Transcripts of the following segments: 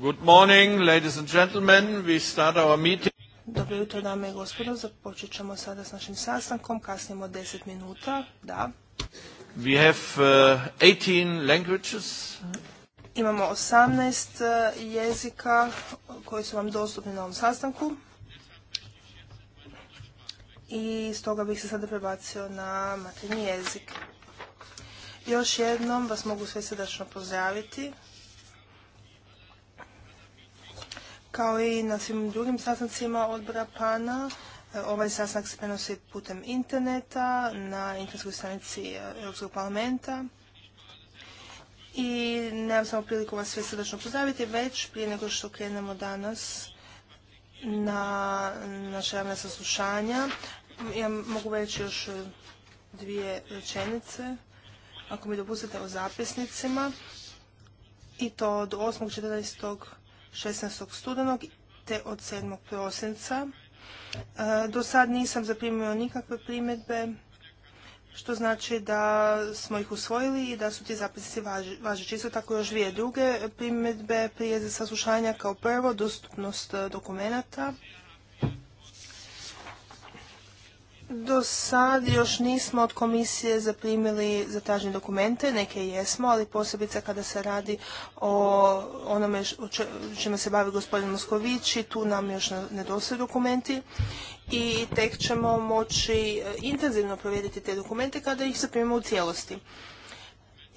Good morning, ladies Dobro jutro, dame i gospodo. Započet ćemo sada s našim sastankom. Kasnimo 10 minuta. Da. We uh, languages. Imamo 18 uh, jezika koji su vam dostupni na ovom sastanku. I stoga bih se sada prebacio na maternji jezik. Još jednom vas mogu sve srdačno pozdraviti Kao i na svim drugim sastancima odbora PANA, e, ovaj sastanak se prenosi putem interneta na internetskoj stranici e, Europskog parlamenta. I nemam samo priliku vas sve srdečno pozdraviti, već prije nego što krenemo danas na naše javne saslušanja, ja mogu reći još dvije rečenice, ako mi dopustite, o zapisnicima. I to od 8.14. 16. studenog te od 7. prosinca. E, do sad nisam zaprimio nikakve primjedbe, što znači da smo ih usvojili i da su ti zapisi važeći. Isto tako još dvije druge primjedbe prije saslušanja kao prvo dostupnost e, dokumenata do sad još nismo od komisije zaprimili zatražene dokumente, neke jesmo, ali posebice kada se radi o onome čime se bavi gospodin i tu nam još nedostaju dokumenti i tek ćemo moći e, intenzivno provjeriti te dokumente kada ih zaprimimo u cijelosti.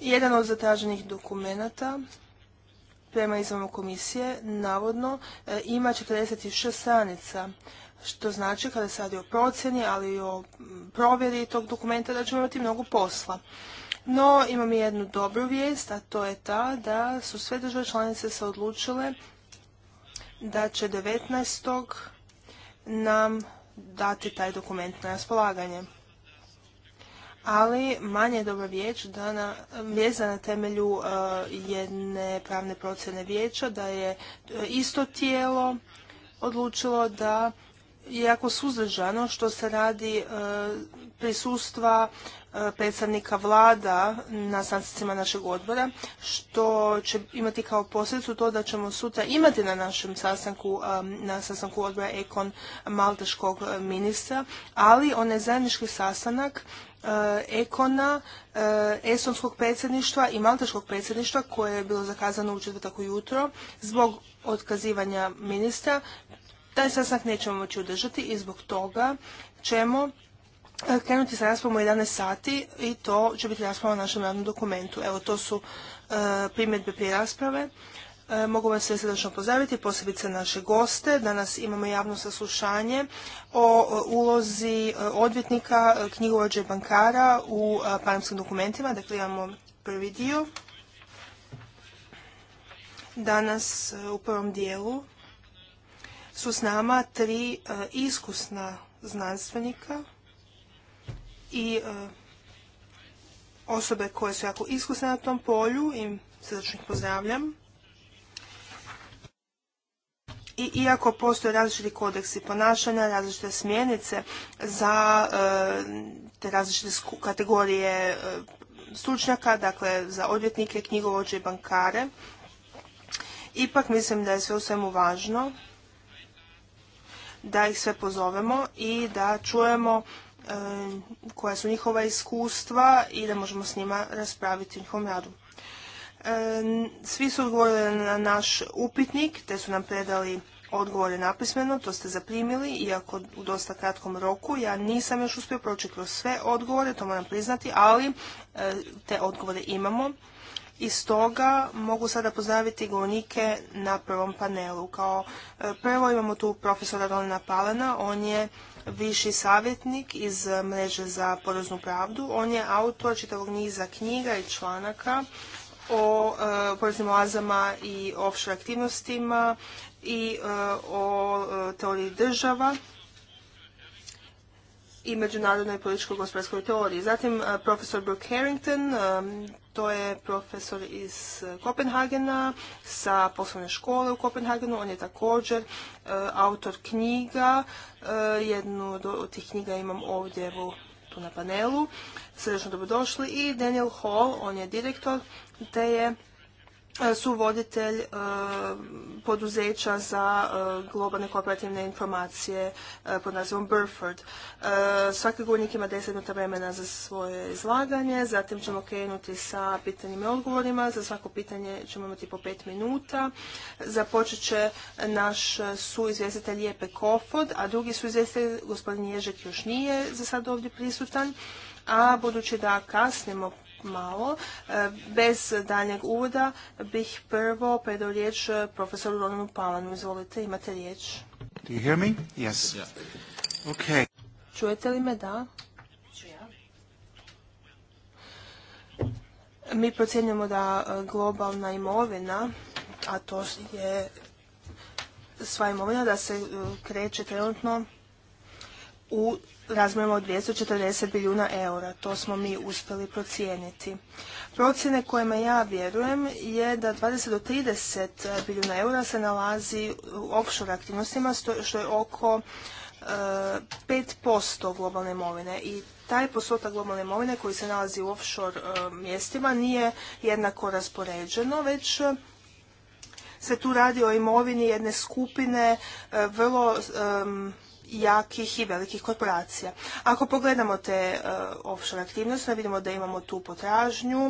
Jedan od zatraženih dokumenata prema izvomu komisije navodno e, ima 46 stranica što znači kada se radi o procjeni, ali i o provjeri tog dokumenta da ćemo imati mnogo posla. No, imam i jednu dobru vijest, a to je ta da su sve države članice se odlučile da će 19. nam dati taj dokument na raspolaganje. Ali manje je dobra vijeć da na, na temelju uh, jedne pravne procjene vijeća da je e, isto tijelo odlučilo da jako suzdržano što se radi e, prisustva e, predstavnika vlada na sastancima našeg odbora, što će imati kao posljedicu to da ćemo sutra imati na našem sastanku, e, na sastanku odbora Ekon Malteškog ministra, ali onaj zajednički sastanak Ekona, Estonskog predsjedništva i Malteškog predsjedništva koje je bilo zakazano u četvrtak ujutro zbog otkazivanja ministra taj sastanak nećemo moći održati i zbog toga ćemo e, krenuti sa raspravom u 11 sati i to će biti rasprava o našem radnom dokumentu. Evo, to su e, primjedbe prije rasprave. E, mogu vas sve srdečno pozdraviti, posebice naše goste. Danas imamo javno saslušanje o ulozi odvjetnika, knjigovođe i bankara u panamskim dokumentima. Dakle, imamo prvi dio. Danas u prvom dijelu su s nama tri e, iskusna znanstvenika i e, osobe koje su jako iskusne na tom polju i srdačno ih pozdravljam. I iako postoje različiti kodeksi ponašanja, različite smjenice za e, te različite kategorije stručnjaka, dakle za odvjetnike, knjigovođe i bankare, ipak mislim da je sve u svemu važno da ih sve pozovemo i da čujemo e, koja su njihova iskustva i da možemo s njima raspraviti u njihovom radu. E, svi su odgovorili na naš upitnik, te su nam predali odgovore napismeno, to ste zaprimili, iako u dosta kratkom roku. Ja nisam još uspio proći kroz sve odgovore, to moram priznati, ali e, te odgovore imamo i stoga mogu sada pozdraviti govornike na prvom panelu. Kao e, prvo imamo tu profesora Rolina Palena, on je viši savjetnik iz mreže za poreznu pravdu. On je autor čitavog niza knjiga i članaka o e, poreznim oazama i offshore aktivnostima i e, o teoriji država i međunarodnoj političko-gospodarskoj teoriji. Zatim eh, profesor Brooke Harrington, to je profesor iz eh, Kopenhagena sa poslovne škole u Kopenhagenu. On je također eh, autor knjiga. Jednu od tih knjiga imam ovdje evo, tu na panelu. Srdečno dobrodošli. I Daniel Hall, on je direktor te je E, su voditelj e, poduzeća za e, globalne kooperativne informacije pod nazivom Burford. Svaki govornik ima 10 minuta vremena za svoje izlaganje, zatim ćemo krenuti sa pitanjima i odgovorima. Za svako pitanje ćemo imati po pet minuta. Započet će naš suizvjestitelj Jepe Kofod, a drugi suizvjestitelj, gospodin Ježek, još nije za sad ovdje prisutan. A budući da kasnimo malo. E, bez daljnjeg uvoda bih prvo predao riječ e, profesoru Ronanu Palanu. Izvolite, imate riječ. Čujete li me? Da. Mi procjenjujemo da e, globalna imovina, a to je sva imovina, da se kreće trenutno u razmjerima od 240 milijuna eura. To smo mi uspjeli procijeniti. Procjene kojima ja vjerujem je da 20 do 30 milijuna eura se nalazi u offshore aktivnostima, što je oko 5% e, globalne imovine i taj postotak globalne imovine koji se nalazi u offshore e, mjestima nije jednako raspoređeno, već e, se tu radi o imovini jedne skupine vrlo jakih i velikih korporacija. Ako pogledamo te e, offshore aktivnosti, vidimo da imamo tu potražnju.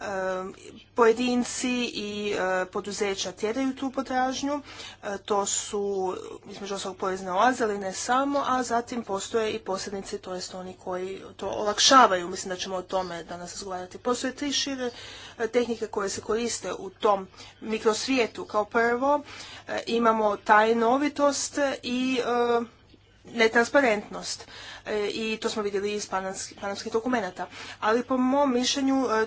E, pojedinci i e, poduzeća tjeraju tu potražnju. To su, između ostalog, porezne oaze, ali ne samo, a zatim postoje i posrednici, to jest oni koji to olakšavaju. Mislim da ćemo o tome danas razgovarati. Postoje tri šire tehnike koje se koriste u tom mikrosvijetu. Kao prvo, imamo novitost i netransparentnost. E, I to smo vidjeli iz panamskih dokumenata. Ali po mom mišljenju e,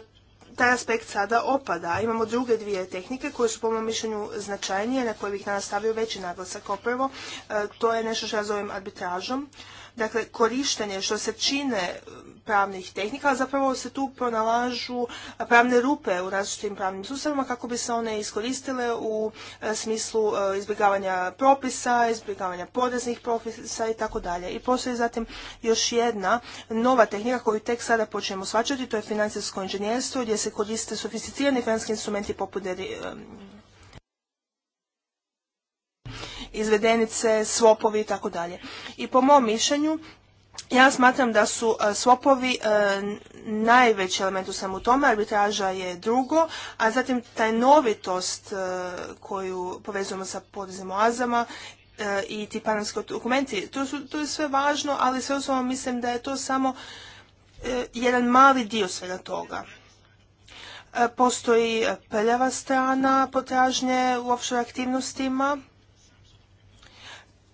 taj aspekt sada opada. Imamo druge dvije tehnike koje su po mom mišljenju značajnije, na koje bih nastavio veći naglasak. oprvo e, to je nešto što ja zovem arbitražom. Dakle, korištenje što se čine e, pravnih tehnika, ali zapravo se tu pronalažu e, pravne rupe u različitim pravnim sustavima kako bi se one iskoristile u e, smislu izbjegavanja propisa, izbjegavanja poreznih propisa i tako dalje. I postoji zatim još jedna nova tehnika koju tek sada počnemo svačati, to je financijsko inženjerstvo gdje se koriste sofisticirani financijski instrumenti poput izvedenice, svopovi i tako dalje. I po mom mišljenju, ja smatram da su e, svopovi e, najveći element u svemu tome, arbitraža je drugo, a zatim taj novitost e, koju povezujemo sa podizim oazama i ti panamski dokumenti, to, su, to je sve važno, ali sve u svemu mislim da je to samo jedan mali dio svega toga. Postoji prljava strana potražnje u offshore aktivnostima,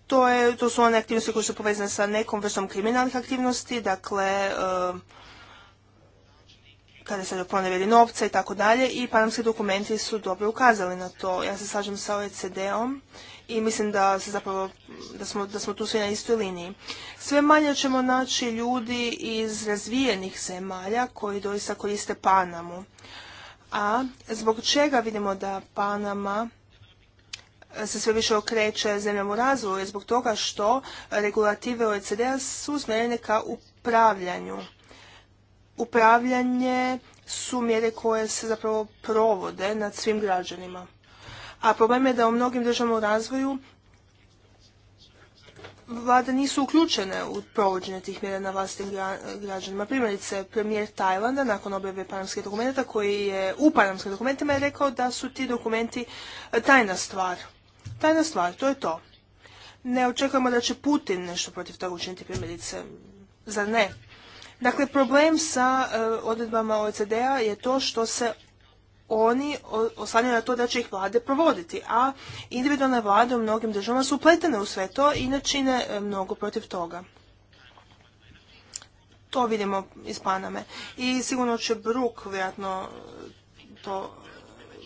to, su one aktivnosti koje su povezane sa nekom vrstom kriminalnih aktivnosti, dakle eh, kada se ponevjeri novca i tako dalje i panamski dokumenti su dobro ukazali na to. Ja se slažem sa OECD-om i mislim da se da smo, da smo tu svi na istoj liniji. Sve manje ćemo naći ljudi iz razvijenih zemalja koji doista koriste Panamu. A zbog čega vidimo da Panama se sve više okreće zemljama u razvoju zbog toga što regulative OECD-a su usmjerene ka upravljanju. Upravljanje su mjere koje se zapravo provode nad svim građanima. A problem je da u mnogim državama u razvoju vlade nisu uključene u provođenje tih mjera na vlastitim građanima. Primjerice, premijer Tajlanda nakon objave panamskih dokumenta koji je u panamskim dokumentima je rekao da su ti dokumenti tajna stvar tajna stvar, to je to. Ne očekujemo da će Putin nešto protiv toga učiniti primjerice, zar ne? Dakle, problem sa e, odredbama OECD-a je to što se oni oslanjaju na to da će ih vlade provoditi, a individualne vlade u mnogim državama su upletene u sve to i ne čine e, mnogo protiv toga. To vidimo iz Paname. I sigurno će Bruk vjerojatno to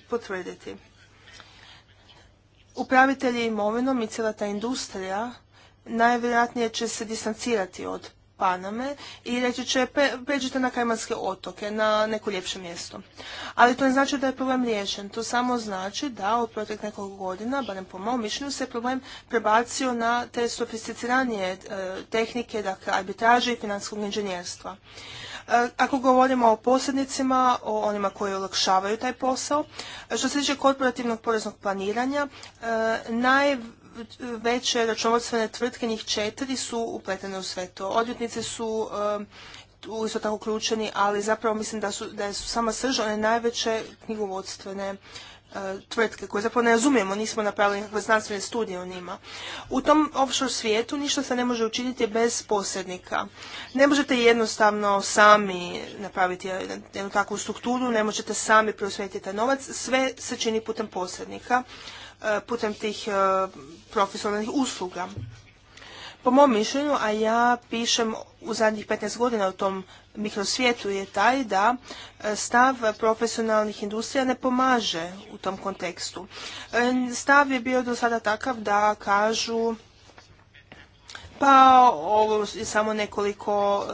potvrditi upravitelji imovinom i cijela ta industrija najvjerojatnije će se distancirati od Paname i reći će pe, na Kajmanske otoke, na neko ljepše mjesto. Ali to ne znači da je problem riješen. To samo znači da od protek nekoliko godina, barem po mom mišljenju, se problem prebacio na te sofisticiranije e, tehnike, dakle arbitraže i financijskog inženjerstva. Eh, ako govorimo o posrednicima, o onima koji olakšavaju taj posao, što se tiče korporativnog poreznog planiranja, eh, najveće veće računovodstvene tvrtke, njih četiri, su upletene u sve to. Odvjetnice su eh, isto tako uključeni, ali zapravo mislim da su, da su sama srž one najveće knjigovodstvene tvrtke koje zapravo ne razumijemo, nismo napravili nekakve znanstvene studije o njima. U tom offshore svijetu ništa se ne može učiniti bez posrednika. Ne možete jednostavno sami napraviti jednu takvu strukturu, ne možete sami preusmjeriti taj novac, sve se čini putem posrednika, e, putem tih e, profesionalnih usluga. Po mom mišljenju, a ja pišem u zadnjih 15 godina u tom mikrosvijetu je taj da e, stav profesionalnih industrija ne pomaže u tom kontekstu. E, stav je bio do sada takav da kažu pa ovo je samo nekoliko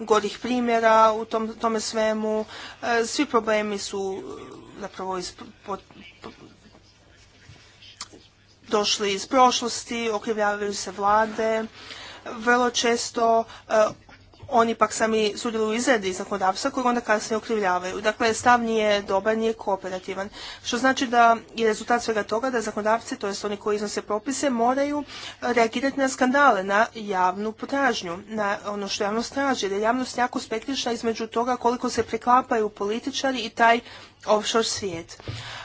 e, gorih primjera u tome svemu. Svi problemi su zapravo došli iz prošlosti, okrivljavaju se vlade, vrlo često oni pak sami sudjeluju u izradi zakonodavstva kojeg onda kasnije okrivljavaju. Dakle, stav nije dobar, nije kooperativan. Što znači da je rezultat svega toga da zakonodavci, to jest oni koji iznose propise, moraju reagirati na skandale, na javnu potražnju, na ono što javnost traži, jer je javnost jako spektrična između toga koliko se preklapaju političari i taj offshore svijet.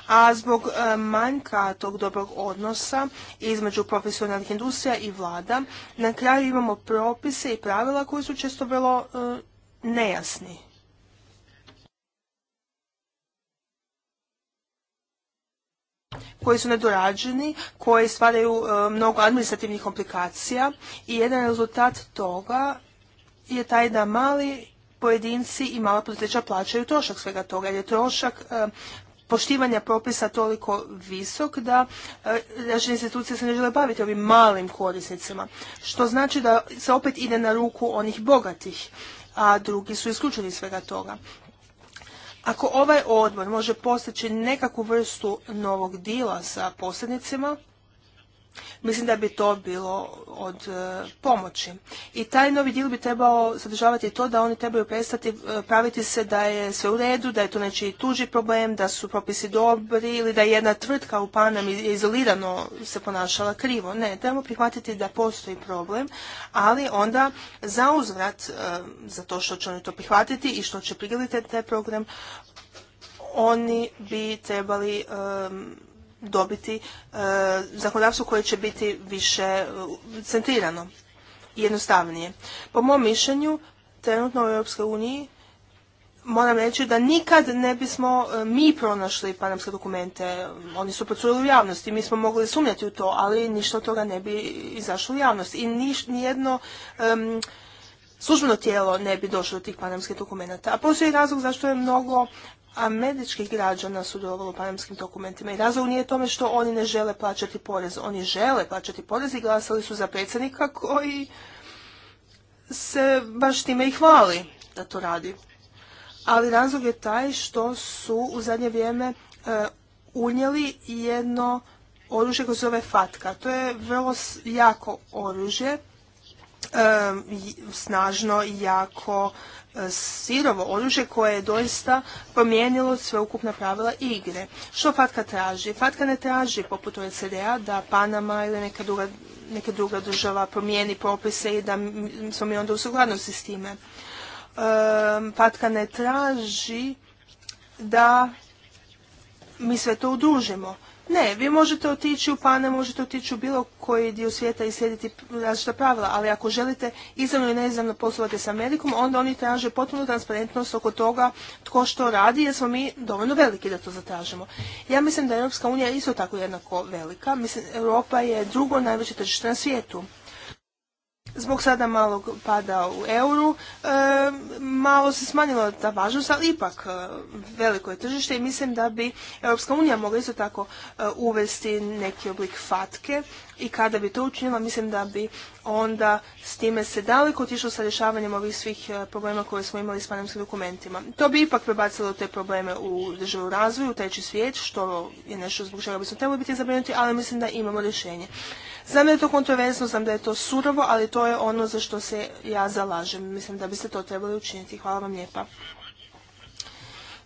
A zbog e, manjka tog dobrog odnosa između profesionalnih industrija i vlada, na kraju imamo propise i pravila koji su često vrlo e, nejasni. koji su nedorađeni, koji stvaraju e, mnogo administrativnih komplikacija i jedan rezultat toga je taj da mali pojedinci i mala poduzeća plaćaju trošak svega toga, jer je trošak e, poštivanja propisa toliko visok da e, naše institucije se ne žele baviti ovim malim korisnicima. Što znači da se opet ide na ruku onih bogatih, a drugi su isključeni svega toga. Ako ovaj odbor može postići nekakvu vrstu novog dila sa posrednicima, Mislim da bi to bilo od e, pomoći. I taj novi dil bi trebao sadržavati to da oni trebaju prestati e, praviti se da je sve u redu, da je to nečiji tuži problem, da su propisi dobri ili da je jedna tvrtka u Panam izolirano se ponašala krivo. Ne, trebamo prihvatiti da postoji problem, ali onda za uzvrat e, za to što će oni to prihvatiti i što će prigledati taj program, oni bi trebali dobiti e, zakonodavstvo koje će biti više e, centrirano i jednostavnije. Po mom mišljenju, trenutno u Europskoj uniji moram reći da nikad ne bismo e, mi pronašli panamske dokumente. Oni su procurili u javnosti, mi smo mogli sumnjati u to, ali ništa od toga ne bi izašlo u javnost. I ni nijedno službeno tijelo ne bi došlo do tih panamskih dokumenta. A postoji razlog zašto je mnogo američkih građana sudjelovalo u panamskim dokumentima. I razlog nije tome što oni ne žele plaćati porez. Oni žele plaćati porez i glasali su za predsjednika koji se baš time i hvali da to radi. Ali razlog je taj što su u zadnje vrijeme e, unijeli jedno oružje koje se zove fatka. To je vrlo jako oružje snažno i jako e, sirovo oružje koje je doista promijenilo sveukupna pravila igre. Što Fatka traži? Fatka ne traži, poput oecd da Panama ili neka druga, neka druga država promijeni propise i da smo mi onda u sukladnosti s time. Fatka ne traži da mi sve to udružimo. Ne, vi možete otići u Pane, možete otići u bilo koji dio svijeta i slijediti različita pravila, ali ako želite izravno i neizravno poslovati sa Amerikom, onda oni traže potpuno transparentnost oko toga tko što radi, jer smo mi dovoljno veliki da to zatražimo. Ja mislim da je Europska unija isto tako jednako velika. Mislim, Europa je drugo najveće tržište na svijetu. Zbog sada malo pada u euru, e, malo se smanjila ta važnost, ali ipak e, veliko je tržište i mislim da bi Europska unija mogla isto tako e, uvesti neki oblik fatke i kada bi to učinila, mislim da bi onda s time se daleko otišlo sa rješavanjem ovih svih e, problema koje smo imali s panemskim dokumentima. To bi ipak prebacilo te probleme u državu razvoju, u treći svijet, što je nešto zbog čega bismo trebali biti zabrinuti, ali mislim da imamo rješenje. Znam da je to kontroverzno, znam da je to surovo, ali to je ono za što se ja zalažem. Mislim da biste to trebali učiniti. Hvala vam lijepa.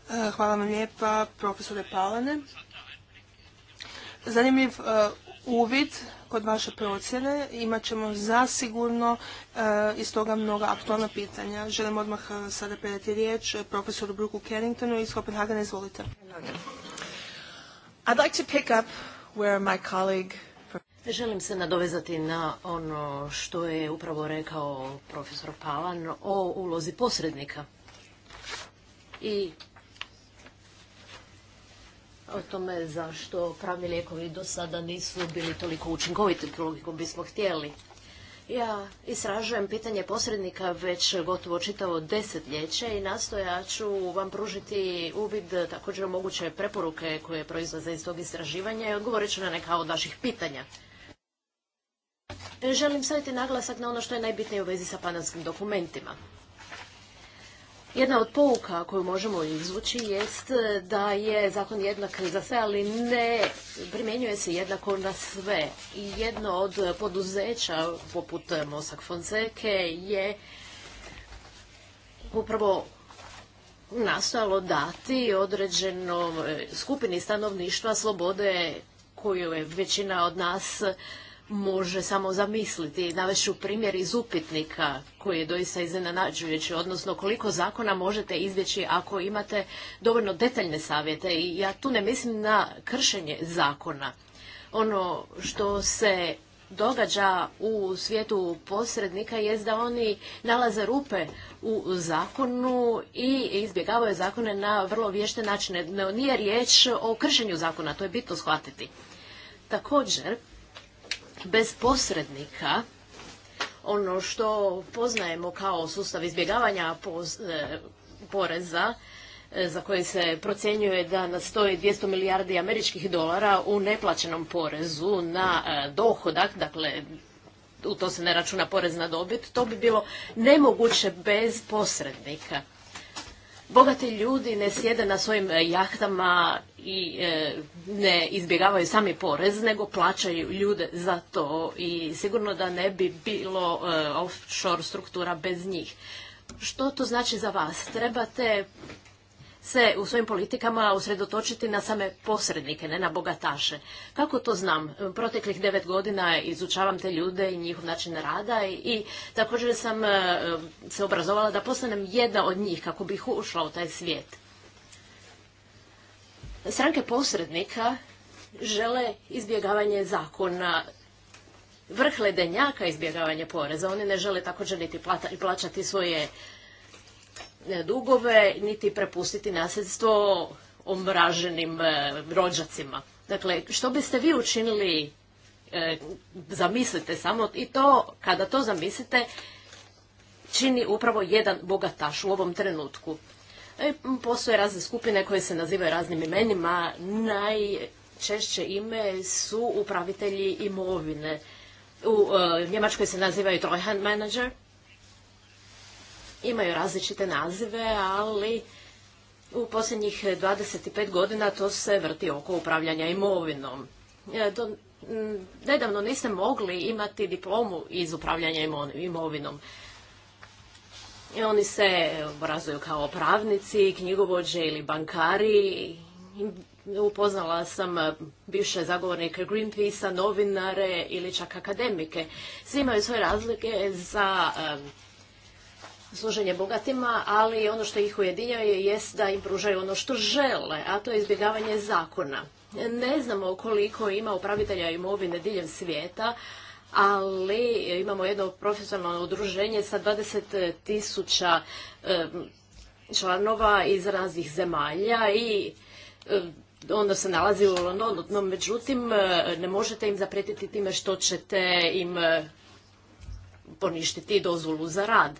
E, hvala vam lijepa, profesore Palane. Zanimljiv e, uvid kod vaše procjene imat ćemo zasigurno e, iz toga mnoga aktualna pitanja. Želim odmah e, sada predati riječ e, profesoru Bruku Carringtonu iz Kopenhagena. Izvolite. I'd like to pick up where my colleague... Želim se nadovezati na ono što je upravo rekao profesor Pavan o ulozi posrednika. I o tome zašto pravni lijekovi do sada nisu bili toliko učinkoviti koliko bismo htjeli. Ja istražujem pitanje posrednika već gotovo čitavo desetljeće i nastoja ću vam pružiti uvid također moguće preporuke koje proizlaze iz tog istraživanja i odgovorit ću na neka od vaših pitanja. Želim staviti naglasak na ono što je najbitnije u vezi sa panamskim dokumentima. Jedna od pouka koju možemo izvući jest da je zakon jednak za sve, ali ne primjenjuje se jednako na sve. I jedno od poduzeća poput Mosak Fonseke je upravo nastojalo dati određenoj skupini stanovništva slobode koju je većina od nas može samo zamisliti. Navešu primjer iz upitnika koji je doista iznenađujući, odnosno koliko zakona možete izbjeći ako imate dovoljno detaljne savjete i ja tu ne mislim na kršenje zakona. Ono što se događa u svijetu posrednika je da oni nalaze rupe u zakonu i izbjegavaju zakone na vrlo vješte načine. Nije riječ o kršenju zakona, to je bitno shvatiti. Također, bez posrednika ono što poznajemo kao sustav izbjegavanja e, poreza e, za koji se procjenjuje da nastoji 200 milijardi američkih dolara u neplaćenom porezu na e, dohodak, dakle u to se ne računa porez na dobit, to bi bilo nemoguće bez posrednika bogati ljudi ne sjede na svojim e, jahtama i e, ne izbjegavaju sami porez, nego plaćaju ljude za to i sigurno da ne bi bilo e, offshore struktura bez njih. Što to znači za vas? Trebate se u svojim politikama usredotočiti na same posrednike, ne na bogataše. Kako to znam? Proteklih devet godina izučavam te ljude i njihov način rada i također sam e, se obrazovala da postanem jedna od njih kako bih ušla u taj svijet. Stranke posrednika žele izbjegavanje zakona vrh ledenjaka izbjegavanje poreza. Oni ne žele također niti plaćati svoje E, dugove, niti prepustiti nasljedstvo omraženim e, rođacima. Dakle, što biste vi učinili, e, zamislite samo i to, kada to zamislite, čini upravo jedan bogataš u ovom trenutku. postoje razne skupine koje se nazivaju raznim imenima. Najčešće ime su upravitelji imovine. U Njemačkoj se nazivaju Treuhand manager, imaju različite nazive, ali u posljednjih 25 godina to se vrti oko upravljanja imovinom. E, nedavno niste mogli imati diplomu iz upravljanja imovinom. Oni se obrazuju kao pravnici, knjigovođe ili bankari. Upoznala sam bivše zagovornike Greenpeacea, novinare ili čak akademike. Svi imaju svoje razlike za služenje bogatima, ali ono što ih ujedinjuje jest da im pružaju ono što žele, a to je izbjegavanje zakona. Ne znamo koliko ima upravitelja imovine diljem svijeta, ali imamo jedno profesionalno udruženje sa 20 tisuća članova iz raznih zemalja i onda se nalazi u Londonu. No, međutim, ne možete im zapretiti time što ćete im poništiti dozvolu za rad.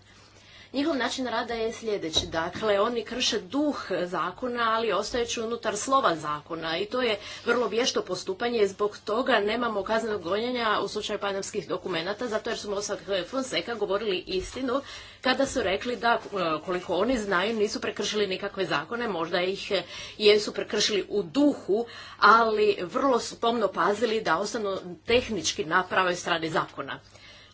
Njihov način rada je sljedeći. Dakle, oni krše duh zakona, ali ostajući unutar slova zakona i to je vrlo vješto postupanje i zbog toga nemamo kaznenog gonjenja u slučaju panamskih dokumenata, zato jer su Mosak Fonseca govorili istinu kada su rekli da e, koliko oni znaju nisu prekršili nikakve zakone, možda ih e, jesu prekršili u duhu, ali vrlo su pomno pazili da ostanu tehnički na pravoj strani zakona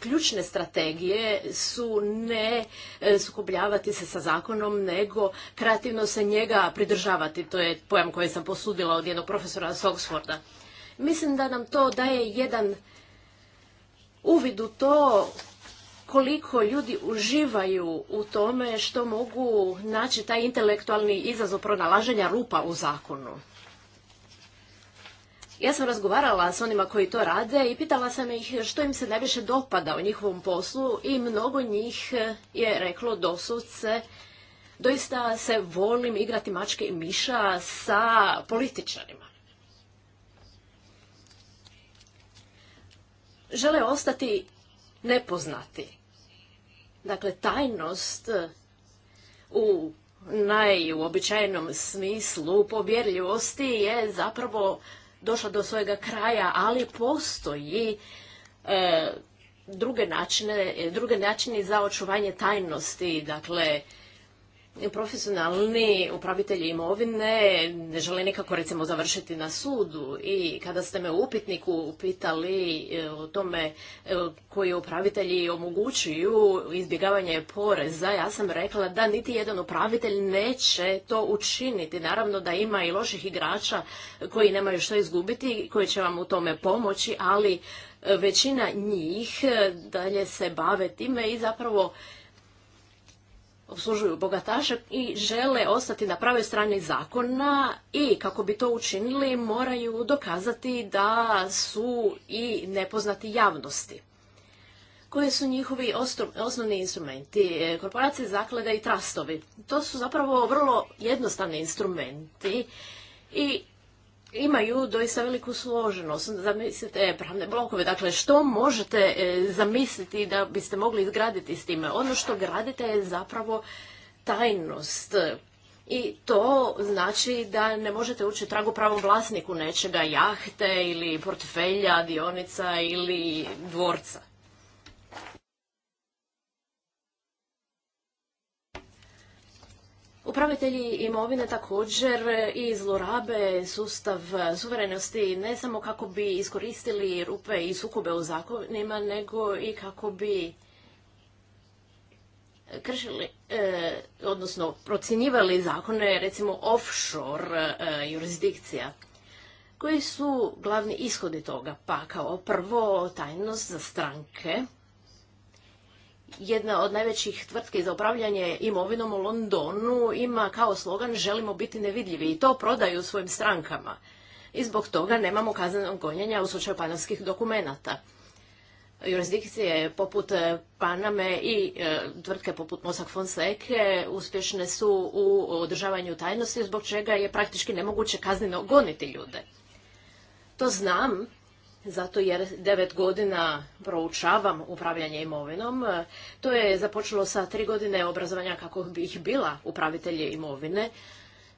ključne strategije su ne e, sukobljavati se sa zakonom, nego kreativno se njega pridržavati. To je pojam koji sam posudila od jednog profesora s Oxforda. Mislim da nam to daje jedan uvid u to koliko ljudi uživaju u tome što mogu naći taj intelektualni izazov pronalaženja rupa u zakonu. Ja sam razgovarala s onima koji to rade i pitala sam ih što im se najviše dopada o njihovom poslu i mnogo njih e, je reklo dosudce doista se volim igrati mačke i miša sa političarima. Žele ostati nepoznati. Dakle, tajnost e, u najuobičajenom smislu povjerljivosti je zapravo došla do svojega kraja, ali postoji e, druge druge načine za očuvanje tajnosti, dakle profesionalni upravitelji imovine ne žele nikako recimo završiti na sudu i kada ste me u upitniku pitali e, o tome e, koji upravitelji omogućuju izbjegavanje poreza, ja sam rekla da niti jedan upravitelj neće to učiniti. Naravno da ima i loših igrača koji nemaju što izgubiti, koji će vam u tome pomoći, ali e, većina njih dalje se bave time i zapravo obslužuju bogataše i žele ostati na pravoj strani zakona i kako bi to učinili moraju dokazati da su i nepoznati javnosti. Koji su njihovi osnovni instrumenti? E, korporacije, zaklada i trastovi. To su zapravo vrlo jednostavni instrumenti i imaju doista veliku složenost. Zamislite pravne blokove, dakle što možete e, zamisliti da biste mogli izgraditi s time? Ono što gradite je zapravo tajnost. I to znači da ne možete ući tragu pravom vlasniku nečega, jahte ili portfelja, dionica ili dvorca. Upravitelji imovine također i zlorabe sustav suverenosti ne samo kako bi iskoristili rupe i sukobe u zakonima, nego i kako bi kršili, e, odnosno procjenjivali zakone, recimo offshore e, jurisdikcija. Koji su glavni ishodi toga? Pa kao prvo tajnost za stranke, jedna od najvećih tvrtki za upravljanje imovinom u Londonu ima kao slogan želimo biti nevidljivi i to prodaju svojim strankama. I zbog toga nemamo kaznenog gonjenja u slučaju panamskih dokumenata. Jurisdikcije poput e, Paname i e, tvrtke poput Mossack Fonseca uspješne su u održavanju tajnosti zbog čega je praktički nemoguće kazneno goniti ljude. To znam zato jer devet godina proučavam upravljanje imovinom. E, to je započelo sa tri godine obrazovanja kako bih bila upravitelje imovine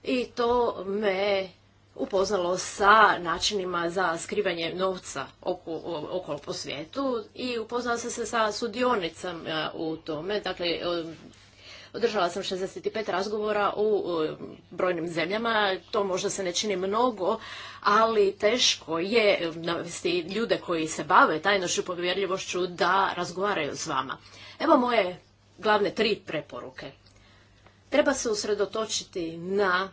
i to me upoznalo sa načinima za skrivanje novca oko, okolo po svijetu i upoznala sam se sa sudionicama e, u tome, dakle e, Održala sam 65 razgovora u brojnim zemljama. To možda se ne čini mnogo, ali teško je navesti ljude koji se bave tajnošću povjerljivošću da razgovaraju s vama. Evo moje glavne tri preporuke. Treba se usredotočiti na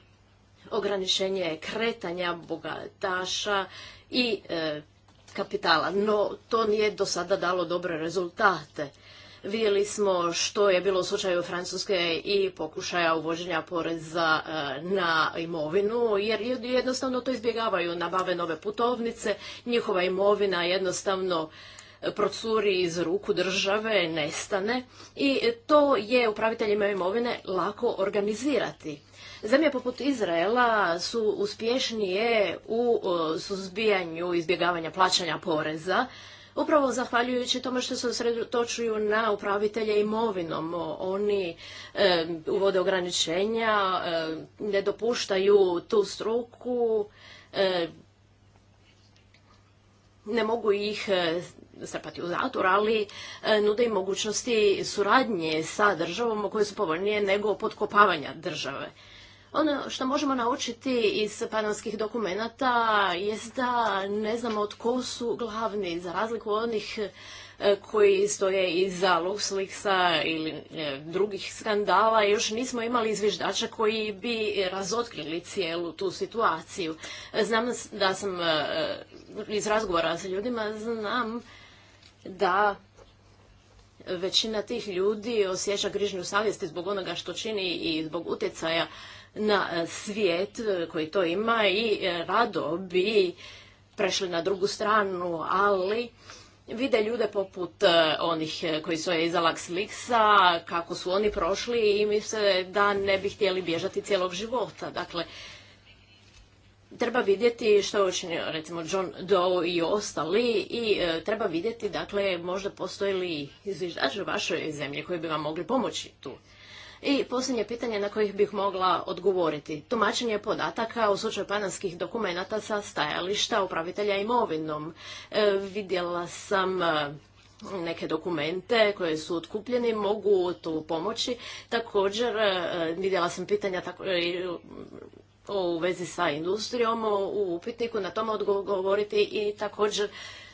ograničenje kretanja bogataša i e, kapitala, no to nije do sada dalo dobre rezultate. Vidjeli smo što je bilo u slučaju Francuske i pokušaja uvođenja poreza e, na imovinu, jer jednostavno to izbjegavaju, nabave nove putovnice, njihova imovina jednostavno e, procuri iz ruku države, nestane i to je upraviteljima imovine lako organizirati. Zemlje poput Izraela su uspješnije u e, suzbijanju izbjegavanja plaćanja poreza, upravo zahvaljujući tome što se usredotočuju na upravitelje imovinom. Oni e, uvode ograničenja, e, ne dopuštaju tu struku, e, ne mogu ih strpati u zatvor, ali nude im mogućnosti suradnje sa državom koje su povoljnije nego potkopavanja države. Ono što možemo naučiti iz panelskih dokumenata jest da ne znamo tko su glavni, za razliku od onih e, koji stoje iza LuxLeaksa ili e, drugih skandala, još nismo imali izviždača koji bi razotkrili cijelu tu situaciju. Znam da sam e, iz razgovora sa ljudima, znam da većina tih ljudi osjeća grižnju savjesti zbog onoga što čini i zbog utjecaja na e, svijet e, koji to ima i e, rado bi prešli na drugu stranu, ali vide ljude poput onih koji su iz Alax Liksa, kako su oni prošli i misle da ne bi htjeli bježati cijelog života. Dakle, treba vidjeti što je učinio recimo John Doe i ostali i treba vidjeti dakle možda postoji li izviždač u vašoj zemlji koji bi vam mogli pomoći tu. I posljednje pitanje na kojih bih mogla odgovoriti. Tumačenje podataka u slučaju pananskih dokumenata sa stajališta upravitelja imovinom. E, vidjela sam e, neke dokumente koje su otkupljeni mogu tu pomoći. Također e, vidjela sam pitanja tako, u vezi sa industrijom u upitniku, na tome odgovoriti i također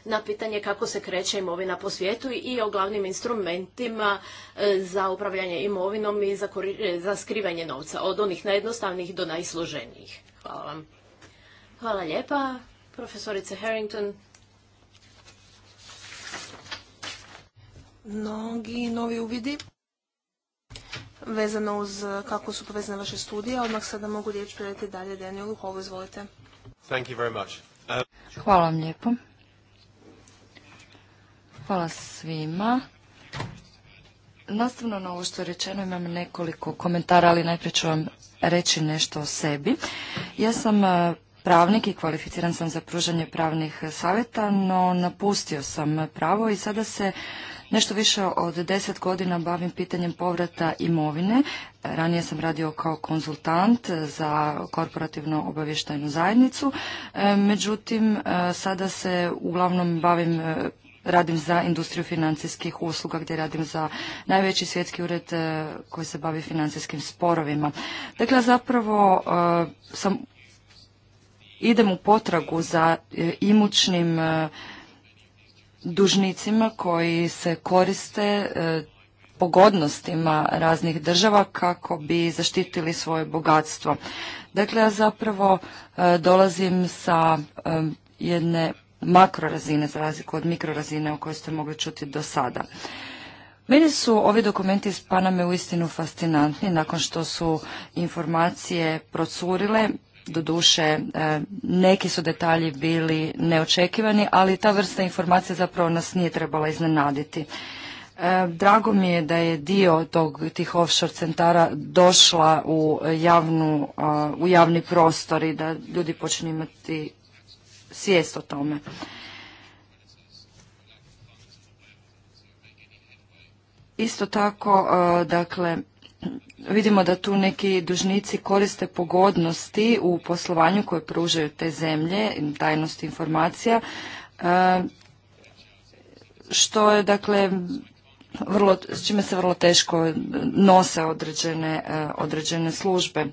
na pitanje kako se kreće imovina po svijetu i o glavnim instrumentima e, za upravljanje imovinom i e, za, skrivanje novca, od onih najjednostavnijih do najsloženijih. Hvala vam. Hvala lijepa, profesorice Harrington. Mnogi novi uvidi vezano uz kako su povezane vaše studije. Odmah sada mogu riječ predati dalje Danielu. Hovo izvolite. Hvala vam lijepo. Hvala svima. Nastavno na ovo što je rečeno imam nekoliko komentara, ali najprije ću vam reći nešto o sebi. Ja sam e, pravnik i kvalificiran sam za pružanje pravnih savjeta, no napustio sam pravo i sada se nešto više od deset godina bavim pitanjem povrata imovine. Ranije sam radio kao konzultant za korporativno obavještajnu zajednicu, e, međutim e, sada se uglavnom bavim radim za industriju financijskih usluga gdje radim za najveći svjetski ured e, koji se bavi financijskim sporovima. Dakle, zapravo e, sam, idem u potragu za e, imućnim dužnicima koji se koriste pogodnostima raznih država kako bi zaštitili svoje bogatstvo. Dakle, ja zapravo dolazim sa jedne makrorazine za razliku od mikrorazine o kojoj ste mogli čuti do sada. Meni su ovi dokumenti iz Paname uistinu fascinantni nakon što su informacije procurile, doduše e, neki su detalji bili neočekivani, ali ta vrsta informacija zapravo nas nije trebala iznenaditi. E, drago mi je da je dio tog, tih offshore centara došla u, javnu, u javni prostor i da ljudi počinju imati svijest o tome. Isto tako, e, dakle, vidimo da tu neki dužnici koriste pogodnosti u poslovanju koje pružaju te zemlje, tajnost informacija, e, što je, dakle, vrlo, s čime se vrlo teško nose određene, e, određene službe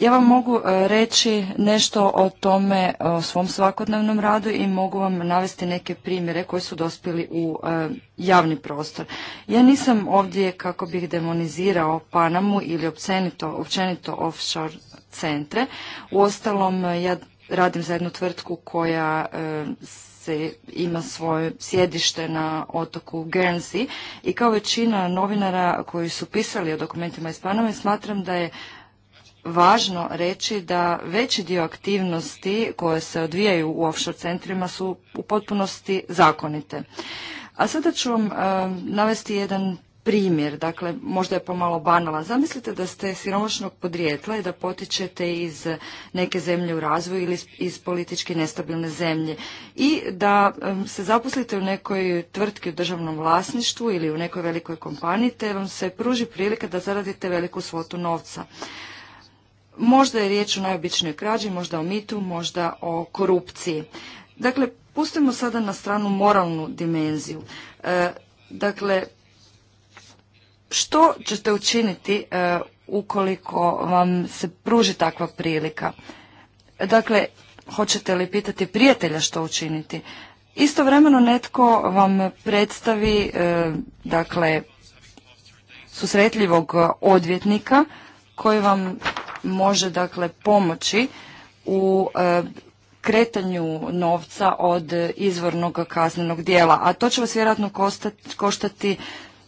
ja vam mogu e, reći nešto o tome, o svom svakodnevnom radu i mogu vam navesti neke primjere koji su dospjeli u e, javni prostor. Ja nisam ovdje kako bih demonizirao Panamu ili općenito, općenito offshore centre. Uostalom, ja radim za jednu tvrtku koja e, se ima svoje sjedište na otoku Guernsey i kao većina novinara koji su pisali o dokumentima iz Paname smatram da je važno reći da veći dio aktivnosti koje se odvijaju u offshore centrima su u potpunosti zakonite. A sada ću vam e, navesti jedan primjer, dakle možda je pomalo banala. Zamislite da ste siromašnog podrijetla i da potičete iz neke zemlje u razvoju ili iz politički nestabilne zemlje i da se zaposlite u nekoj tvrtki u državnom vlasništvu ili u nekoj velikoj kompaniji te vam se pruži prilika da zaradite veliku svotu novca. Možda je riječ o najobičnijoj krađi, možda o mitu, možda o korupciji. Dakle, pustimo sada na stranu moralnu dimenziju. E, dakle, što ćete učiniti e, ukoliko vam se pruži takva prilika? Dakle, hoćete li pitati prijatelja što učiniti? Istovremeno netko vam predstavi, e, dakle, susretljivog odvjetnika koji vam može dakle pomoći u e, kretanju novca od izvornog kaznenog dijela, a to će vas vjerojatno koštati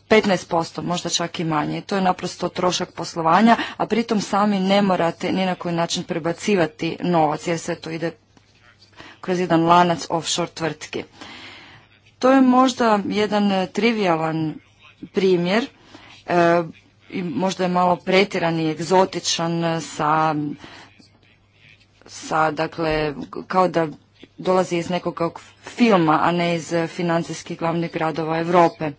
15%, možda čak i manje. To je naprosto trošak poslovanja, a pritom sami ne morate ni na koji način prebacivati novac, jer sve to ide kroz jedan lanac offshore tvrtki. To je možda jedan trivialan primjer e, i možda je malo pretjeran i egzotičan e, sa, sa dakle, kao da dolazi iz nekog filma, a ne iz e, financijskih glavnih gradova Europe.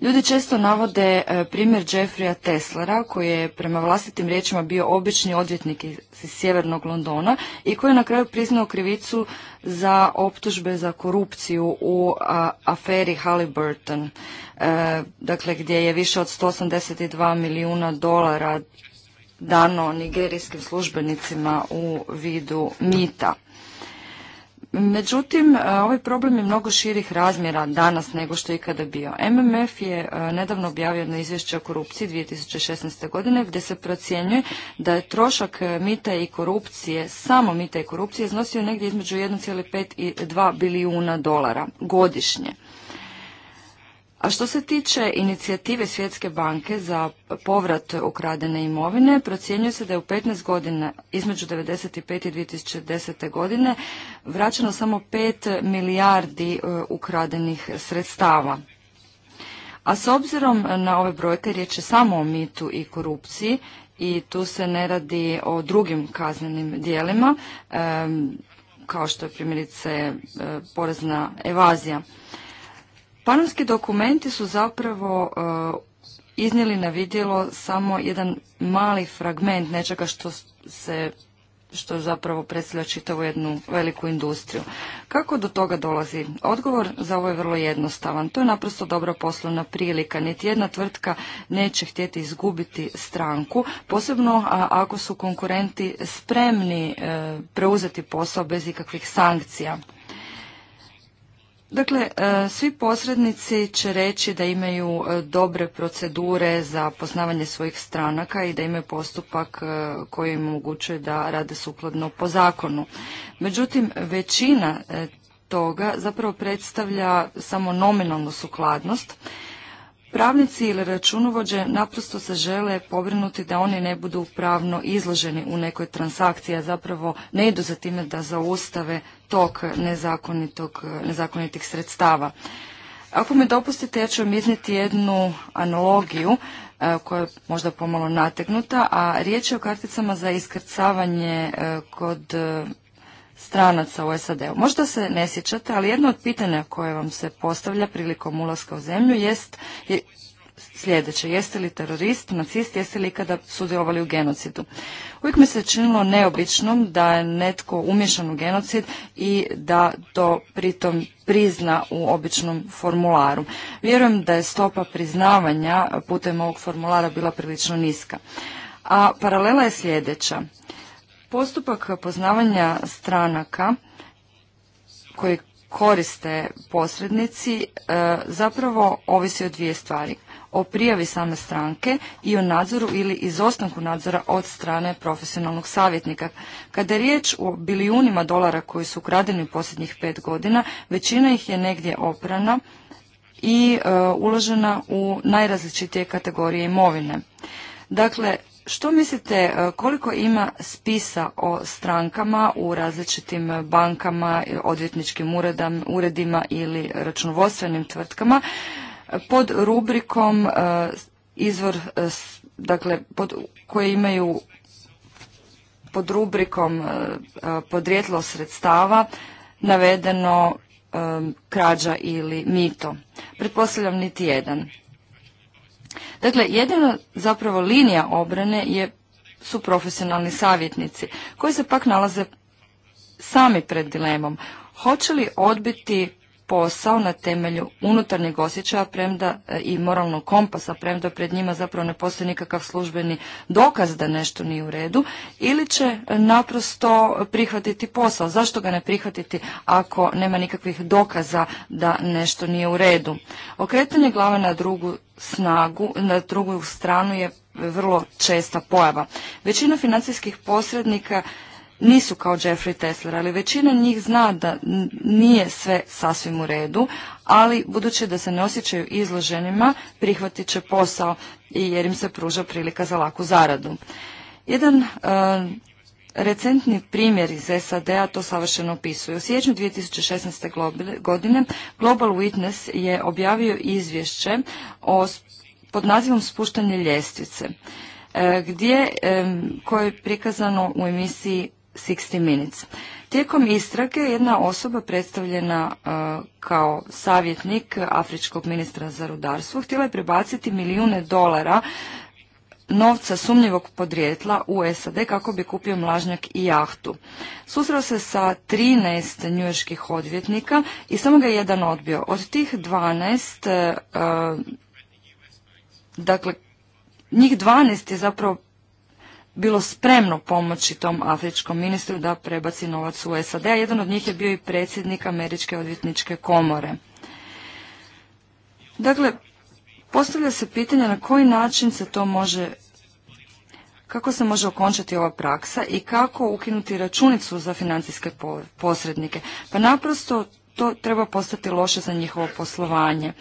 Ljudi često navode e, primjer Jeffreya Teslera, koji je prema vlastitim riječima bio obični odvjetnik iz sjevernog Londona i koji je na kraju priznao krivicu za optužbe za korupciju u aferi Halliburton, e, dakle gdje je više od 182 milijuna dolara dano nigerijskim službenicima u vidu mita. Međutim, e, ovaj problem je mnogo širih razmjera danas nego što je ikada bio. MMF je e, nedavno objavio jedno izvješće o korupciji 2016. godine gdje se procjenjuje da je trošak e, mita i korupcije, samo mita i korupcije, iznosio negdje između 1,5 i 2 bilijuna dolara godišnje. A što se tiče inicijative Svjetske banke za povrat ukradene imovine, procjenjuje se da je u 15 godina između 1995. i 2010. godine vraćeno samo 5 milijardi e, ukradenih sredstava. A s obzirom na ove brojke riječ je samo o mitu i korupciji i tu se ne radi o drugim kaznenim dijelima, e, kao što je primjerice e, porezna evazija. Panonski dokumenti su zapravo e, iznijeli na vidjelo samo jedan mali fragment nečega što se što zapravo predstavlja čitavu jednu veliku industriju. Kako do toga dolazi? Odgovor za ovo je vrlo jednostavan. To je naprosto dobra poslovna prilika. Niti jedna tvrtka neće htjeti izgubiti stranku, posebno ako su konkurenti spremni e, preuzeti posao bez ikakvih sankcija. Dakle, e, svi posrednici će reći da imaju e, dobre procedure za poznavanje svojih stranaka i da imaju postupak e, koji im omogućuje da rade sukladno po zakonu. Međutim, većina toga zapravo predstavlja samo nominalnu sukladnost Pravnici ili računovođe naprosto se žele pobrinuti da oni ne budu pravno izloženi u nekoj transakciji, a zapravo ne idu za time da zaustave tok nezakonitih sredstava. Ako mi dopustite, ja ću vam iznijeti jednu analogiju e, koja je možda pomalo nategnuta, a riječ je o karticama za iskrcavanje e, kod stranaca u SAD-u. Možda se ne sjećate, ali jedno od pitanja koje vam se postavlja prilikom ulaska u zemlju jest je sljedeće. Jeste li terorist, nacist, jeste li ikada sudjelovali u genocidu? Uvijek mi se činilo neobičnom da je netko umješan u genocid i da to pritom prizna u običnom formularu. Vjerujem da je stopa priznavanja putem ovog formulara bila prilično niska. A paralela je sljedeća. Postupak poznavanja stranaka koje koriste posrednici e, zapravo ovisi o dvije stvari. O prijavi same stranke i o nadzoru ili izostanku nadzora od strane profesionalnog savjetnika. Kada je riječ o bilijunima dolara koji su ukradeni u posljednjih pet godina, većina ih je negdje oprana i e, uložena u najrazličitije kategorije imovine. Dakle, što mislite, e, koliko ima spisa o strankama u različitim bankama, e, odvjetničkim uredima ili računovodstvenim tvrtkama pod rubrikom e, izvor, dakle, koje imaju pod rubrikom podrijetlo sredstava navedeno krađa ili mito? Pretpostavljam niti jedan. Dakle, jedina zapravo linija obrane je, su profesionalni savjetnici, koji se pak nalaze sami pred dilemom. Hoće li odbiti posao na temelju unutarnjeg osjećaja premda e, i moralnog kompasa, premda pred njima zapravo ne postoji nikakav službeni dokaz da nešto nije u redu, ili će e, naprosto prihvatiti posao. Zašto ga ne prihvatiti ako nema nikakvih dokaza da nešto nije u redu? Okretanje glave na drugu snagu, na drugu stranu je vrlo česta pojava. Većina financijskih posrednika nisu kao Jeffrey Tesler, ali većina njih zna da nije sve sasvim u redu, ali budući da se ne osjećaju izloženima, prihvatit će posao jer im se pruža prilika za laku zaradu. Jedan e, Recentni primjer iz SAD-a to savršeno opisuje. U siječnju 2016. godine Global Witness je objavio izvješće pod nazivom Spuštanje ljestvice, e, gdje, koje je prikazano u emisiji 60 Minutes. Tijekom istrage jedna osoba predstavljena e, kao savjetnik Afričkog ministra za rudarstvo htjela je prebaciti milijune dolara novca sumnjivog podrijetla u SAD kako bi kupio mlažnjak i jahtu. Susreo se sa 13 njuških odvjetnika i samo ga je jedan odbio. Od tih 12, e, e, dakle, njih 12 je zapravo bilo spremno pomoći tom afričkom ministru da prebaci novac u SAD, a jedan od njih je bio i predsjednik Američke odvjetničke komore. Dakle, postavlja se pitanje na koji način se to može kako se može okončati ova praksa i kako ukinuti računicu za financijske posrednike. Pa naprosto to treba postati loše za njihovo poslovanje.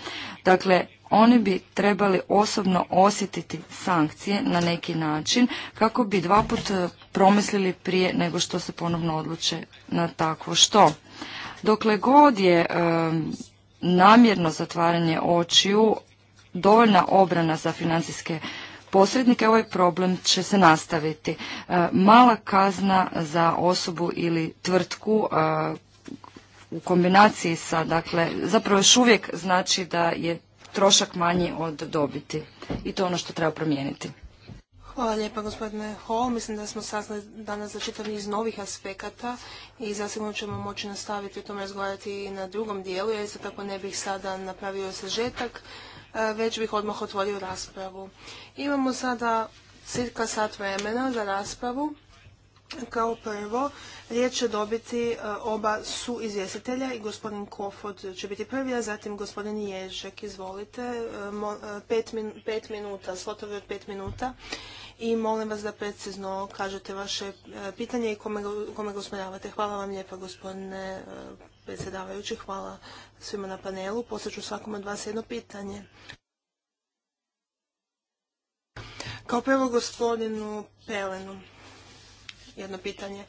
Dakle, oni bi trebali osobno osjetiti sankcije na neki način kako bi dva put promislili prije nego što se ponovno odluče na takvo što. Dokle god je namjerno zatvaranje očiju dovoljna obrana za financijske posrednike, ovaj problem će se nastaviti. E, mala kazna za osobu ili tvrtku e, u kombinaciji sa, dakle, zapravo još uvijek znači da je trošak manji od dobiti. I to je ono što treba promijeniti. Hvala lijepa gospodine Hall. Mislim da smo saznali danas za čitav niz novih aspekata i zasigurno ćemo moći nastaviti o tome razgovarati i na drugom dijelu, jer isto tako ne bih sada napravio sažetak, e, već bih odmah otvorio raspravu. Imamo sada cirka sat vremena za raspravu. Kao prvo, riječ će dobiti e, oba su izvjestitelja i gospodin Kofod će biti prvi, a zatim gospodin Ježek. Izvolite, e, e, pet, minuta, slotovi od pet minuta i molim vas da precizno kažete vaše pitanje i kome, ga usmjeravate. Hvala vam lijepa gospodine predsjedavajući, hvala svima na panelu. Poslije ću svakom od vas jedno pitanje. Kao prvo gospodinu Pelenu jedno pitanje.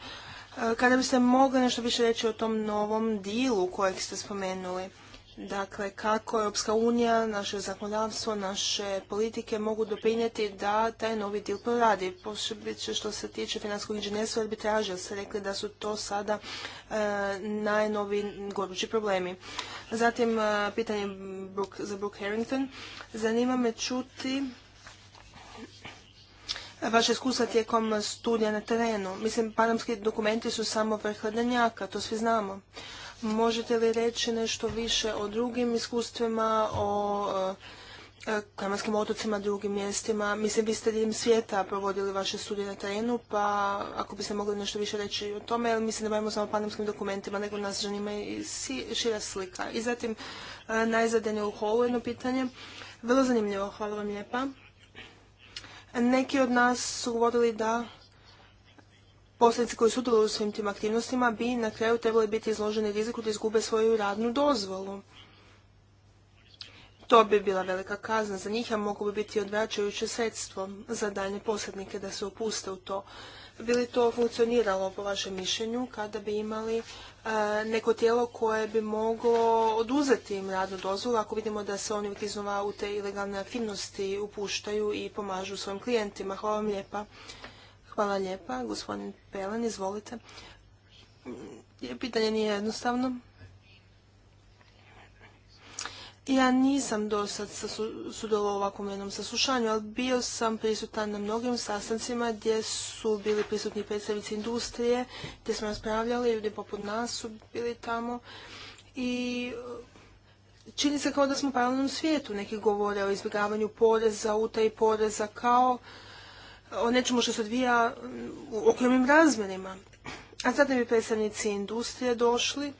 E, kada biste mogli nešto više reći o tom novom dilu kojeg ste spomenuli, dakle kako Europska unija, naše zakonodavstvo, naše politike mogu doprinijeti da taj novi dil proradi, posebice što se tiče finanskog inženjerstva i arbitraža, ste rekli da su to sada e, najnoviji najnovi gorući problemi. Zatim, e, pitanje za Brooke Harrington. Zanima me čuti vaše iskustva tijekom studija na terenu. Mislim, panamski dokumenti su samo prehladnjaka, to svi znamo. Možete li reći nešto više o drugim iskustvima, o e, kamarskim otocima, drugim mjestima? Mislim, vi ste im svijeta provodili vaše studije na terenu, pa ako biste mogli nešto više reći o tome, jer mislim da bavimo samo panamskim dokumentima, nego nas zanima i šira slika. I zatim, e, najzadnje u holu jedno pitanje. Vrlo zanimljivo, hvala vam lijepa. Neki od nas su govorili da posljedice koji sudjeluju u svim tim aktivnostima bi na kraju trebali biti izloženi riziku da izgube svoju radnu dozvolu. To bi bila velika kazna za njih, a moglo bi biti odvraćajuće sredstvo za dalje posrednike da se opuste u to. Bi li to funkcioniralo po vašem mišljenju kada bi imali E, neko tijelo koje bi moglo oduzeti im radnu dozvolu ako vidimo da se oni iznova u te ilegalne aktivnosti upuštaju i pomažu svojim klijentima. Hvala vam lijepa. Hvala lijepa. Gospodin Pelan, izvolite. Pitanje nije jednostavno. Ja nisam do sad sudjelovao u ovakvom jednom saslušanju, ali bio sam prisutan na mnogim sastancima gdje su bili prisutni predstavnici industrije, gdje smo raspravljali, ljudi poput nas su bili tamo i e, čini se kao da smo u paralelnom svijetu. Neki govore o izbjegavanju poreza, utaji poreza, kao e, o nečemu što se odvija u okremim razmerima. A zatim bi predstavnici industrije došli,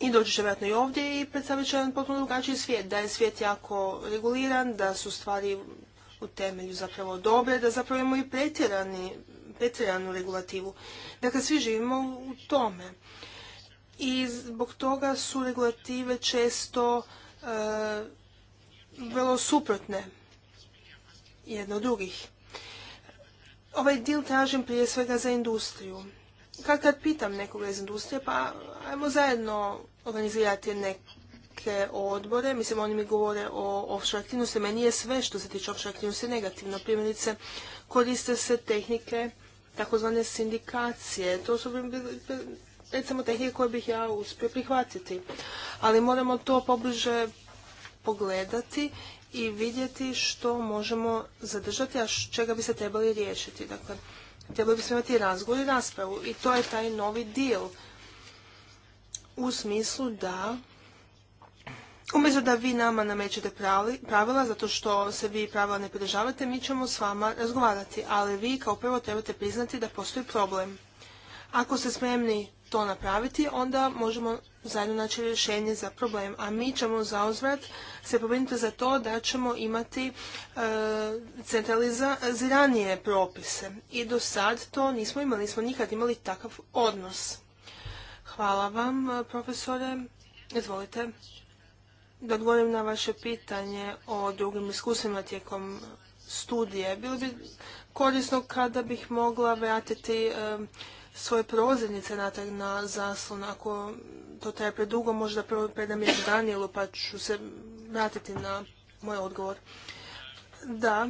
i doći će vjerojatno i ovdje i predstavit će jedan potpuno drugačiji svijet, da je svijet jako reguliran, da su stvari u temelju zapravo dobre, da zapravo imamo i pretjeranu regulativu. Dakle, svi živimo u tome. I zbog toga su regulative često eh, vrlo suprotne jedno od drugih. Ovaj dil tražim prije svega za industriju kad kad pitam nekoga iz industrije, pa ajmo zajedno organizirati neke odbore, mislim oni mi govore o offshore aktivnosti, meni je sve što se tiče offshore aktivnosti negativno, primjerice koriste se tehnike takozvane sindikacije, to su recimo tehnike koje bih ja uspio prihvatiti, ali moramo to pobliže pogledati i vidjeti što možemo zadržati, a čega bi se trebali riješiti. Dakle, trebali bismo imati razgovor i raspravu i to je taj novi dio u smislu da Umjesto da vi nama namećete pravila, zato što se vi pravila ne pridržavate, mi ćemo s vama razgovarati, ali vi kao prvo trebate priznati da postoji problem. Ako ste spremni to napraviti, onda možemo zajedno naći rješenje za problem. A mi ćemo zauzvrat se pobrinuti za to da ćemo imati e, centraliziranije propise. I do sad to nismo imali, nismo nikad imali takav odnos. Hvala vam, profesore. Izvolite. Da odgovorim na vaše pitanje o drugim iskustvima tijekom studije. Bilo bi korisno kada bih mogla vratiti e, svoje prozirnice natrag na zaslon, ako to traje predugo, možda prvo predam je Danielu pa ću se vratiti na moj odgovor. Da,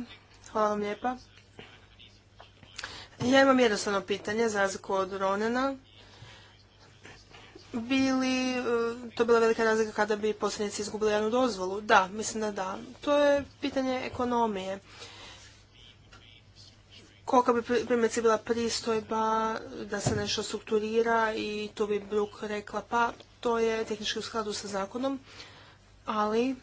hvala vam lijepa. Ja imam jednostavno pitanje, za razliku od Ronena. Bili, e, to bila velika razlika kada bi posljednici izgubili jednu dozvolu? Da, mislim da da. To je pitanje ekonomije kolika bi primjerice bila pristojba da se nešto strukturira i tu bi Bruk rekla pa to je tehnički u skladu sa zakonom, ali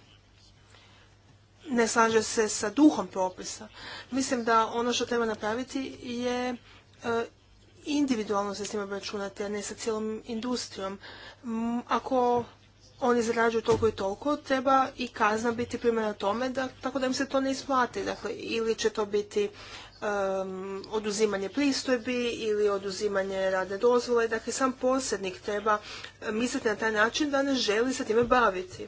ne slaže se sa duhom propisa. Mislim da ono što treba napraviti je e, individualno se s njima obračunati, a ne sa cijelom industrijom. Ako oni zarađuju toliko i toliko, treba i kazna biti primjena tome da, tako da im se to ne isplati. Dakle, ili će to biti Um, oduzimanje pristojbi ili oduzimanje radne dozvole. Dakle, sam posrednik treba misliti na taj način da ne želi se time baviti.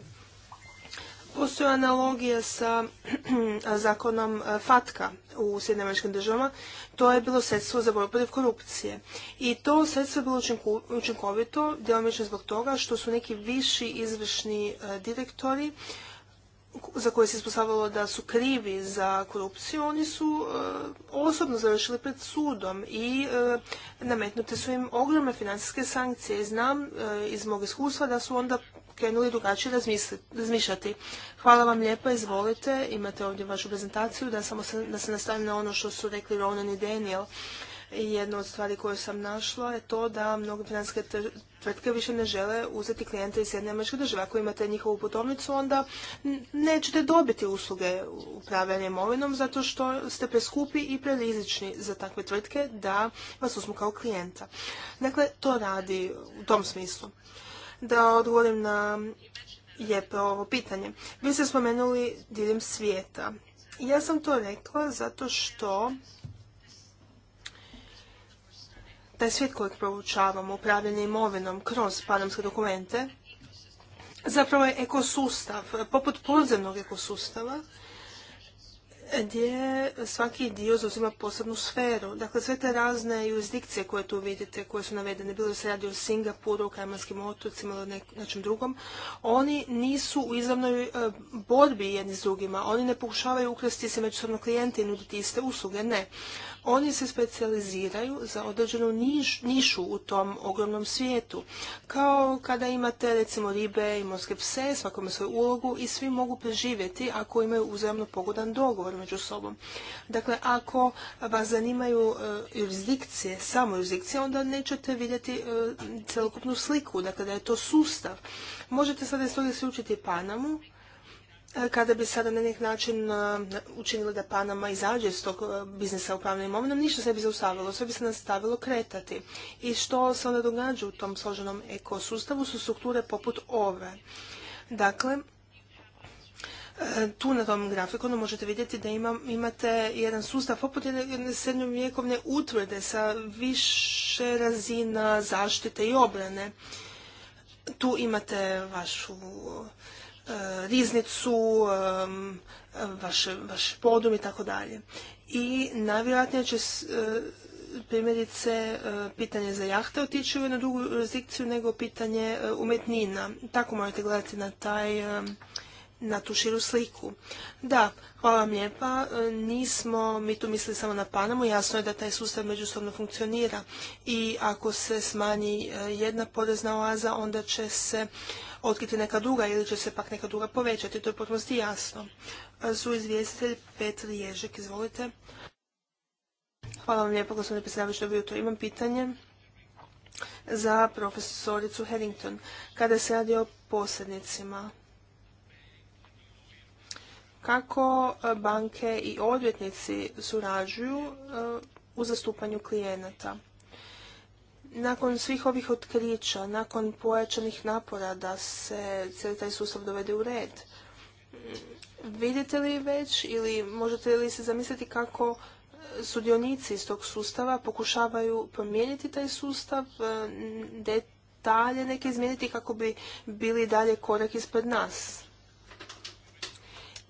Postoje analogije sa zakonom uh, FATKA u Sjedinjavačkim državama. To je bilo sredstvo za borbu protiv korupcije. I to sredstvo je bilo učinkovito, djelomično zbog toga što su neki viši izvršni uh, direktori za koje se ispostavilo da su krivi za korupciju, oni su e, osobno završili pred sudom i e, nametnute su im ogromne financijske sankcije. Znam e, iz mog iskustva da su onda krenuli drugačije razmišljati. Hvala vam lijepa, izvolite, imate ovdje vašu prezentaciju, da, samo se, da se nastavim na ono što su rekli Ronan i Daniel. Jedna od stvari koju sam našla je to da mnoge financijske tvrtke više ne žele uzeti klijente iz jedne američke države. Ako imate njihovu putovnicu, onda nećete dobiti usluge upravljanja imovinom zato što ste preskupi i prerizični za takve tvrtke da vas uzmu kao klijenta. Dakle, to radi u tom smislu. Da odgovorim na lijepo ovo pitanje. Vi ste spomenuli diljem svijeta. Ja sam to rekla zato što taj svijet kojeg proučavamo, upravljanje imovinom kroz panamske dokumente, zapravo je ekosustav, poput podzemnog ekosustava, gdje svaki dio zauzima posebnu sferu. Dakle, sve te razne jurisdikcije koje tu vidite, koje su navedene, bilo da se radi o Singapuru, Kajmanskim otocima ili nečem drugom, oni nisu u izravnoj e, borbi jedni s drugima. Oni ne pokušavaju ukrasti se međusobno klijente i nuditi iste usluge, ne. Oni se specijaliziraju za određenu nišu u tom ogromnom svijetu. Kao kada imate recimo ribe i morske pse, svakome ima svoju ulogu i svi mogu preživjeti ako imaju uzajamno pogodan dogovor među sobom. Dakle, ako vas zanimaju e, jurisdikcije, samo jurisdikcije, onda nećete vidjeti e, celokupnu sliku, dakle da je to sustav. Možete sada iz toga isključiti Panamu, kada bi sada na neki način eh, učinili da Panama izađe iz tog eh, biznisa upravljanja imovinom, ništa se bi zaustavilo, sve bi se nastavilo kretati. I što se onda događa u tom složenom ekosustavu su strukture poput ove. Dakle, eh, tu na tom grafikonu možete vidjeti da imate jedan sustav poput jedne srednjovjekovne utvrde sa više razina zaštite i obrane. Tu imate vašu E, riznicu, vaš, vaš podrum i tako dalje. I najvjerojatnije će e, primjerice e, pitanje za jahte otići u jednu drugu jurisdikciju nego pitanje umetnina. Tako morate gledati na taj na tu širu sliku. Da, hvala vam lijepa. E, nismo mi tu mislili samo na Panamu. Jasno je da taj sustav međusobno funkcionira i ako se smanji e, jedna porezna oaza, onda će se otkriti neka duga ili će se pak neka duga povećati. To je potpuno jasno. E, su izvjestitelj Petr Ježek, izvolite. Hvala vam lijepo, gospodine predsjedavajući, dobro jutro. Imam pitanje za profesoricu Harrington. Kada se radi o posrednicima, kako e, banke i odvjetnici surađuju e, u zastupanju klijenata. Nakon svih ovih otkrića, nakon pojačanih napora da se cijeli taj sustav dovede u red, vidite li već ili možete li se zamisliti kako e, sudionici iz tog sustava pokušavaju promijeniti taj sustav, detalje neke izmijeniti kako bi bili dalje korak ispred nas?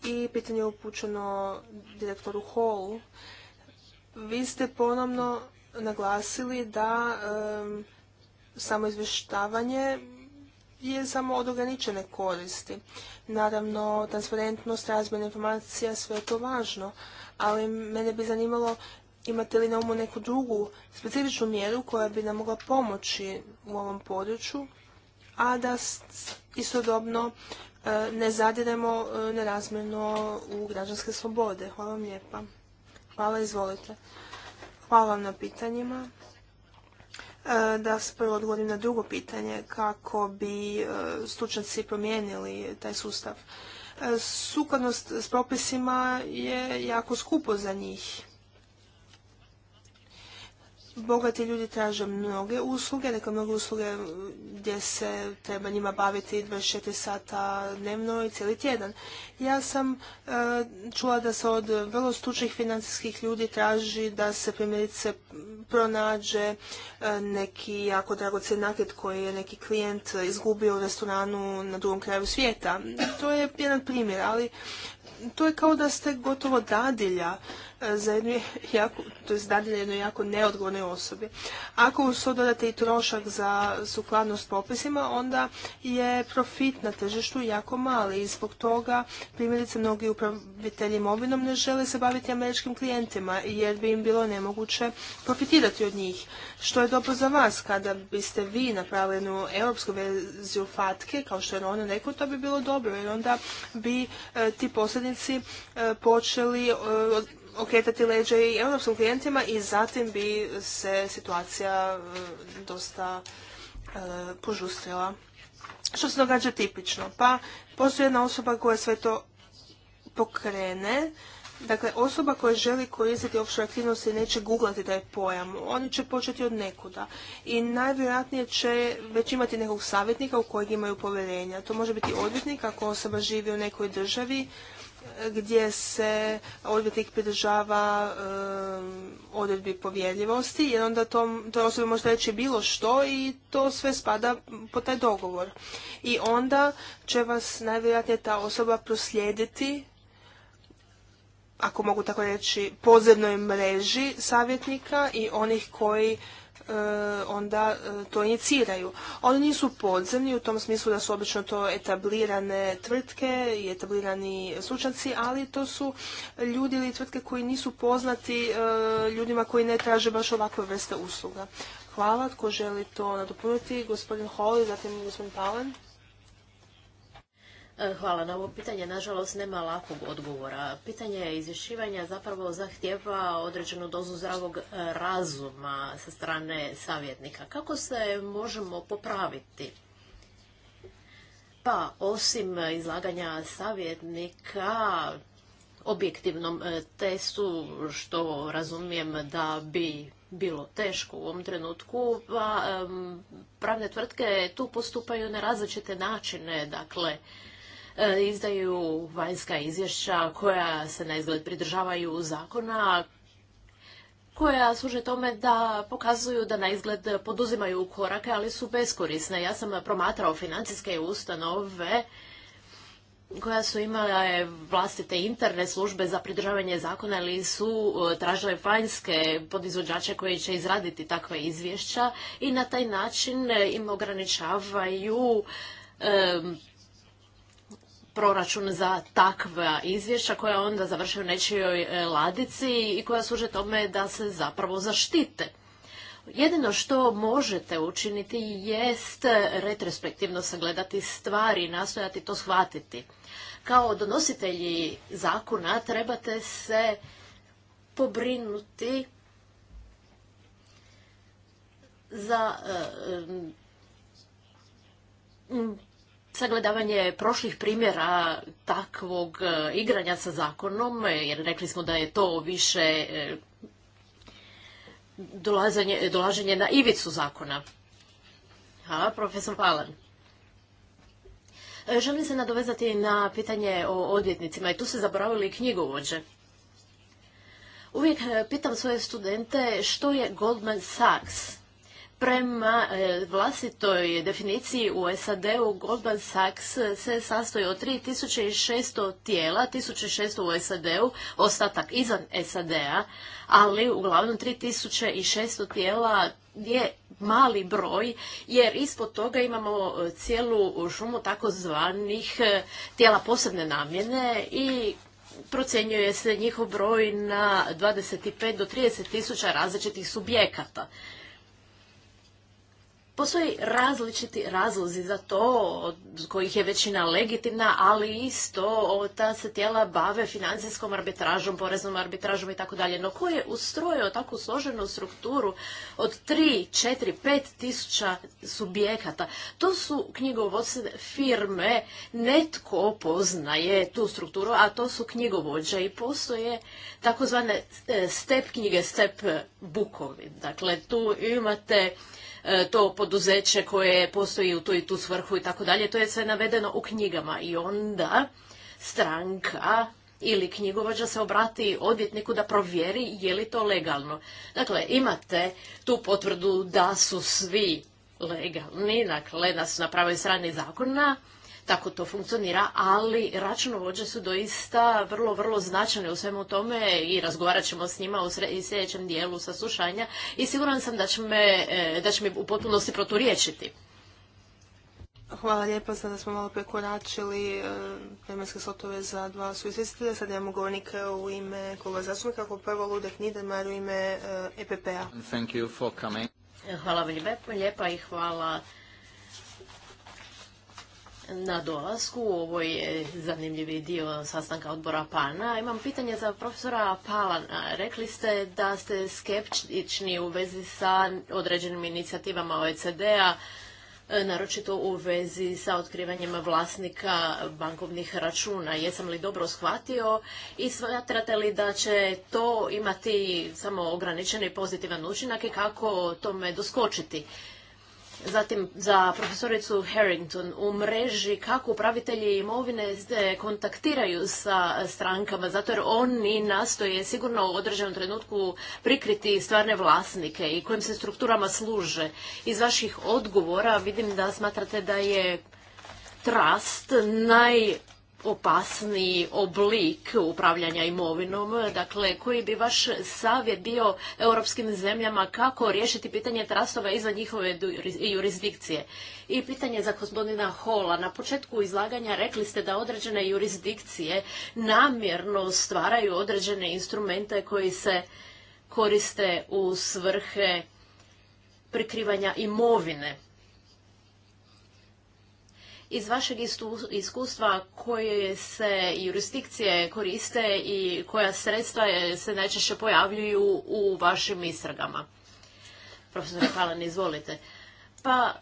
i pitanje je upućeno direktoru Hallu. Vi ste ponovno naglasili da samo izvještavanje je samo od ograničene koristi. Naravno, transparentnost, razmjena informacija, sve je to važno, ali mene bi zanimalo imate li na umu neku drugu specifičnu mjeru koja bi nam mogla pomoći u ovom području, a da istodobno E, ne zadiremo e, nerazmjerno u građanske slobode. Hvala vam lijepa. Hvala, izvolite. Hvala vam na pitanjima. E, da se prvo odgovorim na drugo pitanje, kako bi stručnjaci promijenili taj sustav. Sukladnost s propisima je jako skupo za njih. Bogati ljudi traže mnoge usluge, neke mnoge usluge gdje se treba njima baviti 24 sata dnevno i cijeli tjedan. Ja sam e, čula da se od vrlo stručnih financijskih ljudi traži da se primjerice pronađe e, neki jako dragocen nakit koji je neki klijent izgubio u restoranu na drugom kraju svijeta. To je jedan primjer, ali to je kao da ste gotovo dadilja e, za jednu jako, to je dadilja jednoj jako neodgovornoj osobi. Ako uz to dodate i trošak za sukladnost popisima, onda je profit na tržištu jako mali i zbog toga primjerice mnogi upravitelji imovinom ne žele se baviti američkim klijentima jer bi im bilo nemoguće profitirati od njih. Što je dobro za vas kada biste vi napravili jednu europsku verziju FATKE, kao što je ono rekao, to bi bilo dobro jer onda bi e, ti posljednji zajednici e, počeli e, okretati leđe i europskim klijentima i zatim bi se situacija e, dosta požustila. Što se događa tipično? Pa postoji jedna osoba koja sve to pokrene, Dakle, osoba koja želi koristiti offshore aktivnosti neće googlati taj pojam. Oni će početi od nekuda. I najvjerojatnije će već imati nekog savjetnika u kojeg imaju povjerenja. To može biti odvjetnik ako osoba živi u nekoj državi gdje se odvjetnik pridržava odredbi povjerljivosti, jer onda to toj osobi može reći bilo što i to sve spada po taj dogovor. I onda će vas najvjerojatnije ta osoba proslijediti, ako mogu tako reći, pozivnoj mreži savjetnika i onih koji E, onda e, to iniciraju. Oni nisu podzemni u tom smislu da su obično to etablirane tvrtke i etablirani slučajci, ali to su ljudi ili tvrtke koji nisu poznati e, ljudima koji ne traže baš ovakve vrste usluga. Hvala. Tko želi to nadopuniti? Gospodin Holly, zatim gospodin Palen. E, hvala na ovo pitanje. Nažalost, nema lakog odgovora. Pitanje izvješivanja zapravo zahtjeva određenu dozu zdravog e, razuma sa strane savjetnika. Kako se možemo popraviti? Pa, osim izlaganja savjetnika objektivnom e, testu, što razumijem da bi bilo teško u ovom trenutku, pa pravne tvrtke tu postupaju na različite načine, dakle, E, izdaju vanjska izvješća koja se na izgled pridržavaju zakona, koja služe tome da pokazuju da na izgled poduzimaju korake, ali su beskorisne. Ja sam promatrao financijske ustanove koja su imale vlastite interne službe za pridržavanje zakona ili su e, tražile vanjske podizvođače koji će izraditi takva izvješća i na taj način im ograničavaju e, proračun za takva izvješća koja onda završaju u nečijoj e, ladici i koja služe tome da se zapravo zaštite. Jedino što možete učiniti jest e, retrospektivno sagledati stvari i nastojati to shvatiti. Kao donositelji zakona trebate se pobrinuti za e, sagledavanje prošlih primjera takvog e, igranja sa zakonom, e, jer rekli smo da je to više e, dolaženje, na ivicu zakona. Hvala, profesor Palan. Želim se nadovezati na pitanje o odvjetnicima i tu se zaboravili knjigovođe. Uvijek pitam svoje studente što je Goldman Sachs. Prema e, vlastitoj definiciji u SAD-u Goldman Sachs se sastoji od 3600 tijela, 1600 u SAD-u, ostatak izvan SAD-a, ali uglavnom 3600 tijela je mali broj, jer ispod toga imamo e, cijelu šumu takozvanih e, tijela posebne namjene i procjenjuje se njihov broj na 25 do 30 tisuća različitih subjekata. Postoji različiti razlozi za to, od kojih je većina legitimna, ali isto ta se tijela bave financijskom arbitražom, poreznom arbitražom i tako dalje. No ko je ustrojio takvu složenu strukturu od 3, 4, 5 tisuća subjekata? To su knjigovodstvene firme, netko poznaje tu strukturu, a to su knjigovođe i postoje takozvane e, step knjige, step bukovi. Dakle, tu imate E, to poduzeće koje postoji u tu i tu svrhu i tako dalje. To je sve navedeno u knjigama i onda stranka ili knjigovođa se obrati odvjetniku da provjeri je li to legalno. Dakle, imate tu potvrdu da su svi legalni, dakle, da su na pravoj strani zakona, tako to funkcionira, ali računovođe su doista vrlo, vrlo značajne u svemu tome i razgovarat ćemo s njima u sljedećem dijelu saslušanja i siguran sam da će me, e, u potpunosti proturiječiti. Hvala lijepa, sada smo malo prekoračili e, vremenske slotove za dva su izvjestitelja. Sad imamo govornika u ime kluba zastupnika, kako prvo Ludek Nidemar u ime EPP-a. E hvala vam lijepa i hvala na dolasku. Ovo je zanimljivi dio sastanka odbora PANA. Imam pitanje za profesora Palana. Rekli ste da ste skeptični u vezi sa određenim inicijativama OECD-a, naročito u vezi sa otkrivanjem vlasnika bankovnih računa. Jesam li dobro shvatio i smatrate li da će to imati samo ograničeni pozitivan učinak i kako tome doskočiti? Zatim za profesoricu Harrington u mreži kako upravitelji imovine kontaktiraju sa strankama, zato jer oni nastoje sigurno u određenom trenutku prikriti stvarne vlasnike i kojim se strukturama služe. Iz vaših odgovora vidim da smatrate da je trust naj opasni oblik upravljanja imovinom, dakle koji bi vaš savjet bio europskim zemljama kako riješiti pitanje trastova izvan njihove jurisdikcije? I pitanje za gospodina Hola. Na početku izlaganja rekli ste da određene jurisdikcije namjerno stvaraju određene instrumente koji se koriste u svrhe prikrivanja imovine. Iz vašeg iskustva koje se jurisdikcije koriste i koja sredstva se najčešće pojavljuju u vašim istragama? Profesor Kalan, izvolite. Pa,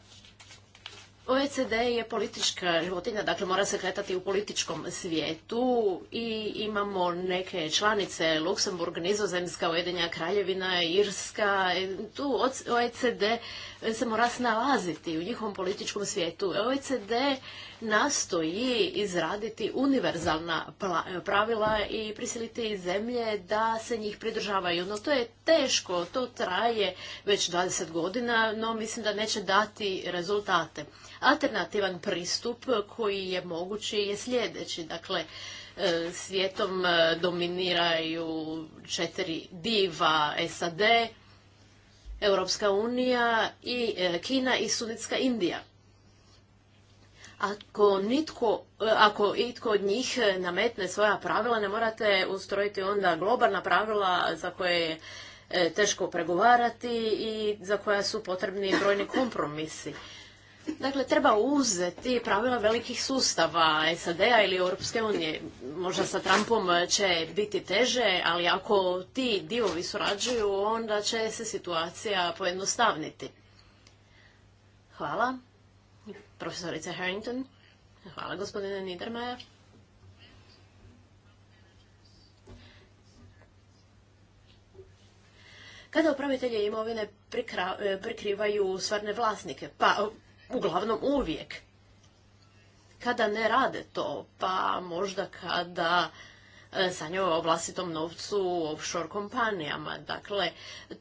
OECD je politička životinja, dakle mora se kretati u političkom svijetu i imamo neke članice, Luksemburg, Nizozemska, Ujedinja Kraljevina, Irska, tu OECD se mora snalaziti u njihovom političkom svijetu. OECD nastoji izraditi univerzalna pravila i prisiliti zemlje da se njih pridržavaju. No to je teško, to traje već 20 godina, no mislim da neće dati rezultate. Alternativan pristup koji je mogući je sljedeći. Dakle, e, svijetom e, dominiraju četiri diva SAD, e Europska unija i e, Kina i Sudetska Indija. Ako, nitko, e, ako itko od njih nametne svoja pravila, ne morate ustrojiti onda globalna pravila za koje je e, teško pregovarati i za koja su potrebni brojni kompromisi. Dakle, treba uzeti pravila velikih sustava SAD-a ili Europske unije. Možda sa Trumpom će biti teže, ali ako ti divovi surađuju, onda će se situacija pojednostavniti. Hvala. profesorice Harrington. Hvala, gospodine Niedermayer. Kada upravitelje imovine eh, prikrivaju stvarne vlasnike? Pa, uglavnom uvijek. Kada ne rade to, pa možda kada e, njoj o vlastitom novcu u offshore kompanijama. Dakle,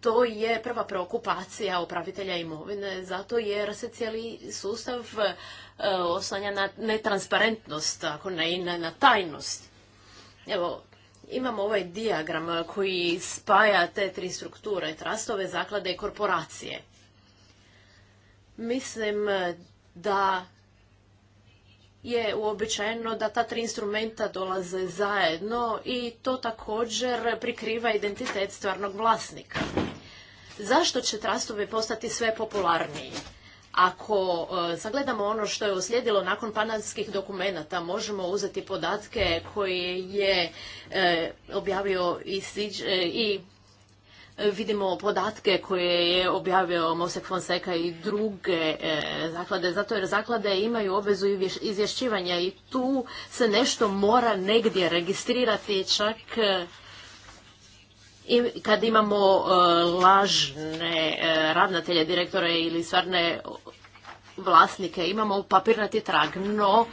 to je prva preokupacija upravitelja imovine, zato jer se cijeli sustav e, oslanja na netransparentnost, ako ne i na tajnost. Evo, imamo ovaj dijagram koji spaja te tri strukture, trastove, zaklade i korporacije. Mislim e, da je uobičajeno da ta tri instrumenta dolaze zajedno i to također prikriva identitet stvarnog vlasnika. Zašto će trastovi postati sve popularniji? Ako zagledamo e, ono što je uslijedilo nakon panadskih dokumenata, možemo uzeti podatke koje je e, objavio i vidimo podatke koje je objavio Mosek Fonseca i druge e, zaklade, zato jer zaklade imaju obvezu izvješćivanja i tu se nešto mora negdje registrirati čak e, kad imamo e, lažne ravnatelje, direktore ili stvarne vlasnike, imamo papirnati trag, no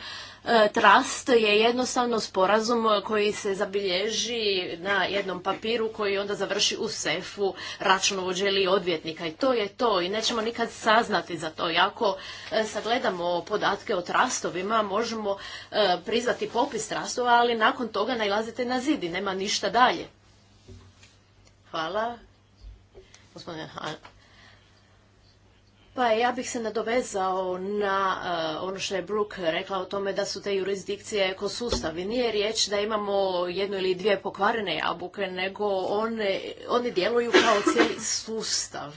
E, Trust je jednostavno sporazum koji se zabilježi na jednom papiru koji onda završi u sefu računovođe ili odvjetnika i to je to i nećemo nikad saznati za to. I ako e, sagledamo podatke o trastovima možemo e, priznati popis trastova, ali nakon toga najlazite na zidi, nema ništa dalje. Hvala. Pa ja bih se nadovezao na eh, ono što je Brooke rekla o tome da su te jurisdikcije I Nije riječ da imamo jednu ili dvije pokvarene jabuke, nego one, oni djeluju kao cijeli sustav.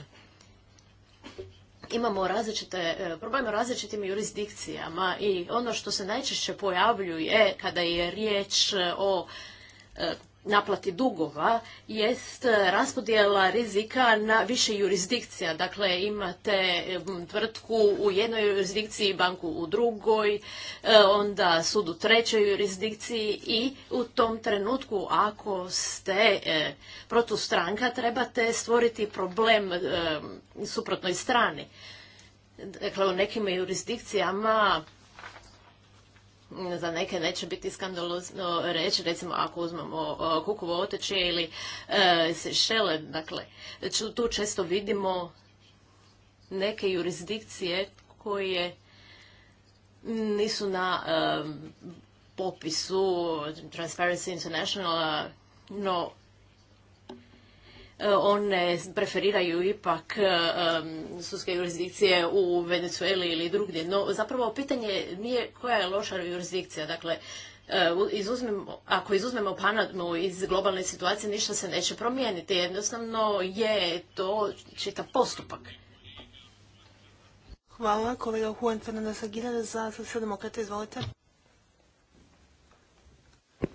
Imamo različite, eh, problem u različitim jurisdikcijama i ono što se najčešće pojavljuje kada je riječ o eh, naplati dugova jest e, raspodjela rizika na više jurisdikcija. Dakle, imate tvrtku u jednoj jurisdikciji, banku u drugoj, e, onda sud u trećoj jurisdikciji i u tom trenutku ako ste e, protustranka trebate stvoriti problem suprotnoj strani. Dakle, u nekim jurisdikcijama za neke neće biti skandalozno reći, recimo ako uzmemo e, kukovo otočje ili e, Sešele, dakle, tu često vidimo neke jurisdikcije koje nisu na e, popisu Transparency International, no E, one preferiraju ipak um, sudske jurisdikcije u Venezueli ili drugdje. No zapravo pitanje nije koja je loša jurisdikcija. Dakle, e, ako izuzmemo panadnu iz globalne situacije, ništa se neće promijeniti. Jednostavno je to čitav postupak. Hvala, kolega Juan Fernandez Aguilar za demokrate, Izvolite.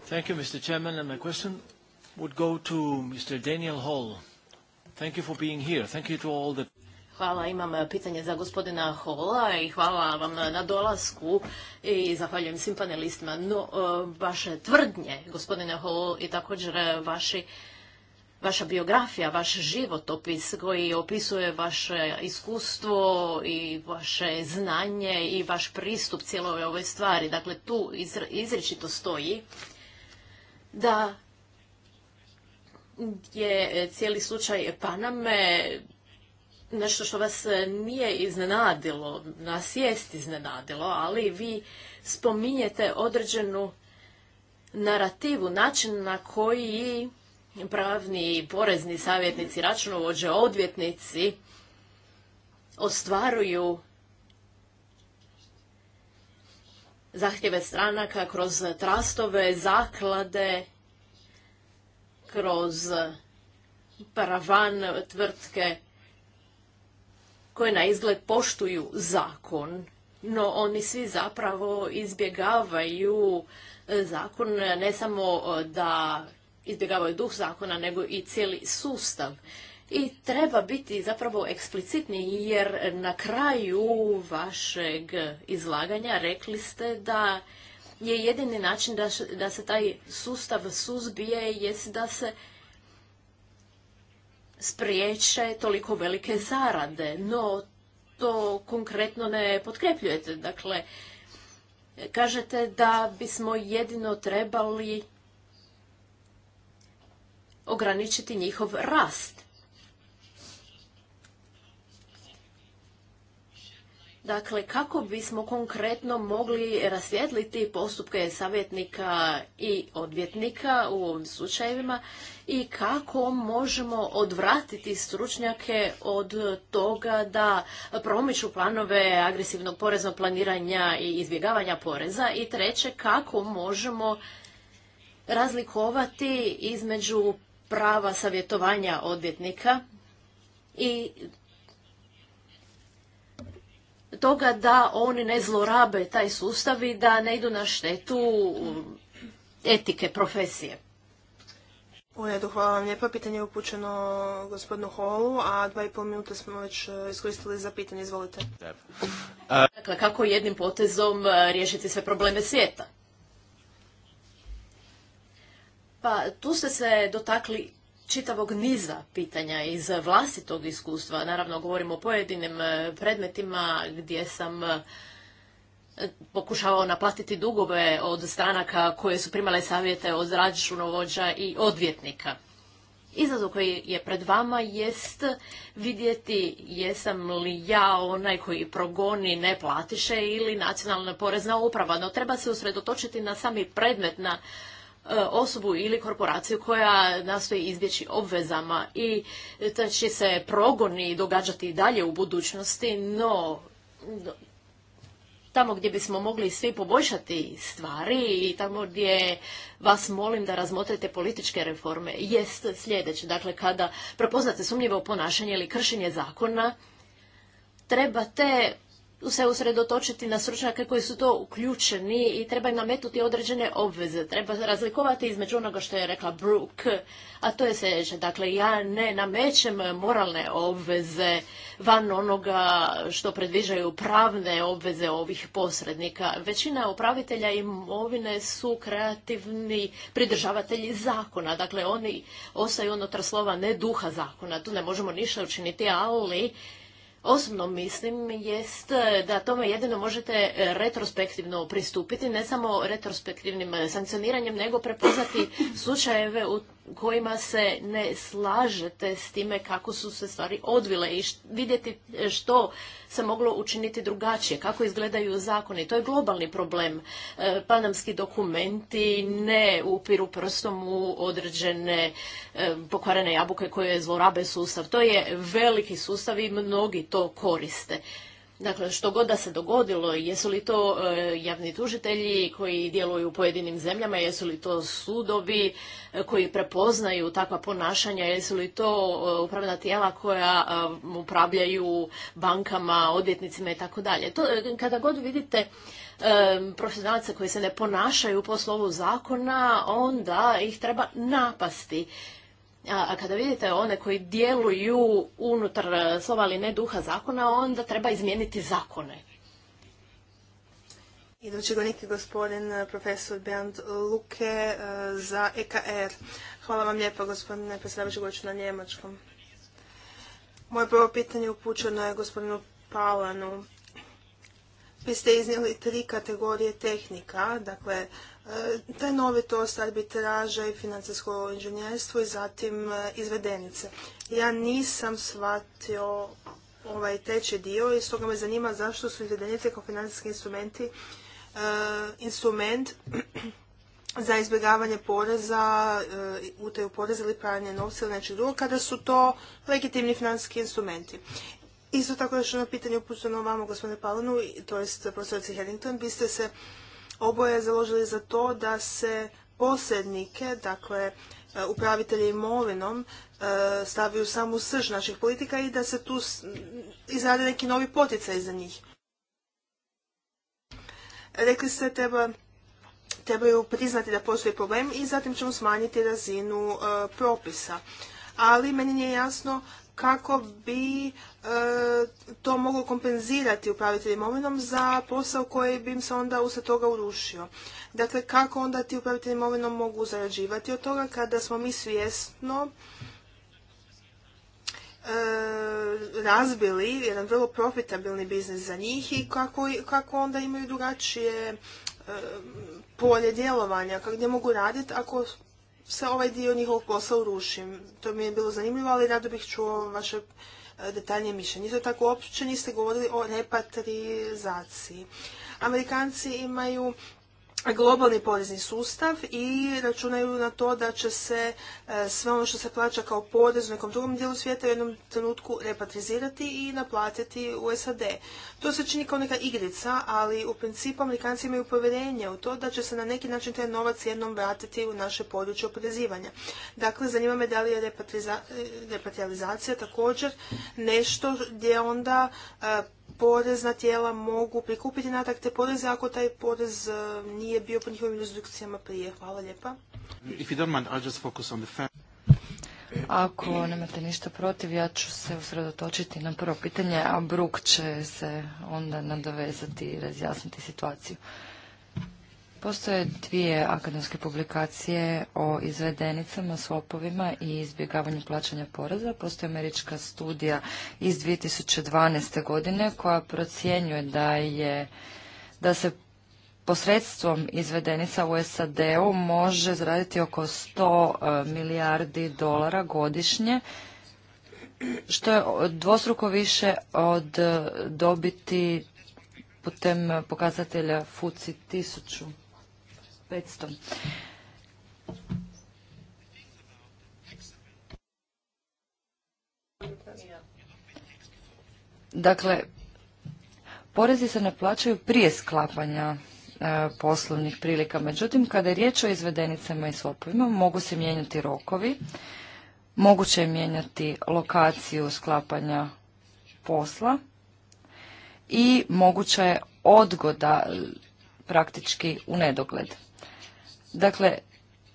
Thank you, Mr. Chairman, and would go to Mr. Daniel Hall. Thank you for being here. Thank you to all Hvala, imam eh, pitanje za gospodina Hola i hvala vam na dolasku i zahvaljujem svim panelistima. No, eh, vaše tvrdnje, gospodine Hall, i također eh, vaši vaša biografija, vaš životopis koji opisuje vaše iskustvo i vaše znanje i vaš pristup cijeloj ovoj stvari. Dakle, tu izričito stoji da je e, cijeli slučaj Paname nešto što vas e, nije iznenadilo, nas jest iznenadilo, ali vi spominjete određenu narativu, način na koji pravni, porezni savjetnici, računovođe, odvjetnici ostvaruju zahtjeve stranaka kroz trastove, zaklade kroz paravan tvrtke koje na izgled poštuju zakon, no oni svi zapravo izbjegavaju zakon ne samo da izbjegavaju duh zakona, nego i cijeli sustav. I treba biti zapravo eksplicitni jer na kraju vašeg izlaganja rekli ste da je jedini način da, da se taj sustav suzbije jest da se spriječe toliko velike zarade, no to konkretno ne potkrepljujete. Dakle, kažete da bismo jedino trebali ograničiti njihov rast. Dakle, kako bismo konkretno mogli rasvijetliti postupke savjetnika i odvjetnika u ovim slučajevima i kako možemo odvratiti stručnjake od toga da promiču planove agresivnog poreznog planiranja i izbjegavanja poreza i treće kako možemo razlikovati između prava savjetovanja odvjetnika i toga da oni ne zlorabe taj sustav i da ne idu na štetu etike, profesije. U redu, hvala vam lijepa. Pitanje je upućeno gospodinu Holu, a dva i pol minuta smo već e, iskoristili za pitanje. Izvolite. Dakle, kako jednim potezom e, riješiti sve probleme svijeta? Pa tu ste se dotakli čitavog niza pitanja iz vlastitog iskustva. Naravno, govorimo o pojedinim e, predmetima gdje sam e, pokušavao naplatiti dugove od stranaka koje su primale savjete od računovođa i odvjetnika. Izazov koji je pred vama jest vidjeti jesam li ja onaj koji progoni ne platiše ili nacionalna porezna uprava, no treba se usredotočiti na sami predmet, na E, osobu ili korporaciju koja nastoji izbjeći obvezama i da će se progoni događati i dalje u budućnosti, no tamo gdje bismo mogli svi poboljšati stvari i tamo gdje vas molim da razmotrite političke reforme jest sljedeće. Dakle, kada prepoznate sumnjivo ponašanje ili kršenje zakona, trebate se usredotočiti na stručnjake koji su to uključeni i treba im nametnuti određene obveze. Treba razlikovati između onoga što je rekla Brooke, a to je sljedeće. Dakle, ja ne namećem moralne obveze van onoga što predviđaju pravne obveze ovih posrednika. Većina upravitelja imovine su kreativni pridržavatelji zakona. Dakle, oni ostaju ono slova ne duha zakona. Tu ne možemo ništa učiniti, ali osobno mislim jest da tome jedino možete retrospektivno pristupiti, ne samo retrospektivnim sankcioniranjem, nego prepoznati slučajeve u kojima se ne slažete s time kako su se stvari odvile i vidjeti e, što se moglo učiniti drugačije, kako izgledaju zakoni. To je globalni problem. E, panamski dokumenti ne upiru prstom u određene e, pokvarene jabuke koje zlorabe sustav. To je veliki sustav i mnogi to koriste. Dakle, što god da se dogodilo, jesu li to e, javni tužitelji koji djeluju u pojedinim zemljama, jesu li to sudovi e, koji prepoznaju takva ponašanja, jesu li to e, upravna tijela koja upravljaju bankama, odvjetnicima i tako dalje. Kada god vidite profesionalce koji se ne ponašaju po slovu zakona, onda ih treba napasti. A kada vidite one koji djeluju unutar e, slova ali ne duha zakona, onda treba izmijeniti zakone. Idući go gospodin e, profesor Bernd Luke e, za EKR. Hvala vam lijepo, gospodine predsjedavajući goću na njemačkom. Moje prvo pitanje upućeno je gospodinu Palanu vi ste iznijeli tri kategorije tehnika, dakle e, tajnovitost, arbitraža i financijsko inženjerstvo i zatim e, izvedenice. Ja nisam shvatio ovaj treći dio i stoga me zanima zašto su izvedenice kao financijski instrumenti e, instrument za izbjegavanje poreza, utaju poreza ili pranje novca ili nečeg drugog, kada su to legitimni financijski instrumenti. Isto tako još jedno pitanje upućeno vama, gospodine Palanu, to jest profesorici Herington. Vi ste se oboje založili za to da se posrednike, dakle upravitelje imovinom, e, stavi u samu srž naših politika i da se tu izrade neki novi poticaj za njih. Rekli ste trebaju priznati da postoji problem i zatim ćemo smanjiti razinu e, propisa. Ali meni nije jasno kako bi e, to moglo kompenzirati upravitelj imovinom za posao koji bi im se onda uslijed toga urušio. Dakle, kako onda ti upravitelji imovinom mogu zarađivati od toga kada smo mi svjesno e, razbili jedan vrlo profitabilni biznis za njih i kako, kako onda imaju drugačije e, polje djelovanja, gdje mogu raditi ako se ovaj dio njihovog posla urušim. To mi je bilo zanimljivo, ali rado bih čuo vaše e, detaljnije mišljenje. Isto tako, uopće niste govorili o repatrizaciji. Amerikanci imaju globalni porezni sustav i računaju na to da će se e, sve ono što se plaća kao porez u nekom drugom dijelu svijeta u jednom trenutku repatrizirati i naplatiti u SAD. To se čini kao neka igrica, ali u principu Amerikanci imaju povjerenje u to da će se na neki način taj novac jednom vratiti u naše područje oporezivanja. Dakle, zanima me da li je e, repatrializacija također nešto gdje onda e, porezna tijela mogu prikupiti natak te poreze ako taj porez e, nije bio po njihovim instrukcijama prije. Hvala lijepa. ako nemate ništa protiv, ja ću se usredotočiti na prvo pitanje, a Bruk će se onda nadovezati i razjasniti situaciju. Postoje dvije akademske publikacije o izvedenicama, swapovima i izbjegavanju plaćanja poreza. Postoji američka studija iz 2012. godine koja procjenjuje da je da se posredstvom izvedenica u SAD-u može zaraditi oko 100 e, milijardi dolara godišnje, što je dvostruko više od dobiti putem pokazatelja FUCI 1000. Dakle, porezi se naplaćaju prije sklapanja e, poslovnih prilika. Međutim, kada je riječ o izvedenicama i svopovima, mogu se mijenjati rokovi, moguće je mijenjati lokaciju sklapanja posla i moguća je odgoda praktički u nedogled. Dakle,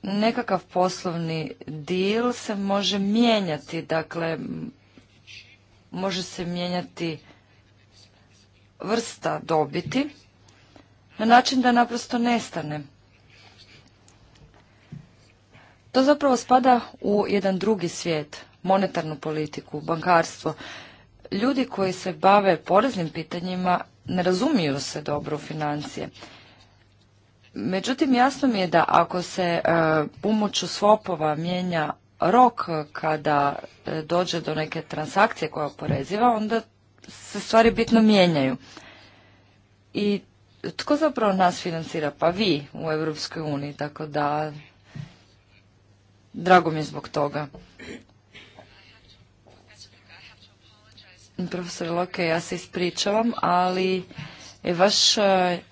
nekakav poslovni dil se može mijenjati, dakle, može se mijenjati vrsta dobiti na način da naprosto nestane. To zapravo spada u jedan drugi svijet, monetarnu politiku, bankarstvo. Ljudi koji se bave poreznim pitanjima ne razumiju se dobro u financije. Međutim, jasno mi je da ako se e, pomoću swapova mijenja rok kada e, dođe do neke transakcije koja oporeziva, onda se stvari bitno mijenjaju. I tko zapravo nas financira? Pa vi u Europskoj uniji, tako da drago mi je zbog toga. Profesor Loke, ja se ispričavam, ali E, vaš e,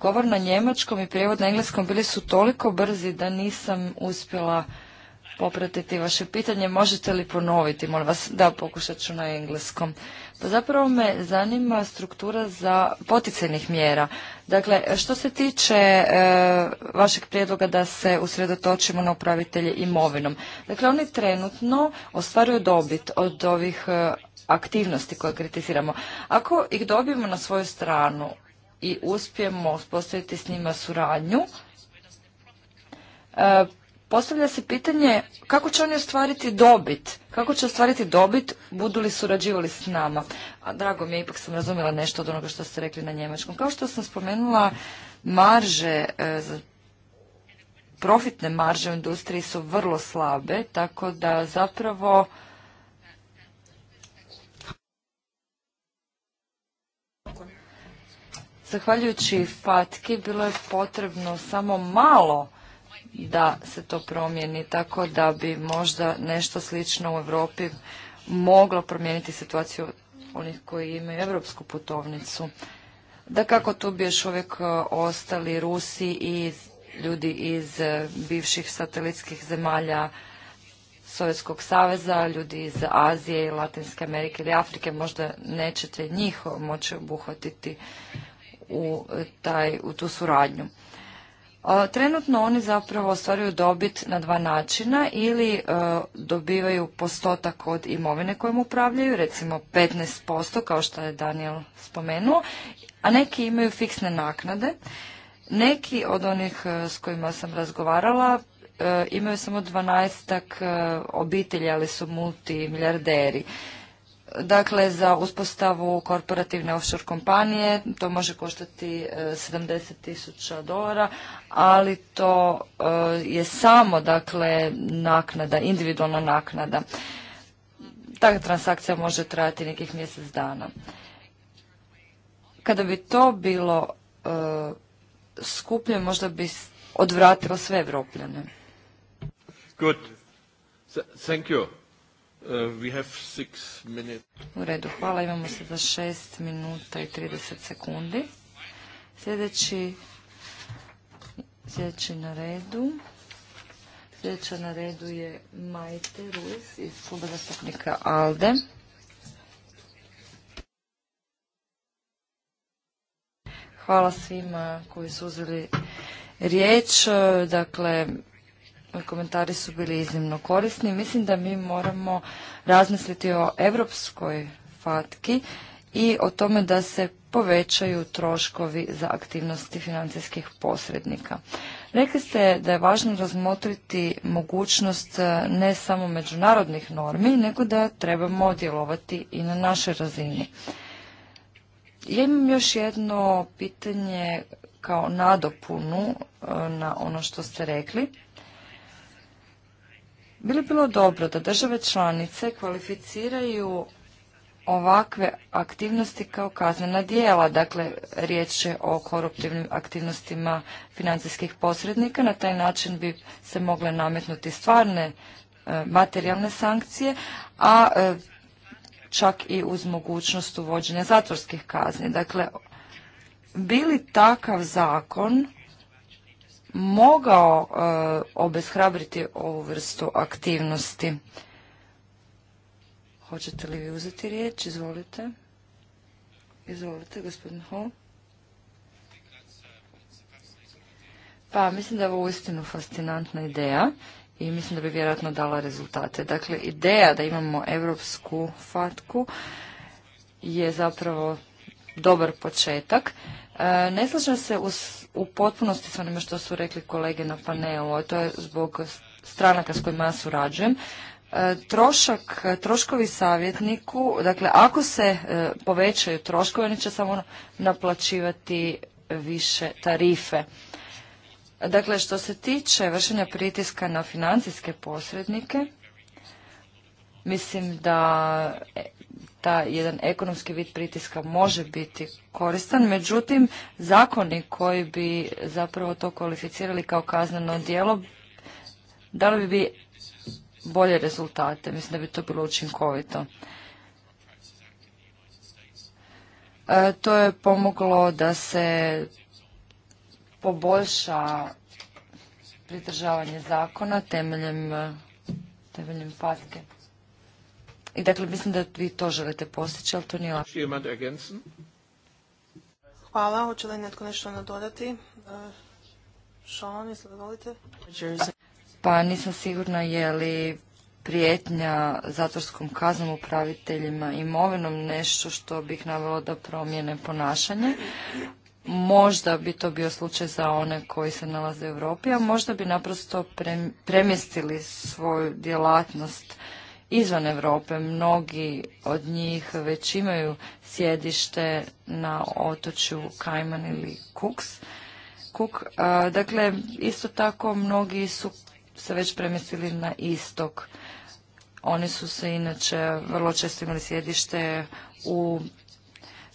govor na njemačkom i prijevod na engleskom bili su toliko brzi da nisam uspjela popratiti vaše pitanje. Možete li ponoviti, molim vas? Da, pokušat ću na engleskom. Pa zapravo me zanima struktura za poticajnih mjera. Dakle, što se tiče e, vašeg prijedloga da se usredotočimo na upravitelje imovinom. Dakle, oni trenutno ostvaruju dobit od ovih aktivnosti koje kritiziramo. Ako ih dobijemo na svoju stranu, i uspijemo uspostaviti s njima suradnju, e, postavlja se pitanje kako će oni ostvariti dobit, kako će ostvariti dobit budu li surađivali s nama. A drago mi je, ipak sam razumjela nešto od onoga što ste rekli na njemačkom. Kao što sam spomenula, marže, e, profitne marže u industriji su vrlo slabe, tako da zapravo zahvaljujući FATKI bilo je potrebno samo malo da se to promijeni, tako da bi možda nešto slično u Europi moglo promijeniti situaciju onih koji imaju europsku putovnicu. Da kako tu bi još uvijek e, ostali Rusi i ljudi iz e, bivših satelitskih zemalja Sovjetskog saveza, ljudi iz Azije i Latinske Amerike ili Afrike, možda nećete njih moći obuhvatiti u, taj, u tu suradnju. Trenutno oni zapravo ostvaruju dobit na dva načina ili e, dobivaju postotak od imovine kojom upravljaju, recimo 15% kao što je Daniel spomenuo, a neki imaju fiksne naknade. Neki od onih e, s kojima sam razgovarala e, imaju samo 12 obitelji, ali su multimilijarderi. Dakle, za uspostavu korporativne offshore kompanije to može koštati 70 e, tisuća dolara, ali to e, je samo dakle, naknada, individualna naknada. Ta transakcija može trajati nekih mjesec dana. Kada bi to bilo e, skuplje, možda bi odvratilo sve Evropljane. Good. Thank you. Uh, U redu, hvala. Imamo se za 6 minuta i 30 sekundi. Sljedeći, sljedeći na redu. Sljedeća na redu je Majte Ruiz iz kluba zastupnika ALDE. Hvala svima koji su uzeli riječ. Dakle, komentari su bili iznimno korisni. Mislim da mi moramo razmisliti o europskoj fatki i o tome da se povećaju troškovi za aktivnosti financijskih posrednika. Rekli ste da je važno razmotriti mogućnost e, ne samo međunarodnih normi, nego da trebamo djelovati i na našoj razini. Ja imam još jedno pitanje kao nadopunu e, na ono što ste rekli. Bi li bilo dobro da države članice kvalificiraju ovakve aktivnosti kao kaznena dijela. Dakle, riječ je o koruptivnim aktivnostima financijskih posrednika. Na taj način bi se mogle nametnuti stvarne e, materijalne sankcije, a e, čak i uz mogućnost uvođenja zatvorskih kazni. Dakle, bili takav zakon mogao e, obeshrabriti ovu vrstu aktivnosti. Hoćete li vi uzeti riječ? Izvolite. Izvolite, gospodin Ho. Pa, mislim da je ovo uistinu fascinantna ideja i mislim da bi vjerojatno dala rezultate. Dakle, ideja da imamo evropsku fatku je zapravo dobar početak. E, ne slažem se u, potpunosti s onime što su rekli kolege na panelu, a to je zbog stranaka s kojima ja surađujem. E, trošak, troškovi savjetniku, dakle ako se e, povećaju troškovi, oni će samo naplaćivati više tarife. Dakle, što se tiče vršenja pritiska na financijske posrednike, mislim da ta jedan ekonomski vid pritiska može biti koristan. Međutim, zakoni koji bi zapravo to kvalificirali kao kazneno djelo dali bi bolje rezultate. Mislim da bi to bilo učinkovito. E, to je pomoglo da se poboljša pridržavanje zakona temeljem, temeljem patke. I dakle, mislim da vi to želite postići, ali to nije lako. Hvala. Hoće li netko nešto nadodati? E, pa nisam sigurna je li prijetnja zatvorskom kaznom upraviteljima imovinom nešto što bih navelo da promijene ponašanje. Možda bi to bio slučaj za one koji se nalaze u Europi, a možda bi naprosto premjestili svoju djelatnost izvan Europe. Mnogi od njih već imaju sjedište na otočju Kajman ili Kuks. Kuk. Dakle, isto tako mnogi su se već premjestili na istok. Oni su se inače vrlo često imali sjedište u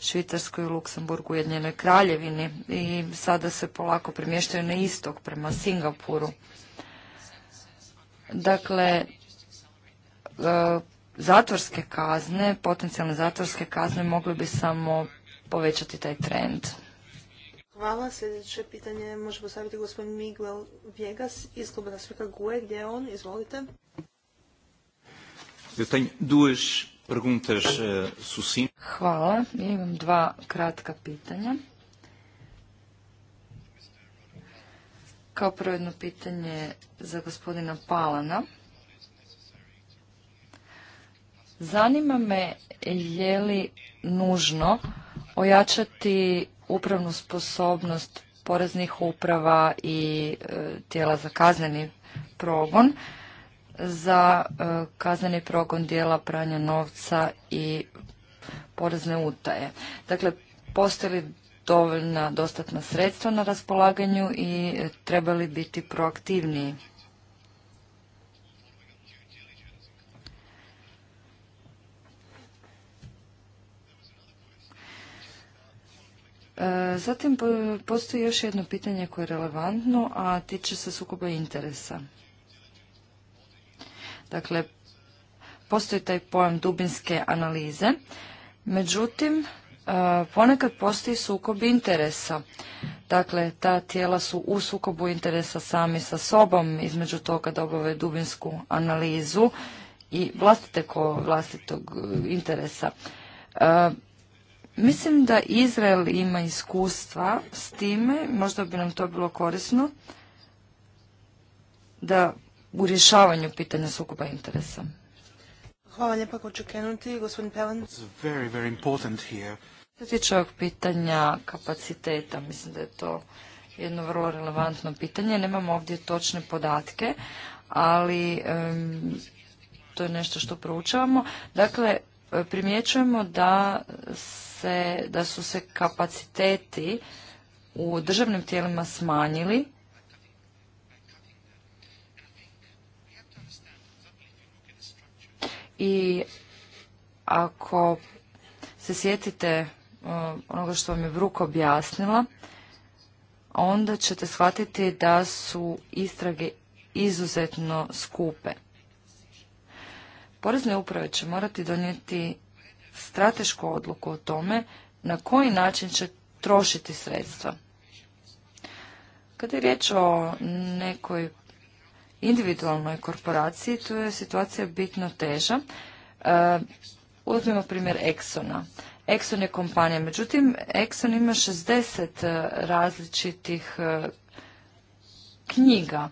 Švicarskoj, Luksemburgu, Ujedinjenoj kraljevini i sada se polako premještaju na istok prema Singapuru. Dakle, E, zatvorske kazne, potencijalne zatvorske kazne mogli bi samo povećati taj trend. Hvala. Sljedeće pitanje može postaviti gospodin Miguel Viegas iz kluba zastupnika GUE. Gdje je on? Izvolite. Hvala. Ja imam dva kratka pitanja. Kao prvo jedno pitanje za gospodina Palana. Zanima me je li nužno ojačati upravnu sposobnost poreznih uprava i e, tijela za kazneni progon za e, kazneni progon dijela pranja novca i porezne utaje. Dakle, postoje li dovoljna dostatna sredstva na raspolaganju i trebali biti proaktivniji E, zatim postoji još jedno pitanje koje je relevantno, a tiče se sukoba interesa. Dakle, postoji taj pojam dubinske analize, međutim, e, ponekad postoji sukob interesa. Dakle, ta tijela su u sukobu interesa sami sa sobom, između toga da obave dubinsku analizu i vlastite ko vlastitog interesa. E, Mislim da Izrael ima iskustva s time, možda bi nam to bilo korisno, da u rješavanju pitanja sukoba interesa. Hvala lijepa, ko ću krenuti, gospodin Pelan. Very, very important here. Što se tiče ovog pitanja kapaciteta, mislim da je to jedno vrlo relevantno pitanje. Nemamo ovdje točne podatke, ali to je nešto što proučavamo. Dakle, primjećujemo da se, da su se kapaciteti u državnim tijelima smanjili. I ako se sjetite uh, onoga što vam je Vruk objasnila, onda ćete shvatiti da su istrage izuzetno skupe. Porezne uprave će morati donijeti stratešku odluku o tome na koji način će trošiti sredstva. Kada je riječ o nekoj individualnoj korporaciji, tu je situacija bitno teža. E, uzmimo primjer Exona. Exxon je kompanija, međutim Exxon ima 60 e, različitih e, knjiga.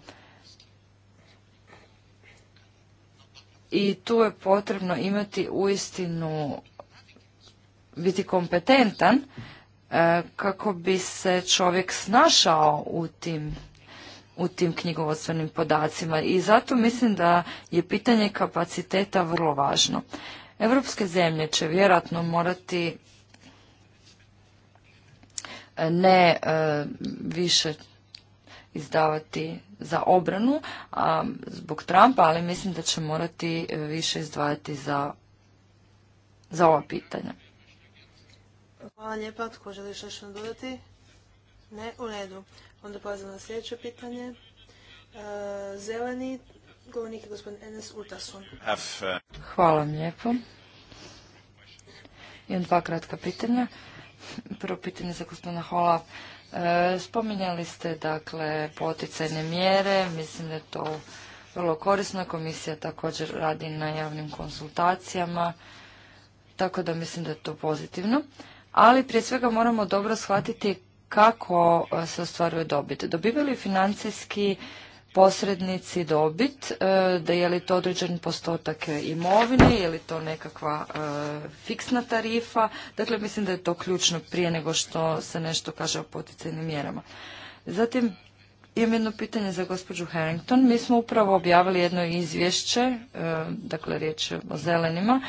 I tu je potrebno imati uistinu biti kompetentan e, kako bi se čovjek snašao u tim u tim knjigovodstvenim podacima i zato mislim da je pitanje kapaciteta vrlo važno. Europske zemlje će vjerojatno morati e, ne e, više izdavati za obranu a, zbog Trumpa, ali mislim da će morati više izdvajati za, za ova pitanja. Hvala lijepa. Tko što još dodati? Ne, u redu. Onda prelazimo na sljedeće pitanje. E, zeleni govornik je gospodin Enes Utasun. Uh, Hvala vam lijepo. Imam dva kratka pitanja. Prvo pitanje za gospodina Hola. E, spominjali ste dakle poticajne mjere, mislim da je to vrlo korisno. Komisija također radi na javnim konsultacijama, tako da mislim da je to pozitivno ali prije svega moramo dobro shvatiti kako e, se ostvaruje dobit. Dobivali financijski posrednici dobit, e, da je li to određen postotak e, imovine, je li to nekakva fiksna tarifa. Dakle, mislim da je to ključno prije nego što se nešto kaže o poticajnim mjerama. Zatim, imam jedno pitanje za gospođu Harrington. Mi smo upravo objavili jedno izvješće, dakle riječ je o zelenima,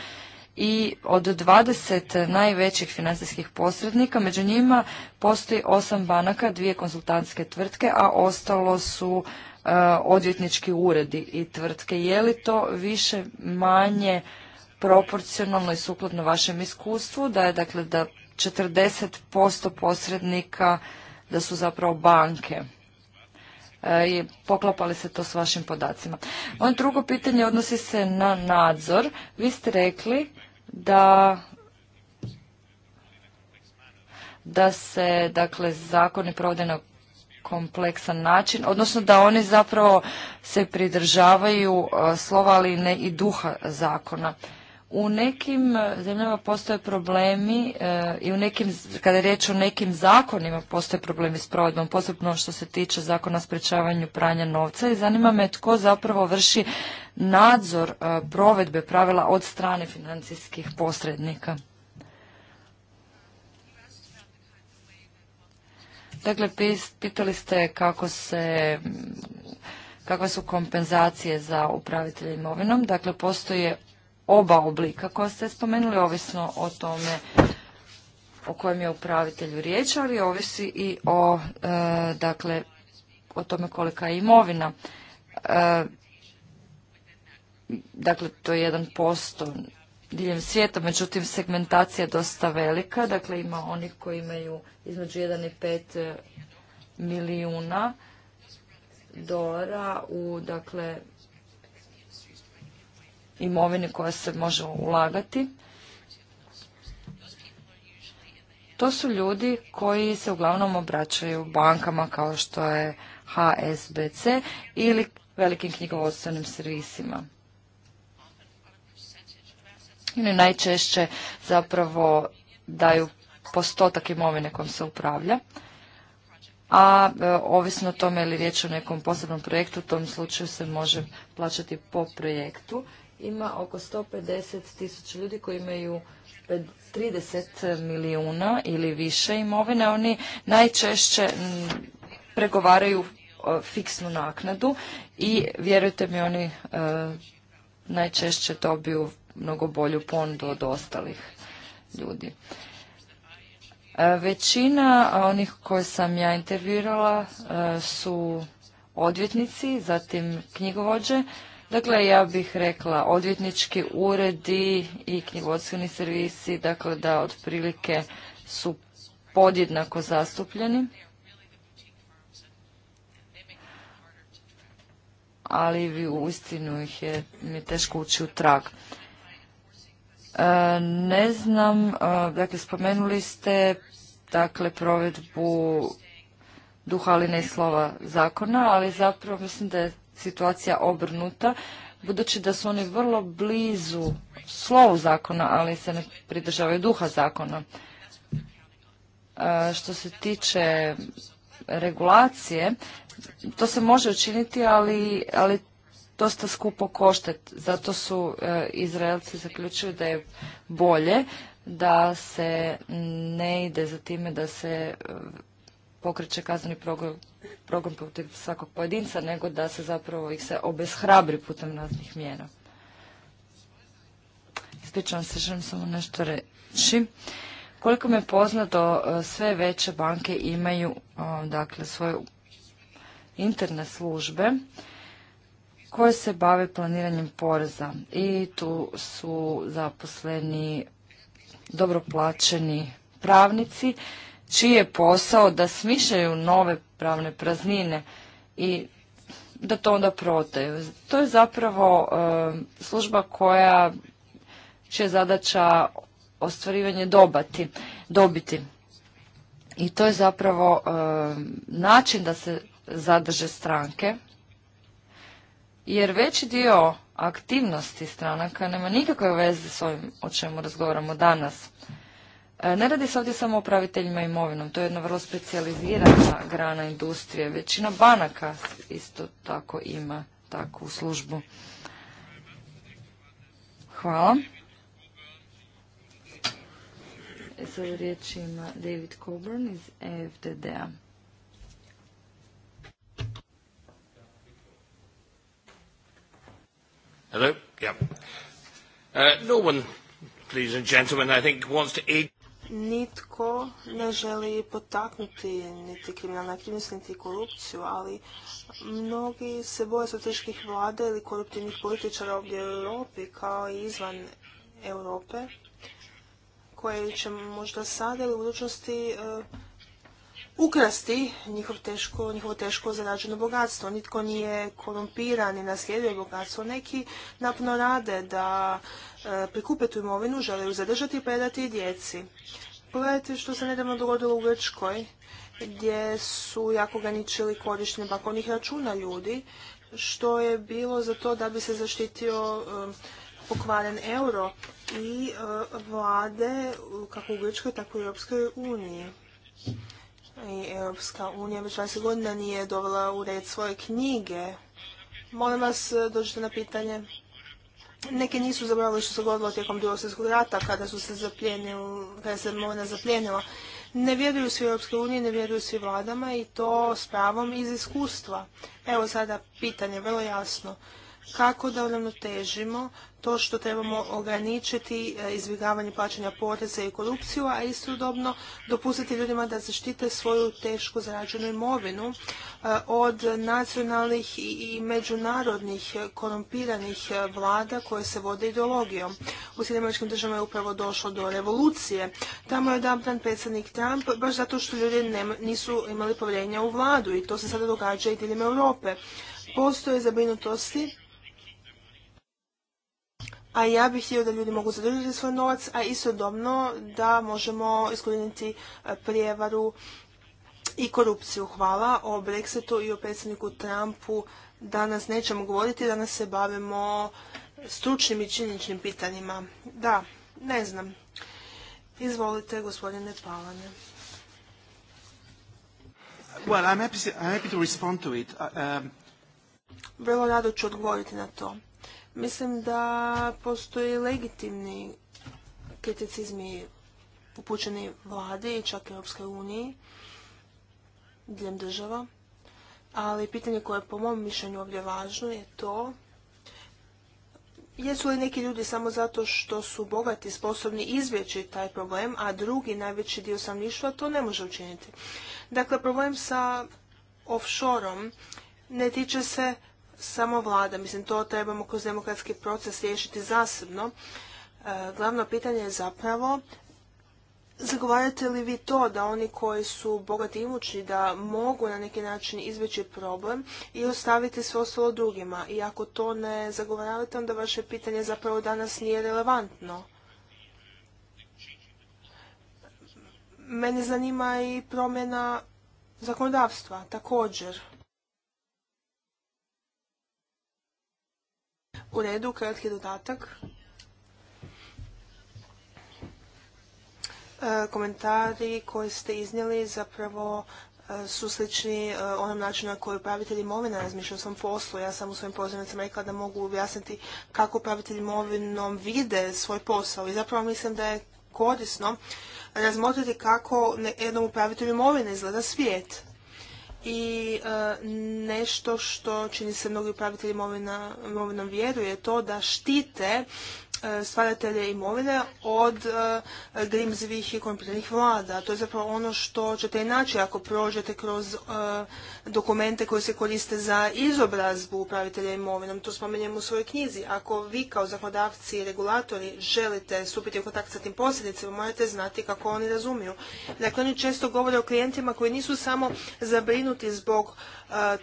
i od 20 najvećih financijskih posrednika, među njima postoji 8 banaka, dvije konzultantske tvrtke, a ostalo su e, odvjetnički uredi i tvrtke. Je li to više manje proporcionalno i sukladno vašem iskustvu, da je dakle da 40% posrednika da su zapravo banke? E, i poklapali se to s vašim podacima. Ono drugo pitanje odnosi se na nadzor. Vi ste rekli da da se dakle zakoni provode na kompleksan način, odnosno da oni zapravo se pridržavaju slova ali ne i duha zakona. U nekim e, zemljama postoje problemi e, i u nekim, kada je riječ o nekim zakonima, postoje problemi s provedbom, posebno što se tiče zakona o sprečavanju pranja novca i zanima me tko zapravo vrši nadzor e, provedbe pravila od strane financijskih posrednika. Dakle, pitali ste kako se kakve su kompenzacije za upravitelje imovinom. Dakle, postoje oba oblika koja ste spomenuli, ovisno o tome o kojem je upravitelju riječ, ali ovisi i o, e, dakle, o tome kolika je imovina. E, dakle, to je jedan posto diljem svijeta, međutim segmentacija je dosta velika, dakle ima onih koji imaju između 1 i 5 e, milijuna dolara u, dakle, imovine koja se može ulagati. To su ljudi koji se uglavnom obraćaju bankama kao što je HSBC ili velikim knjigovodstvenim servisima. Oni najčešće zapravo daju postotak imovine kojom se upravlja, a e, ovisno o tome ili riječ o nekom posebnom projektu, u tom slučaju se može plaćati po projektu ima oko 150 tisuća ljudi koji imaju 30 milijuna ili više imovine. Oni najčešće pregovaraju fiksnu naknadu i vjerujte mi oni e, najčešće dobiju mnogo bolju pondu od ostalih ljudi. E, većina onih koje sam ja intervjuirala e, su odvjetnici, zatim knjigovođe, Dakle, ja bih rekla odvjetnički uredi i knjigovodstveni servisi, dakle da otprilike su podjednako zastupljeni. ali u istinu ih je, mi teško ući u trag. E, ne znam, e, dakle, spomenuli ste dakle, provedbu duha ali ne slova zakona, ali zapravo mislim da je situacija obrnuta, budući da su oni vrlo blizu slovu zakona, ali se ne pridržavaju duha zakona. E, što se tiče regulacije, to se može učiniti, ali, ali dosta skupo košte. Zato su e, Izraelci zaključili da je bolje da se ne ide za time da se pokreće kazneni progon, protiv svakog pojedinca, nego da se zapravo ih se obeshrabri putem raznih mjera. Ispričavam se, želim samo nešto reći. Koliko me je poznato, e, sve veće banke imaju e, dakle, svoje interne službe koje se bave planiranjem poreza i tu su zaposleni dobro plaćeni pravnici čiji je posao da smišljaju nove pravne praznine i da to onda prodaju. To je zapravo e, služba koja će zadaća ostvarivanje dobati, dobiti. I to je zapravo e, način da se zadrže stranke, jer veći dio aktivnosti stranaka nema nikakve veze s ovim o čemu razgovaramo danas. E, ne radi se ovdje samo o upraviteljima imovinom, to je jedna vrlo specijalizirana grana industrije. Većina banaka isto tako ima takvu službu. Hvala. E sad riječ ima David Coburn iz EFDD-a. Hello? Yeah. Uh, no one, please and gentlemen, I think wants to aid nitko ne želi potaknuti niti kriminalne aktivnosti, niti korupciju, ali mnogi se boje strateških vlada ili koruptivnih političara ovdje u Europi kao i izvan Europe koje će možda sada ili u budućnosti e, ukrasti njihovo teško, njihovo teško zarađeno bogatstvo. Nitko nije korumpiran i naslijedio bogatstvo. Neki napno rade da e, prikupe tu imovinu, žele ju zadržati i predati i djeci. Pogledajte što se nedavno dogodilo u Grčkoj, gdje su jako ganičili korištenje bakovnih računa ljudi, što je bilo za to da bi se zaštitio e, pokvaren euro i e, vlade kako u Grčkoj, tako i u Europskoj uniji i Europska unija već 20 godina nije dovela u red svoje knjige. Molim vas, e, dođite na pitanje. Neke nisu zaboravili što se godilo tijekom drugog svjetskog rata kada su se zapljenili, kada se mona zapljenila. Ne vjeruju svi Europske unije, ne vjeruju svi vladama i to s pravom iz iskustva. Evo sada pitanje, vrlo jasno kako da težimo to što trebamo ograničiti e, izbjegavanje plaćanja poreza i korupciju, a istodobno dopustiti ljudima da zaštite svoju teško zarađenu imovinu e, od nacionalnih i međunarodnih korumpiranih e, vlada koje se vode ideologijom. U Sjedinjeničkim državama je upravo došlo do revolucije. Tamo je odabran predsjednik Trump baš zato što ljudi nisu imali povjerenja u vladu i to se sada događa i diljem Europe. Postoje zabrinutosti a ja bih htio da ljudi mogu zadržati svoj novac, a istodobno da možemo iskoriniti e, prijevaru i korupciju. Hvala o Brexitu i o predsjedniku Trumpu. Danas nećemo govoriti, danas se bavimo stručnim i činjeničnim pitanjima. Da, ne znam. Izvolite, gospodine Palane. Uh, um, Vrlo rado ću odgovoriti na to. Mislim da postoji legitimni kriticizmi upućeni vladi i čak Europske unije, diljem država. Ali pitanje koje je po mom mišljenju ovdje važno je to jesu li neki ljudi samo zato što su bogati sposobni izbjeći taj problem, a drugi najveći dio samništva to ne može učiniti. Dakle, problem sa offshoreom ne tiče se samo vlada. Mislim, to trebamo kroz demokratski proces riješiti zasebno. E, glavno pitanje je zapravo Zagovarate li vi to da oni koji su bogati i imućni da mogu na neki način izveći problem i ostaviti sve ostalo drugima? I ako to ne zagovarate onda vaše pitanje zapravo danas nije relevantno. Mene zanima i promjena zakonodavstva također. U redu, kratki dodatak. E, komentari koji ste iznijeli zapravo e, su slični e, onom načinu na koji upravitelj imovina razmišlja o svom poslu. Ja sam u svojim pozivnicama rekla da mogu objasniti kako upravitelj imovinom vide svoj posao i zapravo mislim da je korisno razmotriti kako jednom upravitelju imovine izgleda svijet i e, nešto što čini se mnogi upravitelji imovina, imovinom vjeruje to da štite E, stvaratelje imovine od e, grimzivih i korumpiranih vlada. To je zapravo ono što ćete i naći ako prođete kroz e, dokumente koje se koriste za izobrazbu upravitelja imovinom. To spomenjem u svojoj knjizi. Ako vi kao zakonodavci i regulatori želite stupiti u kontakt sa tim posljednicima, morate znati kako oni razumiju. Dakle, oni često govore o klijentima koji nisu samo zabrinuti zbog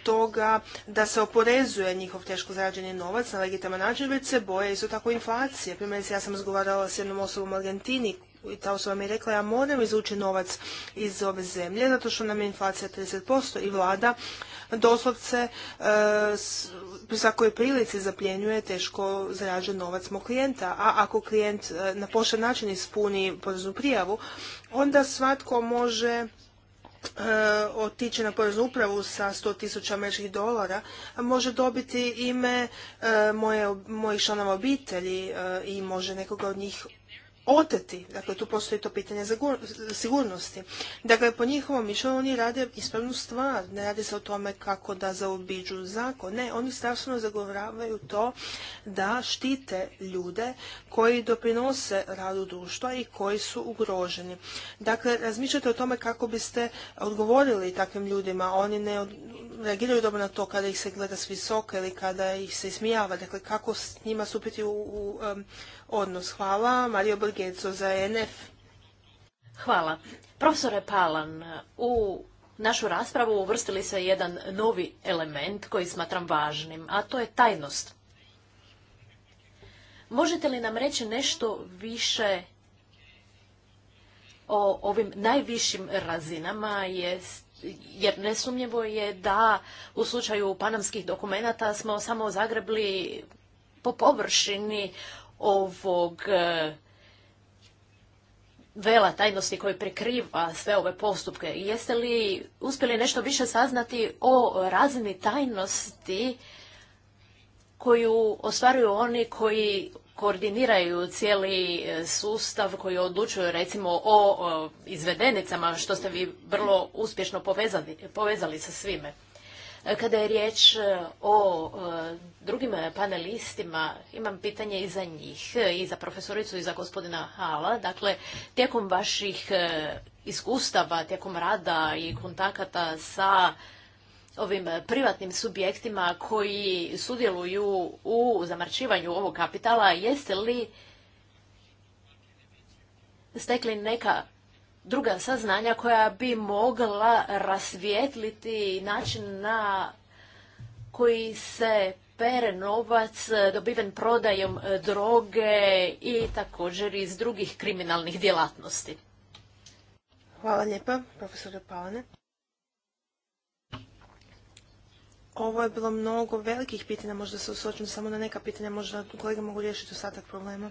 toga da se oporezuje njihov teško zarađeni novac na legitiman način, već se boje isto tako inflacije ja sam razgovarala s jednom osobom u Argentini i ta osoba mi je rekla ja moram izvući novac iz ove zemlje zato što nam je inflacija 30% i vlada doslovce e, pri svakoj prilici zapljenjuje teško zarađen novac mog klijenta. A ako klijent e, na pošten način ispuni poreznu prijavu, onda svatko može E, otići na poreznu upravu sa 100 tisuća američkih dolara, može dobiti ime e, mojih članova obitelji e, i može nekoga od njih oteti. Dakle, tu postoji to pitanje sigurnosti. Dakle, po njihovom mišljenju oni rade ispravnu stvar. Ne radi se o tome kako da zaobiđu zakon. Ne, oni strašno zagovaravaju to da štite ljude koji doprinose radu društva i koji su ugroženi. Dakle, razmišljate o tome kako biste odgovorili takvim ljudima. Oni ne reagiraju dobro na to kada ih se gleda s visoka ili kada ih se smijava. Dakle, kako s njima stupiti u, odnos. Hvala. Mario Brgenco za ENF. Hvala. Profesore Palan, u našu raspravu uvrstili se jedan novi element koji smatram važnim, a to je tajnost. Možete li nam reći nešto više o ovim najvišim razinama, jest jer nesumnjivo je da u slučaju panamskih dokumenata smo samo zagrebli po površini ovog e, vela tajnosti koji prekriva sve ove postupke. Jeste li uspjeli nešto više saznati o razini tajnosti koju ostvaruju oni koji koordiniraju cijeli e, sustav koji odlučuje recimo o izvedenicama što ste vi vrlo uspješno povezali, povezali sa svime. E, kada je riječ e, o drugim panelistima, imam pitanje i za njih, i za profesoricu i za gospodina Hala. Dakle, tijekom vaših iskustava, tijekom rada i kontakata sa ovim eh, privatnim subjektima koji sudjeluju u zamrčivanju ovog kapitala, jeste li stekli neka druga saznanja koja bi mogla rasvijetliti način na koji se pere novac dobiven prodajom eh, droge i također iz drugih kriminalnih djelatnosti. Hvala lijepa, profesor Pavane. Ovo je bilo mnogo velikih pitanja, možda se usločim samo na neka pitanja, možda kolege mogu riješiti ostatak problema.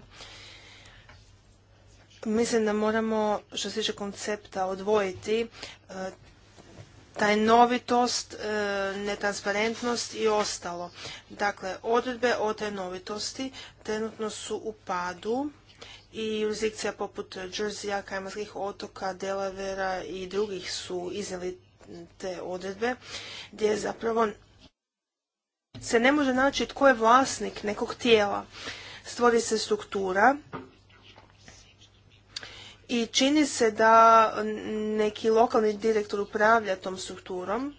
Mislim da moramo, što se tiče koncepta, odvojiti e, taj novitost, e, netransparentnost i ostalo. Dakle, odredbe o novitosti trenutno su u padu i jurisdikcija poput Jerseya, Kajmarskih otoka, Delavera i drugih su iznijeli te odredbe, gdje zapravo se ne može naći tko je vlasnik nekog tijela. Stvori se struktura i čini se da neki lokalni direktor upravlja tom strukturom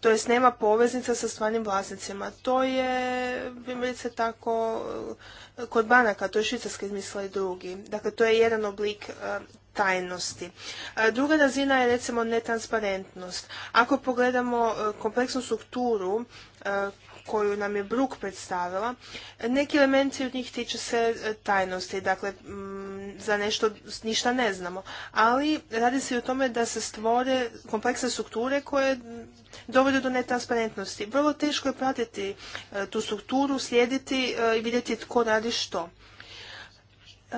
to jest nema poveznica sa stvarnim vlasnicima. To je, primjerice tako, eh, kod banaka, to je švicarska izmisla i drugi. Dakle, to je jedan oblik eh, tajnosti. Eh, druga razina je recimo netransparentnost. Ako pogledamo kompleksnu strukturu koju nam je Brook predstavila, neki elementi od njih tiče se tajnosti, dakle mm, za nešto ništa ne znamo, ali radi se i o tome da se stvore kompleksne strukture koje dovode do netransparentnosti. Vrlo teško je pratiti e, tu strukturu, slijediti e, i vidjeti tko radi što. E,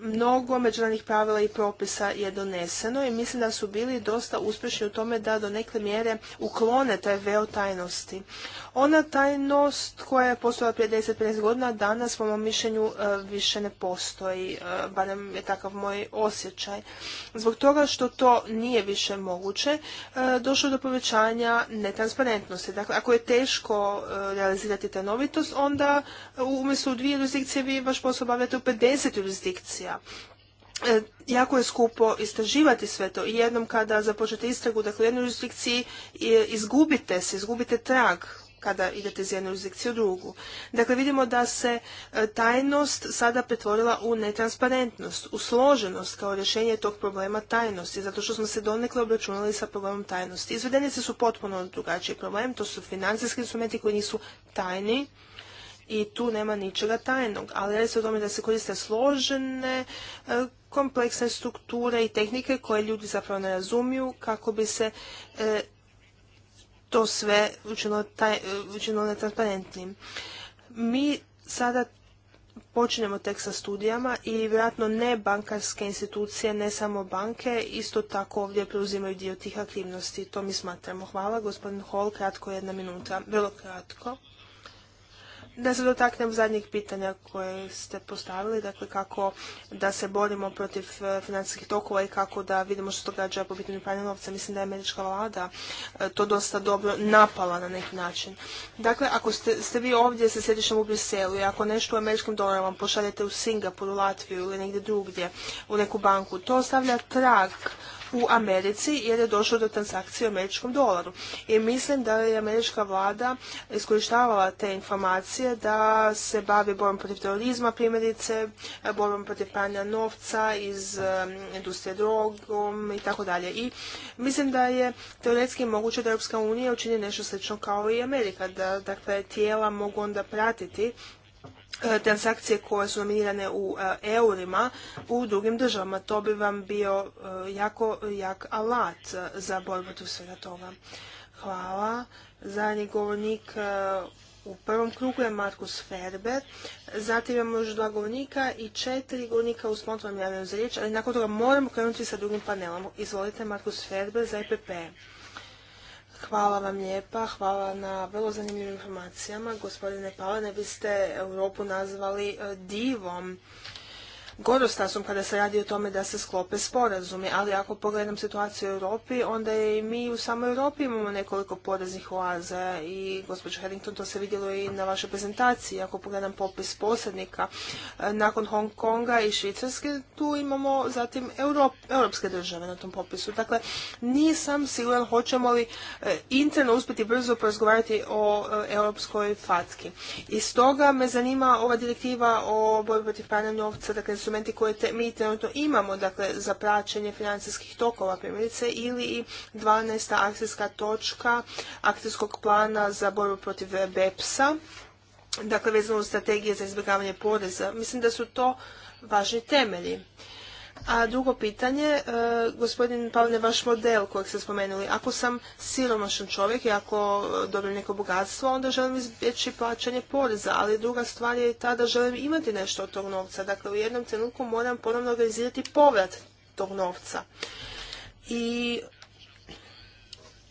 mnogo međunarodnih pravila i propisa je doneseno i mislim da su bili dosta uspješni u tome da do neke mjere uklone taj veo tajnosti ona tajnost koja je postojala prije 10-15 godina, danas po mom mišljenju e, više ne postoji, e, barem je takav moj osjećaj. Zbog toga što to nije više moguće, e, došlo do povećanja netransparentnosti. Dakle, ako je teško realizirati tajnovitost, onda umjesto u dvije jurisdikcije vi vaš posao obavljate u 50 jurisdikcija jako je skupo istraživati sve to i jednom kada započete istragu, dakle u jednoj jurisdikciji izgubite se, izgubite trag kada idete iz jedne jurisdikcije u drugu. Dakle, vidimo da se e, tajnost sada pretvorila u netransparentnost, u složenost kao rješenje tog problema tajnosti, zato što smo se donekle obračunali sa problemom tajnosti. Izvedenice su potpuno drugačiji problem, to su financijski instrumenti koji nisu tajni, i tu nema ničega tajnog, ali radi se o tome da se koriste složene, e, kompleksne strukture i tehnike koje ljudi zapravo ne razumiju kako bi se e, to sve učinilo, taj, učinilo Mi sada počinjemo tek sa studijama i vjerojatno ne bankarske institucije, ne samo banke, isto tako ovdje preuzimaju dio tih aktivnosti. To mi smatramo. Hvala. Gospodin Hall, kratko jedna minuta. Vrlo kratko. Da se dotaknem zadnjih pitanja koje ste postavili, dakle kako da se borimo protiv e, financijskih tokova i kako da vidimo što se događa po pitanju pranja novca. Mislim da je američka vlada e, to dosta dobro napala na neki način. Dakle, ako ste, vi ovdje sa sjedištem u Briselu i ako nešto u američkim dolarima pošaljete u Singapur, u Latviju ili negdje drugdje, u neku banku, to ostavlja trag u Americi jer je došlo do transakcije u američkom dolaru. I mislim da je američka vlada iskorištavala te informacije da se bavi borbom protiv terorizma, primjerice borbom protiv pranja novca iz industrije drogom i tako dalje. I mislim da je teoretski moguće da Europska unija učini nešto slično kao i Amerika, da dakle tijela mogu onda pratiti E, transakcije koje su nominirane u e, eurima u drugim državama. To bi vam bio e, jako jak alat za borbu tu svega toga. Hvala. Zadnji govornik u prvom krugu je Markus Ferber, zatim imamo još dva govornika i četiri govornika u spontanom javljanju za riječ, ali nakon toga moramo krenuti sa drugim panelom. Izvolite Markus Ferber za EPP. Hvala vam lijepa, hvala na vrlo zanimljivim informacijama. Gospodine Paone ne biste Europu nazvali e, divom godostasom kada se radi o tome da se sklope sporazumi, ali ako pogledam situaciju u Europi, onda i mi u samoj Europi imamo nekoliko poreznih oaza i gospođo Harrington, to se vidjelo i na vašoj prezentaciji. Ako pogledam popis posrednika, e, nakon Hong Konga i Švicarske, tu imamo zatim europske države na tom popisu. Dakle, nisam siguran hoćemo li e, interno uspjeti brzo porazgovarati o e, europskoj fatki. I stoga me zanima ova direktiva o borbi protiv pranja novca, dakle instrumenti koje te, mi trenutno imamo, dakle za praćenje financijskih tokova primjerice ili i 12. akcijska točka akcijskog plana za borbu protiv BEPS-a, dakle vezano uz strategije za izbjegavanje poreza. Mislim da su to važni temelji. A drugo pitanje, e, gospodin Pavle, vaš model kojeg ste spomenuli, ako sam siromašan čovjek i ako e, dobijem neko bogatstvo, onda želim izbjeći plaćanje poreza, ali druga stvar je i ta da želim imati nešto od tog novca. Dakle, u jednom trenutku moram ponovno organizirati povrat tog novca. I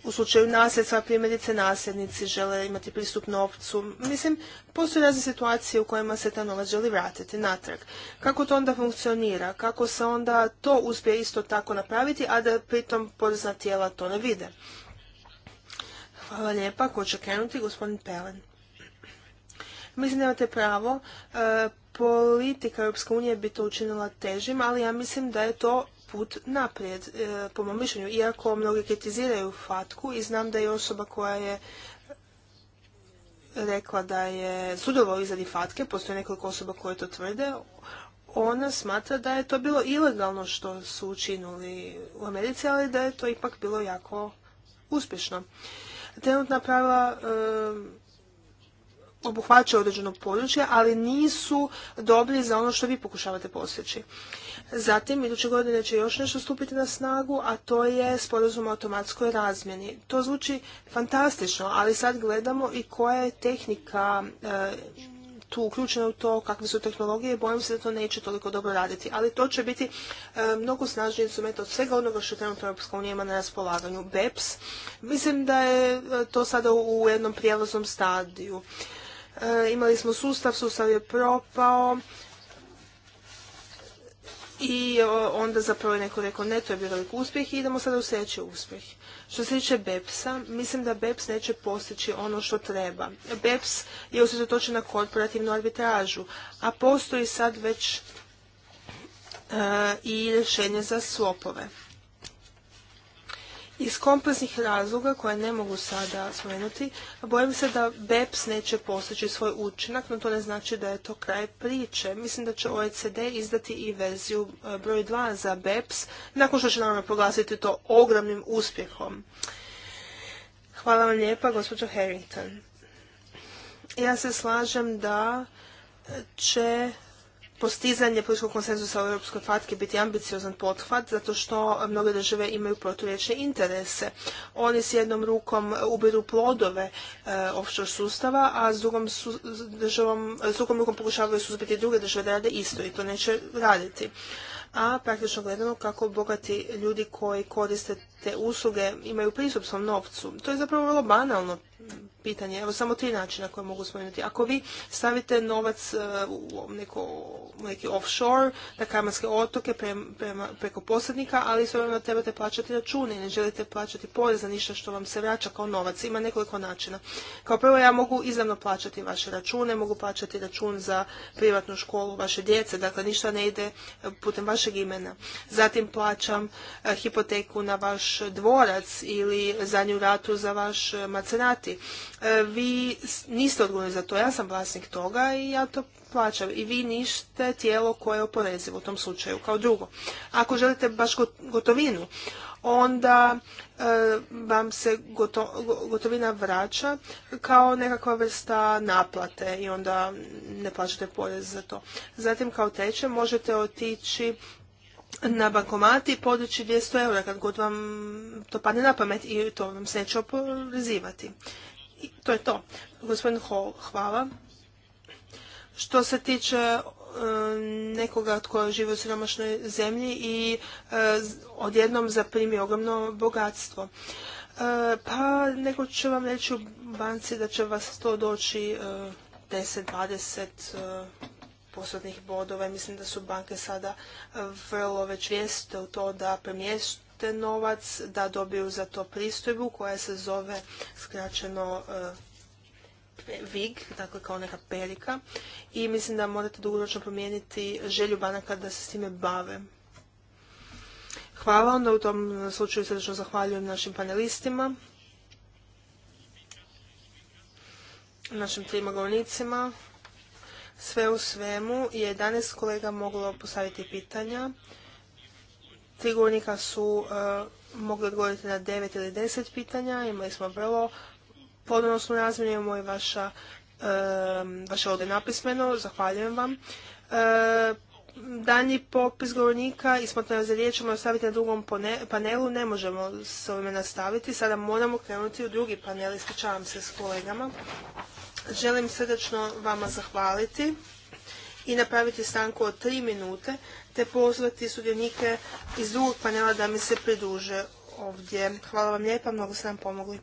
u slučaju nasljedstva, primjerice nasljednici žele imati pristup novcu. Mislim, postoje razne situacije u kojima se ta novac želi vratiti natrag. Kako to onda funkcionira? Kako se onda to uspije isto tako napraviti, a da pritom porezna tijela to ne vide? Hvala lijepa. Ko će krenuti? Gospodin Pelen. Mislim da imate pravo. E, politika Europske unije bi to učinila težim, ali ja mislim da je to put naprijed, e, po mom mišljenju. Iako mnogi kritiziraju Fatku i znam da je osoba koja je rekla da je sudovao izradi Fatke, postoje nekoliko osoba koje to tvrde, ona smatra da je to bilo ilegalno što su učinuli u Americi, ali da je to ipak bilo jako uspješno. Trenutna prava e, obuhvaćaju određeno područje, ali nisu dobri za ono što vi pokušavate postići. Zatim, iduće godine će još nešto stupiti na snagu, a to je sporazum o automatskoj razmjeni. To zvuči fantastično, ali sad gledamo i koja je tehnika e, tu uključena u to, kakve su tehnologije, bojim se da to neće toliko dobro raditi. Ali to će biti e, mnogo snažniji instrument od svega onoga što trenutno Europska unija ima na raspolaganju. BEPS, mislim da je e, to sada u jednom prijelaznom stadiju. E, imali smo sustav, sustav je propao i e, onda zapravo je neko rekao ne, to je bio velik uspjeh i idemo sada u sljedeći uspjeh. Što se tiče BEPS-a, mislim da BEPS neće postići ono što treba. BEPS je usredotočen na korporativnu arbitražu, a postoji sad već e, i rješenje za slopove. Iz kompleksnih razloga koje ne mogu sada spomenuti, bojim se da BEPS neće postići svoj učinak, no to ne znači da je to kraj priče. Mislim da će OECD izdati i verziju e, broj 2 za BEPS, nakon što će naravno proglasiti to ogromnim uspjehom. Hvala vam lijepa, gospođo Harrington. Ja se slažem da će postizanje političkog konsenzusa u Europskoj fatki biti ambiciozan pothvat, zato što mnoge države imaju proturječne interese. Oni s jednom rukom ubiru plodove e, sustava, a s drugom, drugom rukom pokušavaju suzbiti druge države da rade isto i to neće raditi. A praktično gledano kako bogati ljudi koji koriste te usluge imaju pristup svom novcu? To je zapravo vrlo banalno pitanje. Evo samo tri načina koje mogu spomenuti. Ako vi stavite novac e, u, neko, neki offshore, na kamatske otoke preko posrednika, ali sve trebate plaćati račune i ne želite plaćati porez za ništa što vam se vraća kao novac. Ima nekoliko načina. Kao prvo ja mogu izravno plaćati vaše račune, mogu plaćati račun za privatnu školu vaše djece, dakle ništa ne ide putem vašeg imena. Zatim plaćam e, hipoteku na vaš dvorac ili zadnju ratu za vaš macenati. E, vi niste odgovorni za to, ja sam vlasnik toga i ja to plaćam. I vi nište tijelo koje je oporezivo u tom slučaju kao drugo. Ako želite baš gotovinu, onda e, vam se gotovina vraća kao nekakva vrsta naplate i onda ne plaćate porez za to. Zatim kao treće možete otići na bankomati podići 200 eura kad god vam to padne na pamet i to vam se neće oporezivati. I to je to. Gospodin Hall, hvala. Što se tiče e, nekoga tko živi u siromašnoj zemlji i e, odjednom zaprimi ogromno bogatstvo. E, pa neko će vam reći u banci da će vas to doći 10, 20, postotnih bodova i mislim da su banke sada vrlo već vijeste u to da premjeste novac, da dobiju za to pristojbu koja se zove skraćeno e, VIG, dakle kao neka perika i mislim da morate dugoročno promijeniti želju banaka da se s time bave. Hvala, onda u tom slučaju srdečno zahvaljujem našim panelistima, našim trima govornicima sve u svemu je 11 kolega moglo postaviti pitanja. Tri govornika su e, mogli odgovoriti na 9 ili 10 pitanja. Imali smo vrlo podonosnu razmjenu, imamo i e, vaše ovdje napismeno. Zahvaljujem vam. E, danji popis govornika i smo za riječ ćemo ostaviti na drugom panelu. Ne možemo s ovime nastaviti. Sada moramo krenuti u drugi panel. Ispričavam se s kolegama. Želim srdečno vama zahvaliti i napraviti stanku od tri minute, te pozvati sudionike iz drugog panela da mi se priduže ovdje. Hvala vam lijepa, mnogo ste nam pomogli.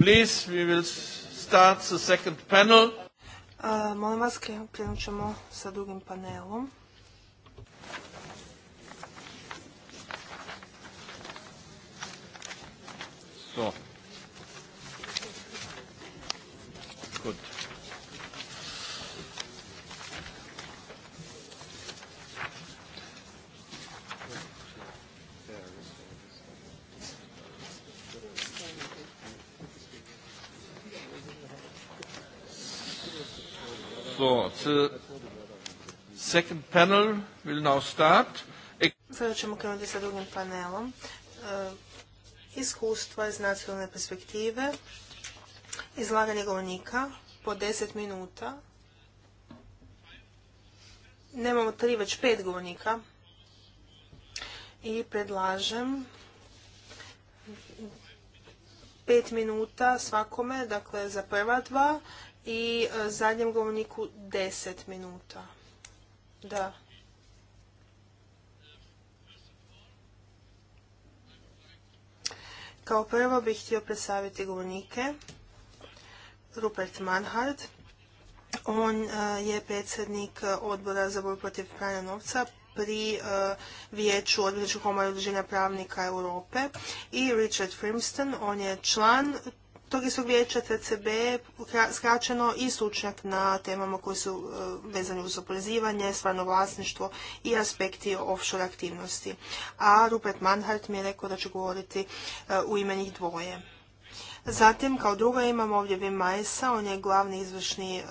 Please, we will start the second panel. A, molim vas, krenut ćemo sa drugim panelom. panel will now start. Sada ćemo krenuti sa drugim panelom. E, iskustva iz nacionalne perspektive, izlaganje govornika po 10 minuta. Nemamo tri, već pet govornika. I predlažem pet minuta svakome, dakle za prva dva i e, zadnjem govorniku deset minuta. Da. Kao prvo bih htio predstaviti govornike. Rupert Manhard. On e, je predsjednik odbora za borbu protiv pranja novca pri e, vijeću odvjetničkog komora pravnika Europe i Richard Frimston, on je član tog istog vijeća TCB skraćeno i stručnjak na temama koje su e, vezane uz oporezivanje, stvarno vlasništvo i aspekti offshore aktivnosti. A Rupert Manhart mi je rekao da će govoriti e, u ime njih dvoje. Zatim, kao druga imamo ovdje Wim Majsa, on je glavni izvršni e,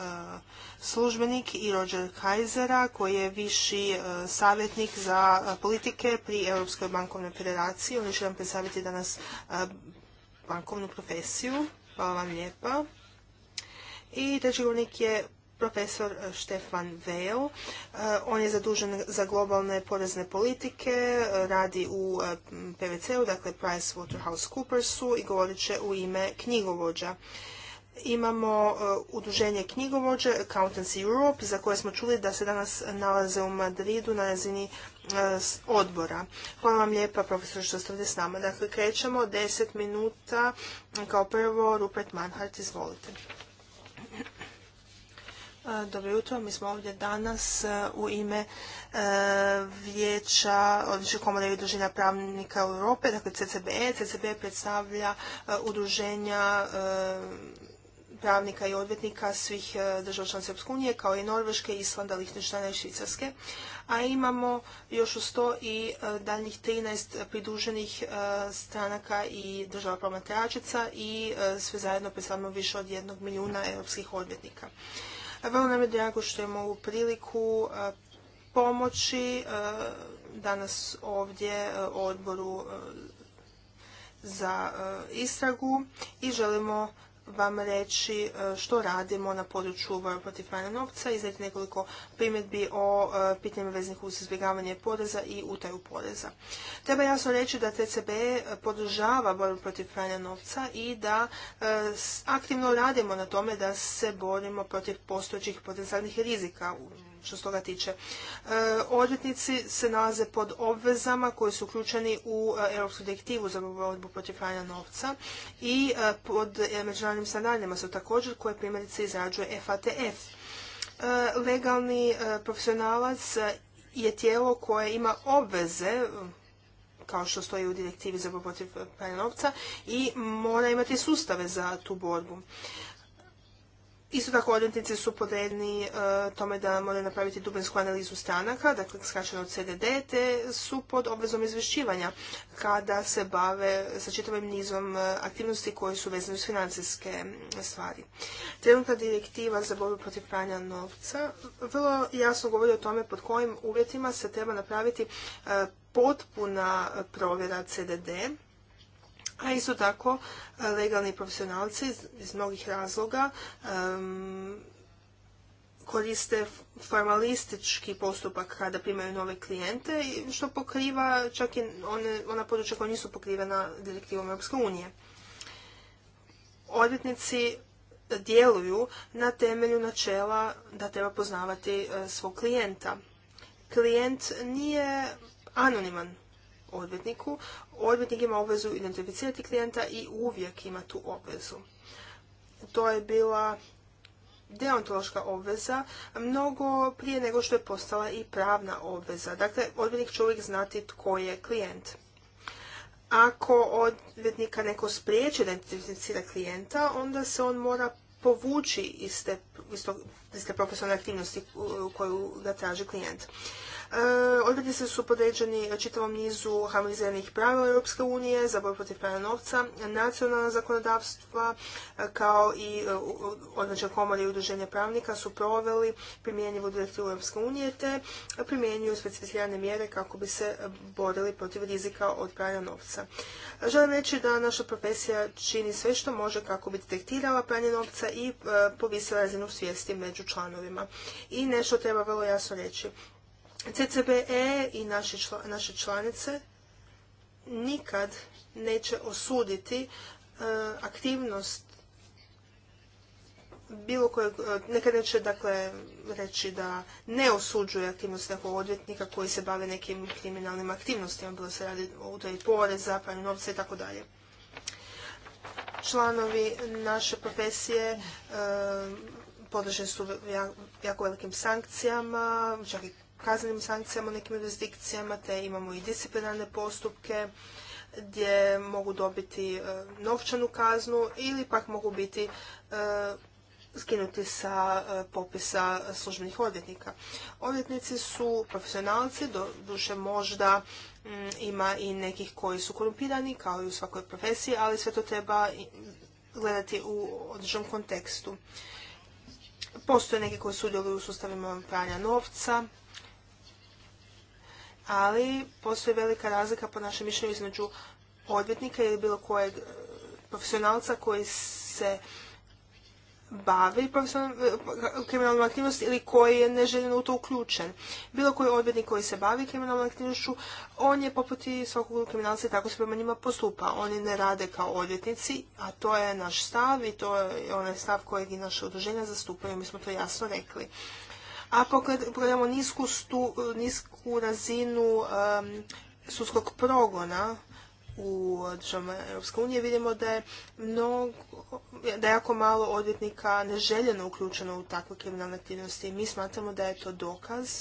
službenik i Roger Kajzera koji je viši savjetnik za politike pri Europskoj bankovnoj federaciji. On je će vam predstaviti danas bankovnu profesiju. Hvala vam lijepa. I treći govornik je profesor eh, Štefan Veo. Eh, on je zadužen za globalne porezne politike, eh, radi u PVC-u, dakle PricewaterhouseCoopersu i govorit će u ime knjigovođa imamo e, udruženje knjigovođe Accountancy Europe za koje smo čuli da se danas nalaze u Madridu na razini e, odbora. Hvala vam lijepa profesor što ste ovdje s nama. Dakle, krećemo 10 minuta. Kao prvo, Rupert Manhart, izvolite. E, dobro jutro, mi smo ovdje danas u ime Vijeća odnosno komore i udruženja pravnika Europe, dakle CCBE. CCBE predstavlja udruženja pravnika i odvjetnika svih e, država članica Europske unije, kao i Norveške, Islanda, Lihtenštajna i Švicarske. A imamo još u sto i e, daljnjih 13 pridruženih e, stranaka i država promatračica i sve zajedno predstavljamo više od jednog milijuna europskih odvjetnika. Vrlo nam je drago što imamo ovu priliku pomoći danas ovdje odboru za istragu i želimo vam reći e, što radimo na području borbe protiv pranja novca, znači nekoliko primjedbi o e, pitanjima veznih uz izbjegavanje poreza i utaju poreza. Treba jasno reći da TCB podržava borbu protiv pranja novca i da e, aktivno radimo na tome da se borimo protiv postojećih potencijalnih rizika u što se toga tiče. E, odvjetnici se nalaze pod obvezama koji su uključeni u e, Europsku direktivu za borbu protiv pranja novca i e, pod međunarodnim standardima su također koje primjerice izrađuje FATF. Legalni profesionalac je tijelo koje ima obveze kao što stoji u direktivi za borbu protiv pranja novca i mora imati sustave za tu borbu. Isto tako odvjetnici su podredni e, tome da moraju napraviti dubinsku analizu stranaka, dakle skraćeno od CDD, te su pod obvezom izvješćivanja kada se bave sa čitavim nizom e, aktivnosti koje su vezane uz financijske stvari. Trenutna direktiva za borbu protiv pranja novca vrlo jasno govori o tome pod kojim uvjetima se treba napraviti e, potpuna provjera CDD, a isto tako, e, legalni profesionalci iz mnogih razloga koriste formalistički postupak kada primaju nove klijente, što pokriva čak i ona područja koja nisu pokrivena direktivom Europske unije. Odvjetnici djeluju na temelju načela da treba poznavati e, svog klijenta. Klijent nije anoniman odvjetniku, odvjetnik ima obvezu identificirati klijenta i uvijek ima tu obvezu. To je bila deontološka obveza mnogo prije nego što je postala i pravna obveza. Dakle, odvjetnik će uvijek znati tko je klijent. Ako odvjetnika neko spriječi da identificira klijenta, onda se on mora povući iz te, iz te profesionalne aktivnosti koju ga traži klijent. E, Odredi se su podređeni čitavom nizu harmoniziranih pravila Europske unije za borbu protiv pranja novca, nacionalna zakonodavstva e, kao i e, određene komore i udruženja pravnika su proveli primjenjivu direktivu Europske unije te primjenjuju specificirane mjere kako bi se borili protiv rizika od pranja novca. Želim reći da naša profesija čini sve što može kako bi detektirala pranje novca i povisila razinu svijesti među članovima. I nešto treba vrlo jasno reći. CCBE i naše članice nikad neće osuditi e, aktivnost bilo kojeg, e, nekad neće dakle reći da ne osuđuje aktivnost nekog odvjetnika koji se bave nekim kriminalnim aktivnostima, bilo se radi o utaji poreza, pranju novca i tako dalje. Članovi naše profesije e, podrženi su jako velikim sankcijama, čak i kaznenim sankcijama u nekim jurisdikcijama, te imamo i disciplinarne postupke gdje mogu dobiti e, novčanu kaznu ili pak mogu biti e, skinuti sa e, popisa službenih odvjetnika. Odvjetnici su profesionalci, doduše možda ima i nekih koji su korumpirani, kao i u svakoj profesiji, ali sve to treba gledati u određenom kontekstu. Postoje neki koji sudjeluju u sustavima pranja novca, ali postoji velika razlika po našem mišljenju između odvjetnika ili bilo kojeg e, profesionalca koji se bavi e, kriminalnom aktivnosti ili koji je neželjeno u to uključen. Bilo koji odvjetnik koji se bavi kriminalnom aktivnošću, on je poput i svakog kriminalca i tako se prema njima postupa. Oni ne rade kao odvjetnici, a to je naš stav i to je onaj stav kojeg i naše udruženja zastupaju, mi smo to jasno rekli. A pogledamo nisku, nisku u razinu sudskog progona u državama Europske unije vidimo da je mnogo, da je jako malo odvjetnika neželjeno uključeno u takve kriminalne aktivnosti. Mi smatramo da je to dokaz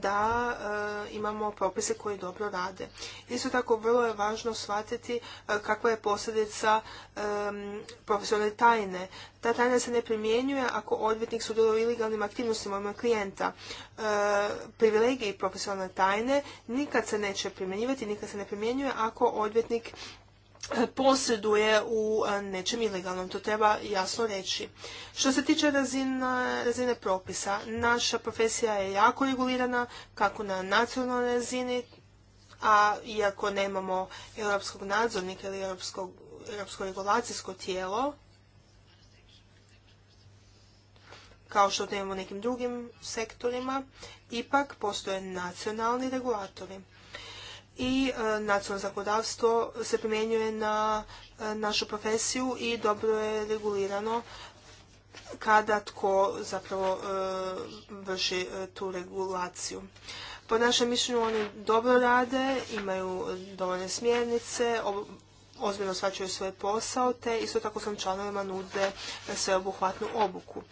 da e, imamo propise koji dobro rade. Isto tako vrlo je važno shvatiti e, kakva je posljedica e, profesionalne tajne. Ta tajna se ne primjenjuje ako odvjetnik sudjeluje u ilegalnim aktivnostima ima klijenta. Privilegije i profesionalne tajne nikad se neće primjenjivati, nikad se ne primjenjuje ako odvjetnik posjeduje u e, nečem ilegalnom. To treba jasno reći. Što se tiče razine, propisa, naša profesija je jako regulirana, kako na nacionalnoj razini, a iako nemamo europskog nadzornika ili europskog, europsko regulacijsko tijelo, kao što to imamo u nekim drugim sektorima, ipak postoje nacionalni regulatori i e, nacionalno zakonodavstvo se primjenjuje na e, našu profesiju i dobro je regulirano kada tko zapravo e, vrši tu regulaciju. Po našem mišljenju oni dobro rade, imaju dovoljne smjernice, ozbiljno svačaju svoj posao, te isto tako sam članovima nude sveobuhvatnu obuku.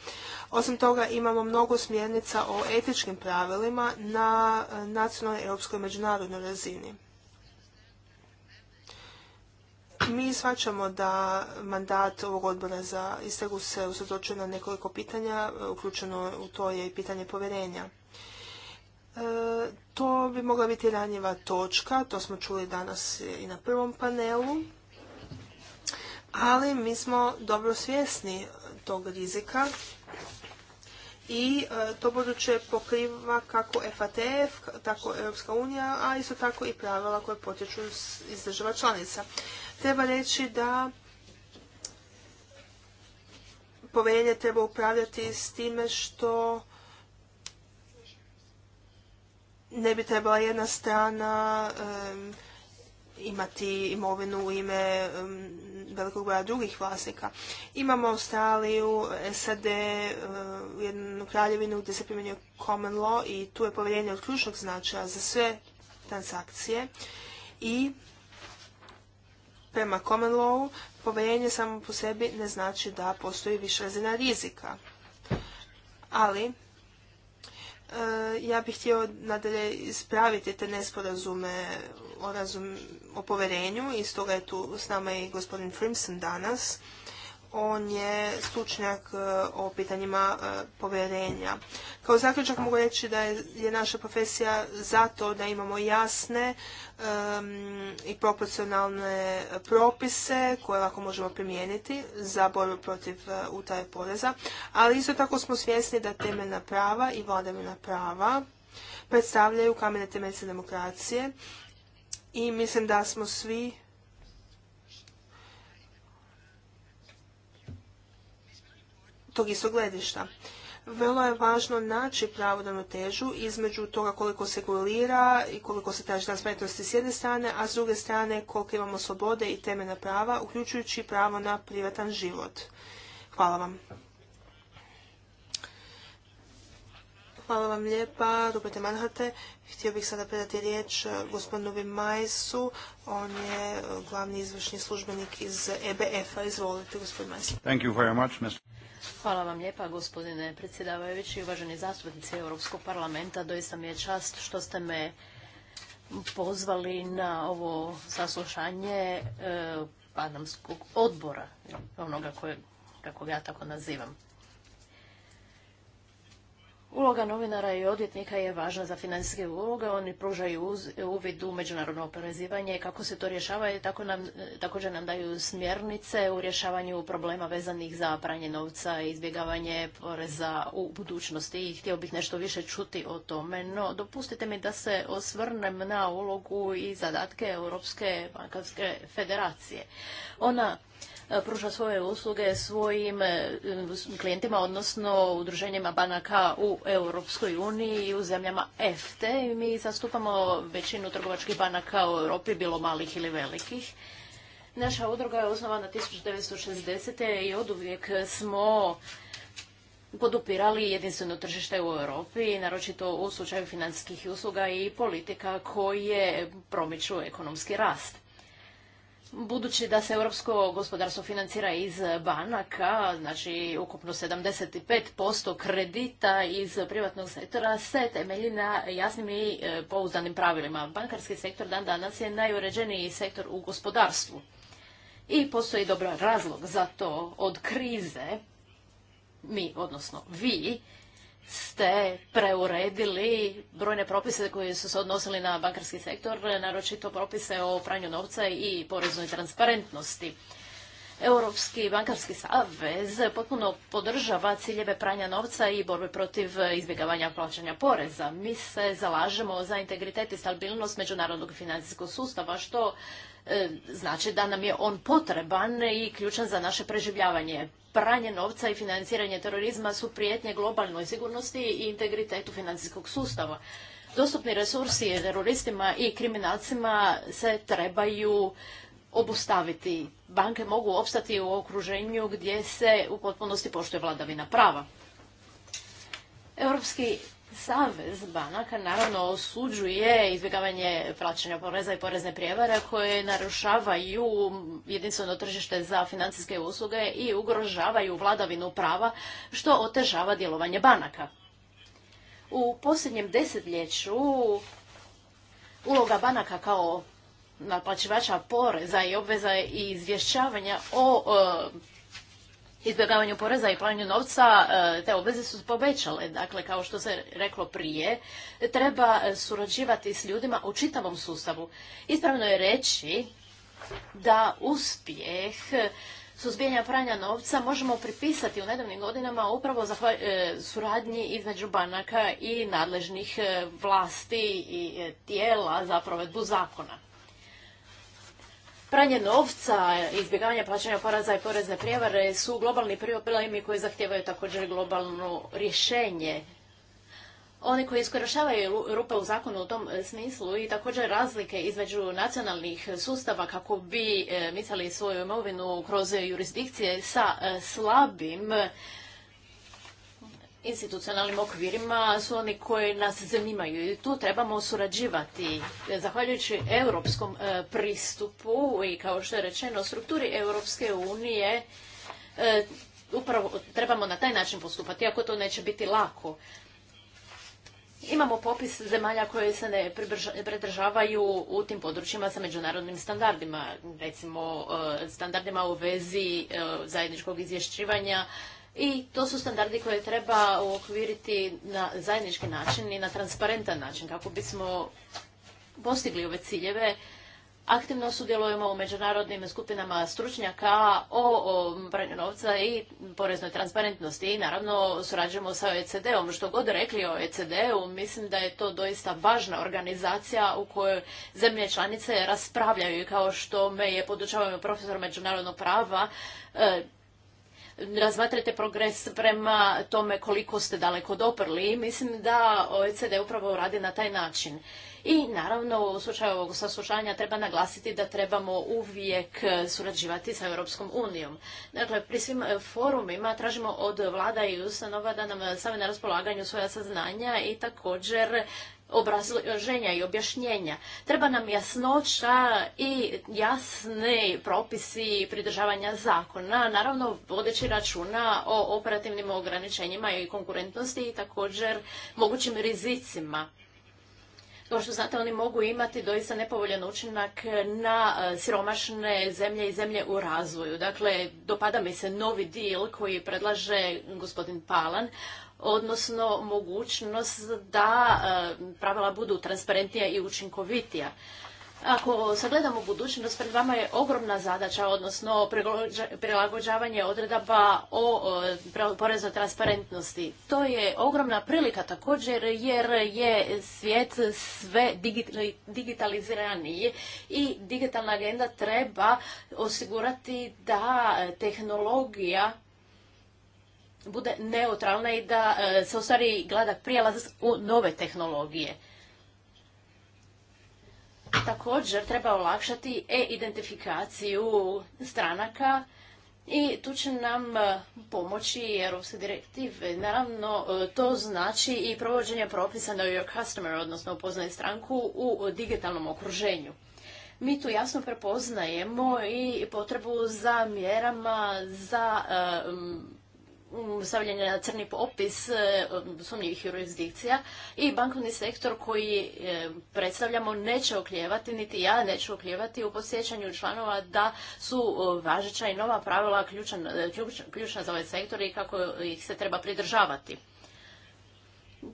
Osim toga imamo mnogo smjernica o etičkim pravilima na e, nacionalnoj, europskoj i međunarodnoj razini. Mi shvaćamo da mandat ovog odbora za istegu se usredočuje na nekoliko pitanja, e, uključeno u to je i pitanje povjerenja. E, to bi mogla biti ranjiva točka, to smo čuli danas i na prvom panelu, ali mi smo dobro svjesni tog rizika i e, to buduće pokriva kako FATF, tako Europska unija, a isto tako i pravila koje potječu iz država članica. Treba reći da povjerenje treba upravljati s time što ne bi trebala jedna strana imati imovinu u ime velikog broja drugih vlasnika. Imamo Australiju, SAD, jednu kraljevinu gdje se primjenjuje common law i tu je povjerenje od ključnog značaja za sve transakcije i prema common law povjerenje samo po sebi ne znači da postoji više razina rizika. Ali, ja bih htio nadalje ispraviti te nesporazume o, razum, o poverenju i stoga je tu s nama i gospodin Frimson danas. On je stručnjak e, o pitanjima e, poverenja. Kao zaključak mogu reći da je naša profesija zato da imamo jasne i proporcionalne propise koje lako možemo primijeniti za borbu protiv e, utaje poreza, ali isto tako smo svjesni da temeljna prava i vladavina prava predstavljaju kamene temeljice demokracije i mislim da smo svi tog istog gledišta. Vrlo je važno naći pravu ravnotežu između toga koliko se regulira i koliko se traži transparentnosti s jedne strane, a s druge strane koliko imamo slobode i temena prava, uključujući pravo na privatan život. Hvala vam. Hvala vam lijepa, Rupete Manhate. Htio bih sada predati riječ e, gospodinu Majsu. On je e, glavni izvršni službenik iz EBF-a. Izvolite, gospodin Majs. Thank you very much, Mr. Hvala vam lijepa, gospodine predsjedavajući, uvaženi zastupnici Europskog parlamenta. Doista mi je čast što ste me pozvali na ovo saslušanje e, Panamskog odbora, onoga kako ga ja tako nazivam. Uloga novinara i odvjetnika je važna za financijske uloge, oni pružaju uvid u međunarodno oporezivanje, kako se to rješava i nam, također nam daju smjernice u rješavanju problema vezanih za pranje novca i izbjegavanje poreza u budućnosti i htio bih nešto više čuti o tome, no dopustite mi da se osvrnem na ulogu i zadatke Europske bankarske federacije. Ona E, pruža svoje usluge svojim e, klijentima, odnosno udruženjima banaka u Europskoj uniji i u zemljama EFTE. I mi zastupamo većinu trgovačkih banaka u Europi, bilo malih ili velikih. Naša udruga je osnovana 1960. i oduvijek smo podupirali jedinstveno tržište u Europi, naročito u slučaju financijskih usluga i politika koje promiču ekonomski rast. Budući da se europsko gospodarstvo financira iz banaka, znači ukupno 75% kredita iz privatnog sektora se temelji na jasnim i e, pouzdanim pravilima. Bankarski sektor dan danas je najuređeniji sektor u gospodarstvu. I postoji dobar razlog za to od krize, mi, odnosno vi, ste preuredili brojne propise koji su se odnosili na bankarski sektor, naročito propise o pranju novca i poreznoj transparentnosti. Europski bankarski savez potpuno podržava ciljeve pranja novca i borbe protiv izbjegavanja plaćanja poreza. Mi se zalažemo za integritet i stabilnost međunarodnog financijskog sustava, što E, znači da nam je on potreban i ključan za naše preživljavanje. Pranje novca i financiranje terorizma su prijetnje globalnoj sigurnosti i integritetu financijskog sustava. Dostupni resursi teroristima i kriminalcima se trebaju obustaviti. Banke mogu opstati u okruženju gdje se u potpunosti poštuje vladavina prava. Europski Savez banaka naravno osuđuje izbjegavanje plaćanja poreza i porezne prijevare koje narušavaju jedinstveno tržište za financijske usluge i ugrožavaju vladavinu prava što otežava djelovanje banaka. U posljednjem desetljeću uloga banaka kao naplaćivača poreza i obveza i izvješćavanja o e, izbjegavanju poreza i planju novca e, te obveze su povećale. Dakle, kao što se reklo prije, treba surađivati s ljudima u čitavom sustavu. Ispravno je reći da uspjeh suzbijanja pranja novca možemo pripisati u nedavnim godinama upravo za e, suradnji između banaka i nadležnih e, vlasti i tijela za provedbu zakona. Pranje novca, izbjegavanje plaćanja poraza i porezne prijevare su globalni problemi koji zahtijevaju također globalno rješenje. Oni koji iskorištavaju rupe u zakonu u tom e, smislu i također razlike između nacionalnih sustava kako bi e, micali svoju imovinu kroz jurisdikcije sa e, slabim institucionalnim okvirima su oni koji nas zanimaju i tu trebamo surađivati. Zahvaljujući europskom e, pristupu i kao što je rečeno strukturi Europske unije e, upravo trebamo na taj način postupati, ako to neće biti lako. Imamo popis zemalja koje se ne predržavaju u tim područjima sa međunarodnim standardima, recimo e, standardima u vezi zajedničkog izvješćivanja i to su standardi koje treba uokviriti na zajednički način i na transparentan način kako bismo postigli ove ciljeve. Aktivno sudjelujemo u međunarodnim skupinama stručnjaka o pranju novca i poreznoj transparentnosti i naravno surađujemo sa OECD-om. Što god rekli o OECD-u, mislim da je to doista važna organizacija u kojoj zemlje članice raspravljaju i kao što me je podučavao profesor međunarodnog prava, e, razmatrate progres prema tome koliko ste daleko doprli. Mislim da OECD upravo radi na taj način. I naravno u slučaju ovog saslušanja treba naglasiti da trebamo uvijek surađivati sa Europskom unijom. Dakle, pri svim e, forumima tražimo od vlada i ustanova da nam stave na raspolaganju svoja saznanja i također obrazloženja i objašnjenja. Treba nam jasnoća i jasni propisi pridržavanja zakona, naravno vodeći računa o operativnim ograničenjima i konkurentnosti i također mogućim rizicima. Kao što znate, oni mogu imati doista nepovoljan učinak na e, siromašne zemlje i zemlje u razvoju. Dakle, dopada mi se novi deal koji predlaže gospodin Palan, odnosno mogućnost da e, pravila budu transparentnija i učinkovitija. Ako sagledamo budućnost, pred vama je ogromna zadaća, odnosno prilagođavanje odredaba o e, porezu transparentnosti. To je ogromna prilika također jer je svijet sve digitaliziraniji i digitalna agenda treba osigurati da e, tehnologija bude neutralna i da e, se stvari gladak prijelaz u nove tehnologije. Također treba olakšati e-identifikaciju stranaka i tu će nam e, pomoći europske direktive. Naravno, e, to znači i provođenje propisa na Your Customer, odnosno upoznaje stranku u digitalnom okruženju. Mi tu jasno prepoznajemo i potrebu za mjerama za Mm, stavljen na crni popis e, sumnjivih jurisdikcija i bankovni sektor koji e, predstavljamo neće oklijevati, niti ja neću oklijevati u posjećanju članova da su e, važeća i nova pravila ključna za ovaj sektor i kako ih se treba pridržavati.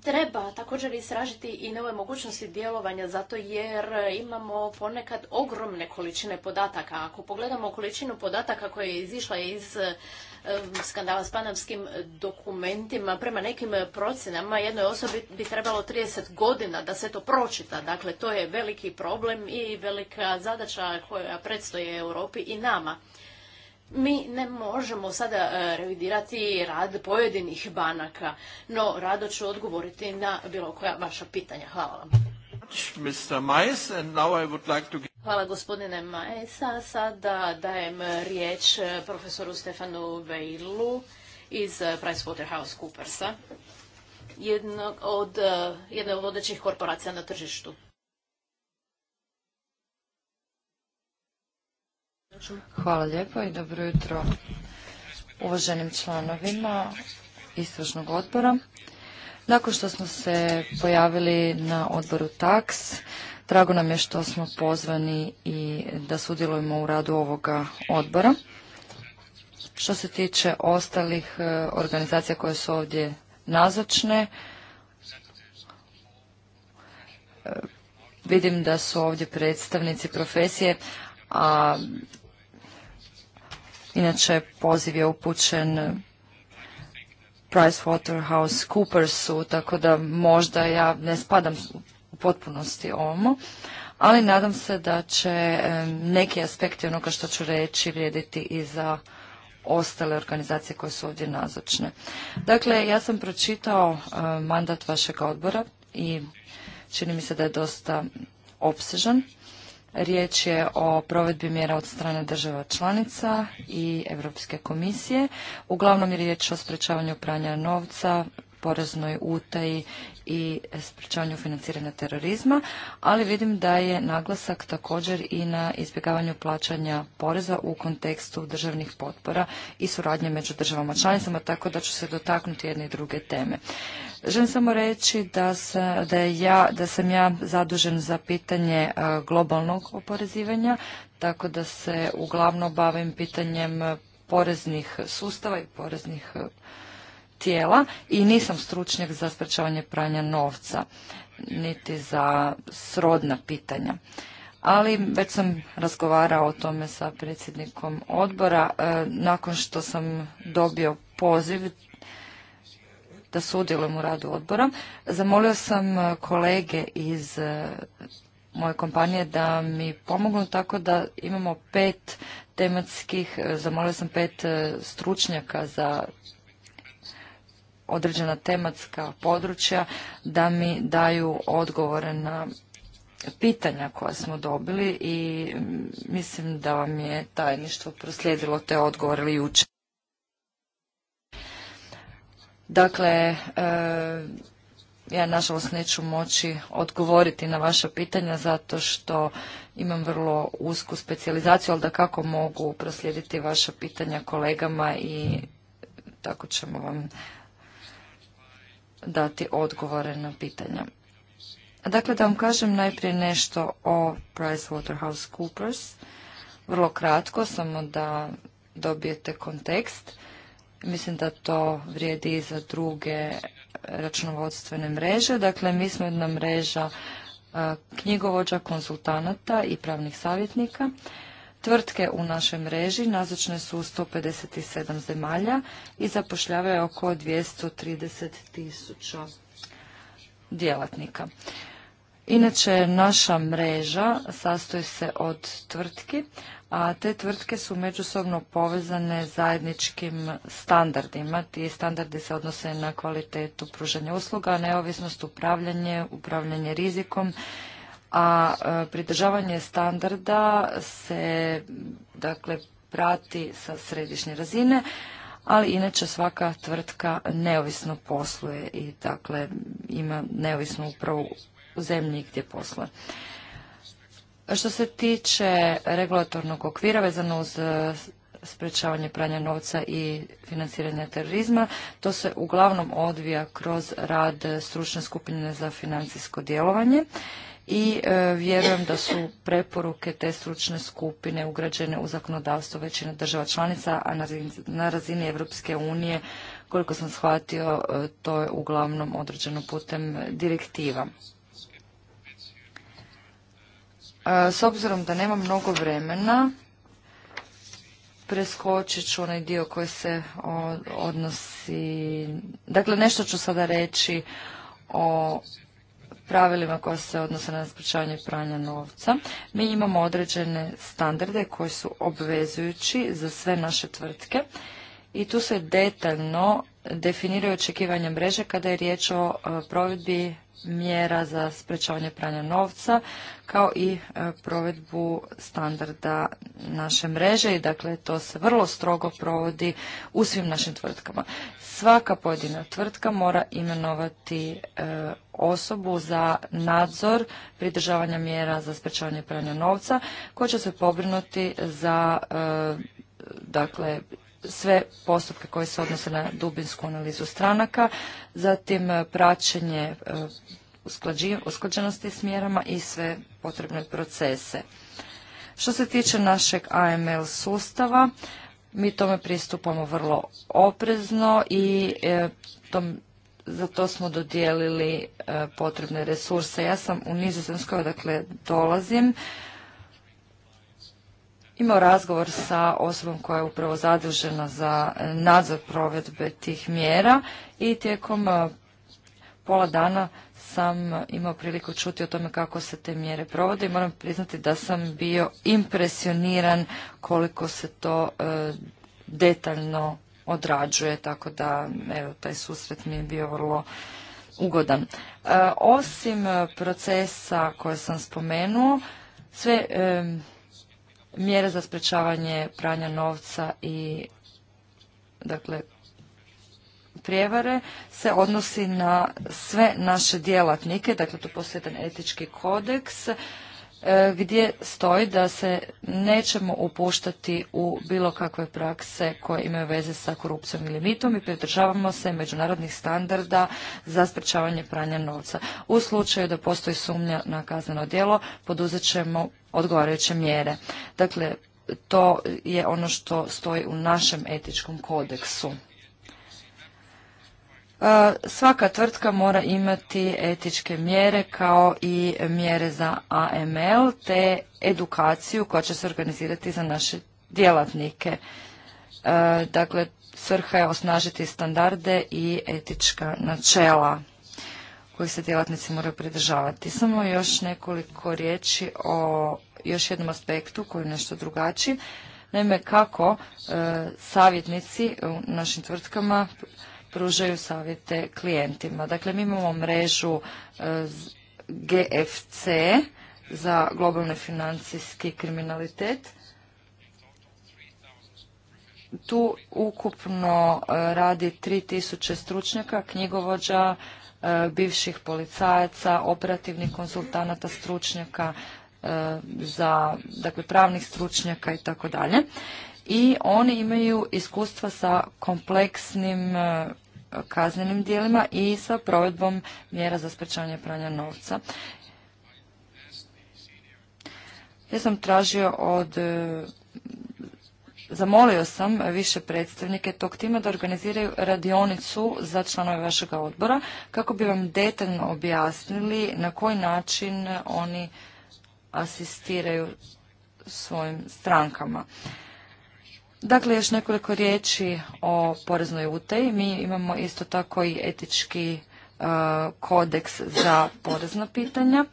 Treba također istražiti i nove mogućnosti djelovanja zato jer imamo ponekad ogromne količine podataka. Ako pogledamo količinu podataka koja je izišla iz Eh, skandala s panamskim dokumentima, prema nekim procjenama jednoj osobi bi trebalo 30 godina da se to pročita. Dakle, to je veliki problem i velika zadaća koja predstoje Europi i nama. Mi ne možemo sada eh, revidirati rad pojedinih banaka, no rado ću odgovoriti na bilo koja vaša pitanja. Hvala vam. Hvala gospodine Maesa. Sada dajem riječ eh, profesoru Stefanu Vejlu iz PricewaterhouseCoopersa, jednog od, eh, jedne od vodećih korporacija na tržištu. Hvala lijepo i dobro jutro uvaženim članovima istražnog odbora. Nakon što smo se pojavili na odboru Taks, Drago nam je što smo pozvani i da sudjelujemo u radu ovoga odbora. Što se tiče ostalih e, organizacija koje su ovdje nazočne, e, vidim da su ovdje predstavnici profesije, a inače poziv je upućen PricewaterhouseCoopersu, tako da možda ja ne spadam potpunosti ovomu, ali nadam se da će e, neki aspekti onoga što ću reći vrijediti i za ostale organizacije koje su ovdje nazočne. Dakle, ja sam pročitao e, mandat vašeg odbora i čini mi se da je dosta opsežan. Riječ je o provedbi mjera od strane država članica i Europske komisije. Uglavnom je riječ o sprečavanju pranja novca, poreznoj utaji i sprečavanju financiranja terorizma, ali vidim da je naglasak također i na izbjegavanju plaćanja poreza u kontekstu državnih potpora i suradnje među državama članicama, tako da ću se dotaknuti jedne i druge teme. Želim samo reći da, se, da, ja, da sam ja zadužen za pitanje e, globalnog oporezivanja, tako da se uglavnom bavim pitanjem poreznih sustava i poreznih tijela i nisam stručnjak za sprečavanje pranja novca, niti za srodna pitanja. Ali već sam razgovarao o tome sa predsjednikom odbora. E, nakon što sam dobio poziv da sudjelujem u radu odbora, zamolio sam kolege iz e, moje kompanije da mi pomognu tako da imamo pet tematskih, e, zamolio sam pet stručnjaka za određena tematska područja da mi daju odgovore na pitanja koja smo dobili i mislim da vam je tajništvo proslijedilo te odgovore jučer. Dakle, e, ja nažalost neću moći odgovoriti na vaša pitanja zato što imam vrlo usku specijalizaciju, ali da kako mogu proslijediti vaša pitanja kolegama i tako ćemo vam dati odgovore na pitanja. Dakle, da vam kažem najprije nešto o PricewaterhouseCoopers. Vrlo kratko, samo da dobijete kontekst. Mislim da to vrijedi i za druge računovodstvene mreže. Dakle, mi smo jedna mreža knjigovođa, konsultanata i pravnih savjetnika. Tvrtke u našoj mreži nazočne su u 157 zemalja i zapošljavaju oko 230 tisuća djelatnika. Inače, naša mreža sastoji se od tvrtki, a te tvrtke su međusobno povezane zajedničkim standardima. Ti standardi se odnose na kvalitetu pružanja usluga, neovisnost, upravljanje, upravljanje rizikom a e, pridržavanje standarda se dakle prati sa središnje razine, ali inače svaka tvrtka neovisno posluje i dakle ima neovisnu upravu u zemlji gdje posluje. Što se tiče regulatornog okvira vezano uz e, sprečavanje pranja novca i financiranja terorizma. To se uglavnom odvija kroz rad stručne skupine za financijsko djelovanje i e, vjerujem da su preporuke te stručne skupine ugrađene u zakonodavstvo većine država članica, a na razini Europske unije, koliko sam shvatio, e, to je uglavnom određeno putem direktiva. E, s obzirom da nema mnogo vremena, preskočit ću onaj dio koji se odnosi... Dakle, nešto ću sada reći o pravilima koja se odnose na sprečavanje pranja novca. Mi imamo određene standarde koji su obvezujući za sve naše tvrtke i tu se detaljno definiraju očekivanja mreže kada je riječ o e, provedbi mjera za sprečavanje pranja novca kao i e, provedbu standarda naše mreže i dakle to se vrlo strogo provodi u svim našim tvrtkama. Svaka pojedina tvrtka mora imenovati e, osobu za nadzor pridržavanja mjera za sprečavanje pranja novca koja će se pobrinuti za dakle sve postupke koji se odnose na dubinsku analizu stranaka, zatim e, praćenje e, usklađenosti s mjerama i sve potrebne procese. Što se tiče našeg AML sustava, mi tome pristupamo vrlo oprezno i e, za to smo dodijelili potrebne resurse. Ja sam u Nizozemskoj, odakle dolazim, imao razgovor sa osobom koja je upravo zadužena za nadzor provedbe tih mjera i tijekom e, pola dana sam imao priliku čuti o tome kako se te mjere provode i moram priznati da sam bio impresioniran koliko se to e, detaljno odrađuje, tako da evo, taj susret mi je bio vrlo ugodan. E, osim procesa koje sam spomenuo, sve mjere za sprečavanje pranja novca i dakle prijevare se odnosi na sve naše djelatnike, dakle to postoji jedan etički kodeks E, gdje stoji da se nećemo upuštati u bilo kakve prakse koje imaju veze sa korupcijom ili mitom i pridržavamo se međunarodnih standarda za sprečavanje pranja novca. U slučaju da postoji sumnja na kazneno djelo poduzet ćemo odgovarajuće mjere. Dakle, to je ono što stoji u našem etičkom kodeksu. E, svaka tvrtka mora imati etičke mjere kao i mjere za AML te edukaciju koja će se organizirati za naše djelatnike. E, dakle, svrha je osnažiti standarde i etička načela koji se djelatnici moraju pridržavati. Samo još nekoliko riječi o još jednom aspektu koji je nešto drugačiji. Naime, kako e, savjetnici u našim tvrtkama pružaju savjete klijentima. Dakle, mi imamo mrežu e, GFC za globalni financijski kriminalitet. Tu ukupno e, radi 3000 stručnjaka, knjigovođa, e, bivših policajaca, operativnih konsultanata, stručnjaka, za dakle, pravnih stručnjaka i tako dalje. I oni imaju iskustva sa kompleksnim kaznenim dijelima i sa provedbom mjera za sprečavanje pranja novca. Ja sam tražio od e, Zamolio sam više predstavnike tog tima da organiziraju radionicu za članove vašeg odbora kako bi vam detaljno objasnili na koji način oni asistiraju svojim strankama. Dakle, još nekoliko riječi o poreznoj utaji. Mi imamo isto tako i etički e, kodeks za porezna pitanja,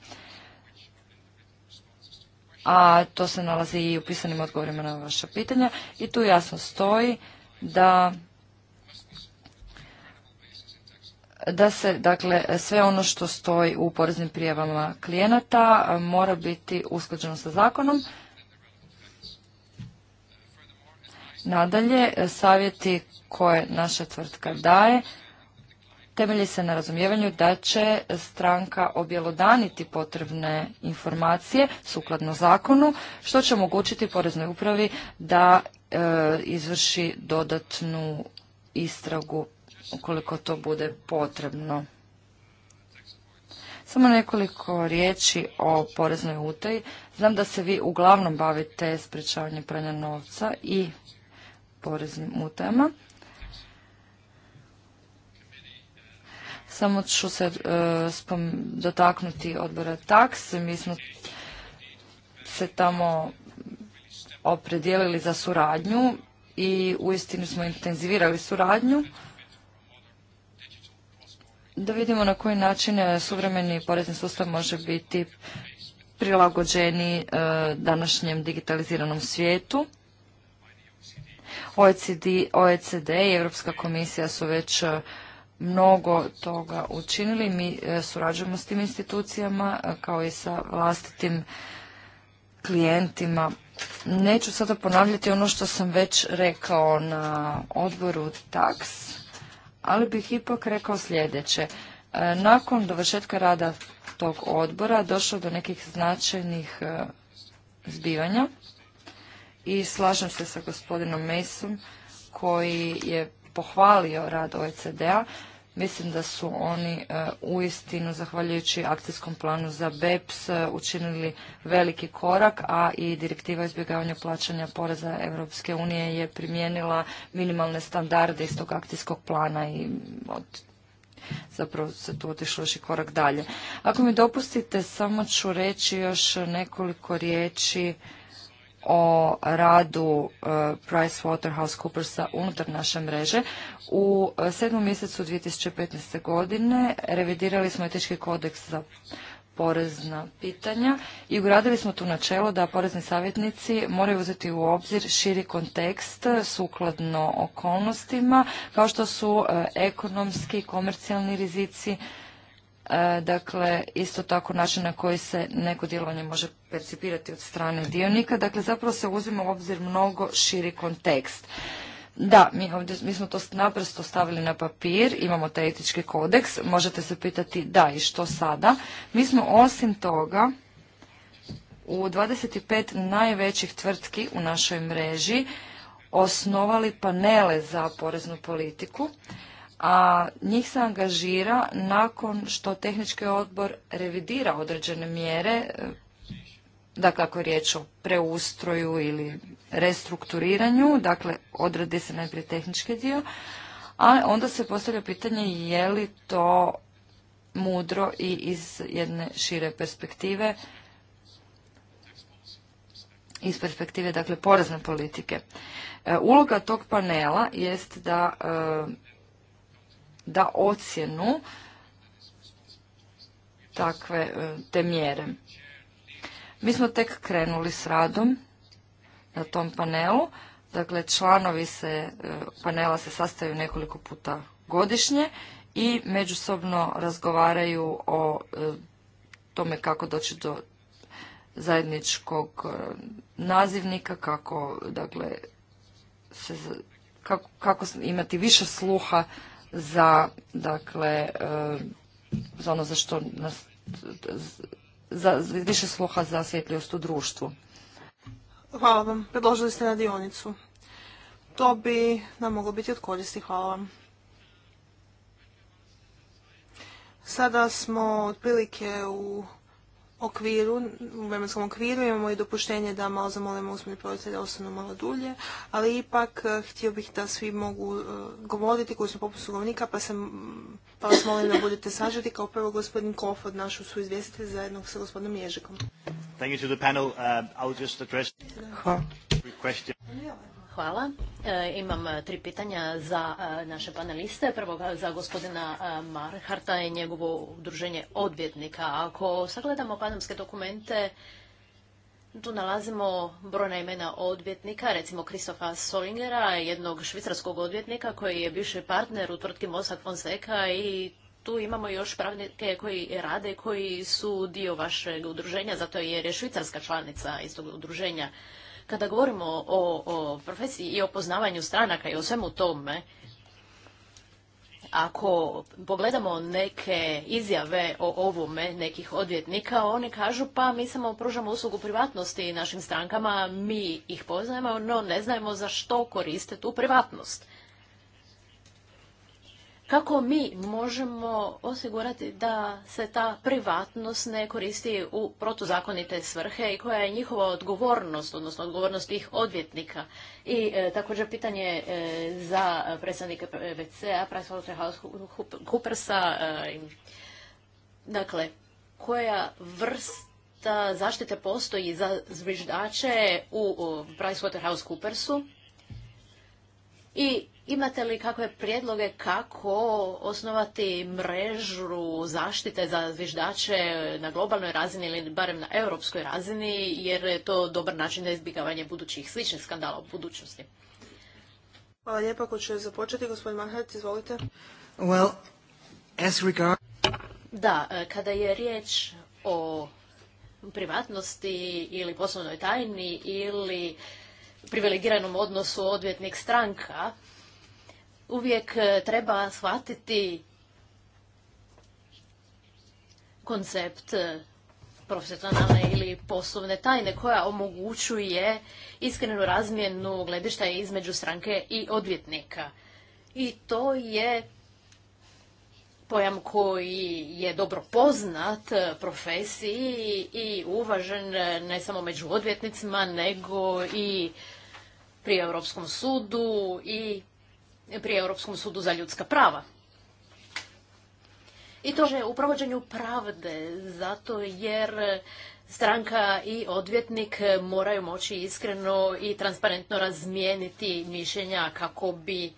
a to se nalazi i u pisanim odgovorima na vaša pitanja. I tu jasno stoji da da se dakle sve ono što stoji u poreznim prijavama klijenata mora biti usklađeno sa zakonom Nadalje, e, savjeti koje naša tvrtka daje temelji se na razumijevanju da će stranka objelodaniti potrebne informacije sukladno zakonu, što će omogućiti Poreznoj upravi da e, izvrši dodatnu istragu ukoliko to bude potrebno. Samo nekoliko riječi o poreznoj utaji. Znam da se vi uglavnom bavite sprečavanjem pranja novca i poreznim utajama. Samo ću se e, dotaknuti odbora takse. Mi smo se tamo opredijelili za suradnju i uistinu smo intenzivirali suradnju da vidimo na koji način e, suvremeni porezni sustav može biti prilagođeni e, današnjem digitaliziranom svijetu. OECD, OECD i Europska komisija su već e, mnogo toga učinili. Mi e, surađujemo s tim institucijama e, kao i sa vlastitim klijentima. Neću sada ponavljati ono što sam već rekao na odboru TAX, ali bih ipak rekao sljedeće. Nakon dovršetka rada tog odbora došlo do nekih značajnih zbivanja i slažem se sa gospodinom Mesom koji je pohvalio rad OECD-a. Mislim da su oni e, uistinu, zahvaljujući akcijskom planu za BEPS, e, učinili veliki korak, a i direktiva izbjegavanja plaćanja poreza Europske unije je primijenila minimalne standarde iz tog akcijskog plana i od zapravo se tu otišlo još i korak dalje. Ako mi dopustite, samo ću reći još nekoliko riječi o radu e, PricewaterhouseCoopersa unutar naše mreže. U e, sedmom mjesecu 2015. godine revidirali smo etički kodeks za porezna pitanja i ugradili smo tu načelo da porezni savjetnici moraju uzeti u obzir širi kontekst sukladno okolnostima kao što su e, ekonomski, komercijalni rizici, E, dakle isto tako način na koji se neko djelovanje može percipirati od strane dionika, dakle zapravo se uzima u obzir mnogo širi kontekst. Da, mi, ovdje, mi smo to naprosto stavili na papir, imamo taj etički kodeks, možete se pitati da i što sada. Mi smo osim toga u 25 najvećih tvrtki u našoj mreži osnovali panele za poreznu politiku a njih se angažira nakon što tehnički odbor revidira određene mjere, e, dakle ako je riječ o preustroju ili restrukturiranju, dakle odredi se najprije tehnički dio, a onda se postavlja pitanje je li to mudro i iz jedne šire perspektive, iz perspektive dakle porezne politike. E, uloga tog panela jest da e, da ocjenu takve e, te mjere. Mi smo tek krenuli s radom na tom panelu. Dakle, članovi se, e, panela se sastaju nekoliko puta godišnje i međusobno razgovaraju o e, tome kako doći do zajedničkog nazivnika, kako, dakle, se, kako, kako imati više sluha za dakle eh, za ono za što nas za, više sluha za osjetljivost u društvu. Hvala vam. Predložili ste na dionicu. To bi nam moglo biti od koristi. Hvala vam. Sada smo otprilike u okviru, u vremenskom okviru imamo i dopuštenje da malo zamolimo usmeni da ostanu malo dulje, ali ipak eh, htio bih da svi mogu eh, govoriti koji su popustu govornika, pa, sam, pa vas molim da budete sažeti kao prvo gospodin od našu su izvjestitelj zajedno sa gospodinom Ježikom. Um, Hvala. Hvala. E, imam e, tri pitanja za e, naše paneliste. Prvo za gospodina Marharta i njegovo udruženje odvjetnika. Ako sagledamo panamske dokumente, tu nalazimo brojna imena odvjetnika, recimo Kristofa Solingera, jednog švicarskog odvjetnika koji je bivši partner u tvrtki Mossack Fonseca i tu imamo još pravnike koji rade, koji su dio vašeg udruženja, zato jer je Švicarska članica istog udruženja. Kada govorimo o, o profesiji i o poznavanju stranaka i o svemu tome, ako pogledamo neke izjave o ovome nekih odvjetnika, oni kažu pa mi samo pružamo uslugu privatnosti našim strankama, mi ih poznajemo, no ne znajemo za što koriste tu privatnost kako mi možemo osigurati da se ta privatnost ne koristi u protuzakonite svrhe i koja je njihova odgovornost, odnosno odgovornost tih odvjetnika. I e, također pitanje e, za predstavnike VCA a PricewaterhouseCoopersa, e, dakle, koja vrsta zaštite postoji za zviždače u, u PricewaterhouseCoopersu i imate li kakve prijedloge kako osnovati mrežu zaštite za zviždače na globalnoj razini ili barem na europskoj razini, jer je to dobar način za na izbjegavanje budućih sličnih skandala u budućnosti? Hvala lijepa. Ako će započeti, gospodin Manhart, izvolite. Well, as regard... Da, e, kada je riječ o privatnosti ili poslovnoj tajni ili privilegiranom odnosu odvjetnik stranka, uvijek e, treba shvatiti koncept e, profesionalne ili poslovne tajne koja omogućuje iskrenu razmjenu gledišta između stranke i odvjetnika. I to je pojam koji je dobro poznat e, profesiji i uvažen ne samo među odvjetnicima, nego i pri Europskom sudu i pri Europskom sudu za ljudska prava. I to je u provođenju pravde, zato jer stranka i odvjetnik moraju moći iskreno i transparentno razmijeniti mišljenja kako bi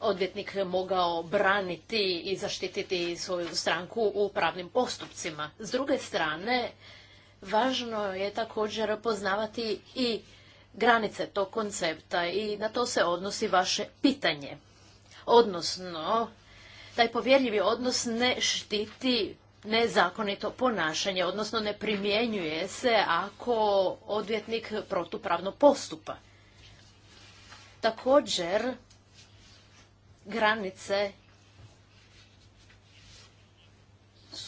odvjetnik mogao braniti i zaštititi svoju stranku u pravnim postupcima. S druge strane, Važno je također poznavati i granice tog koncepta i na to se odnosi vaše pitanje. Odnosno, taj povjerljivi odnos ne štiti nezakonito ponašanje, odnosno ne primjenjuje se ako odvjetnik protupravno postupa. Također, granice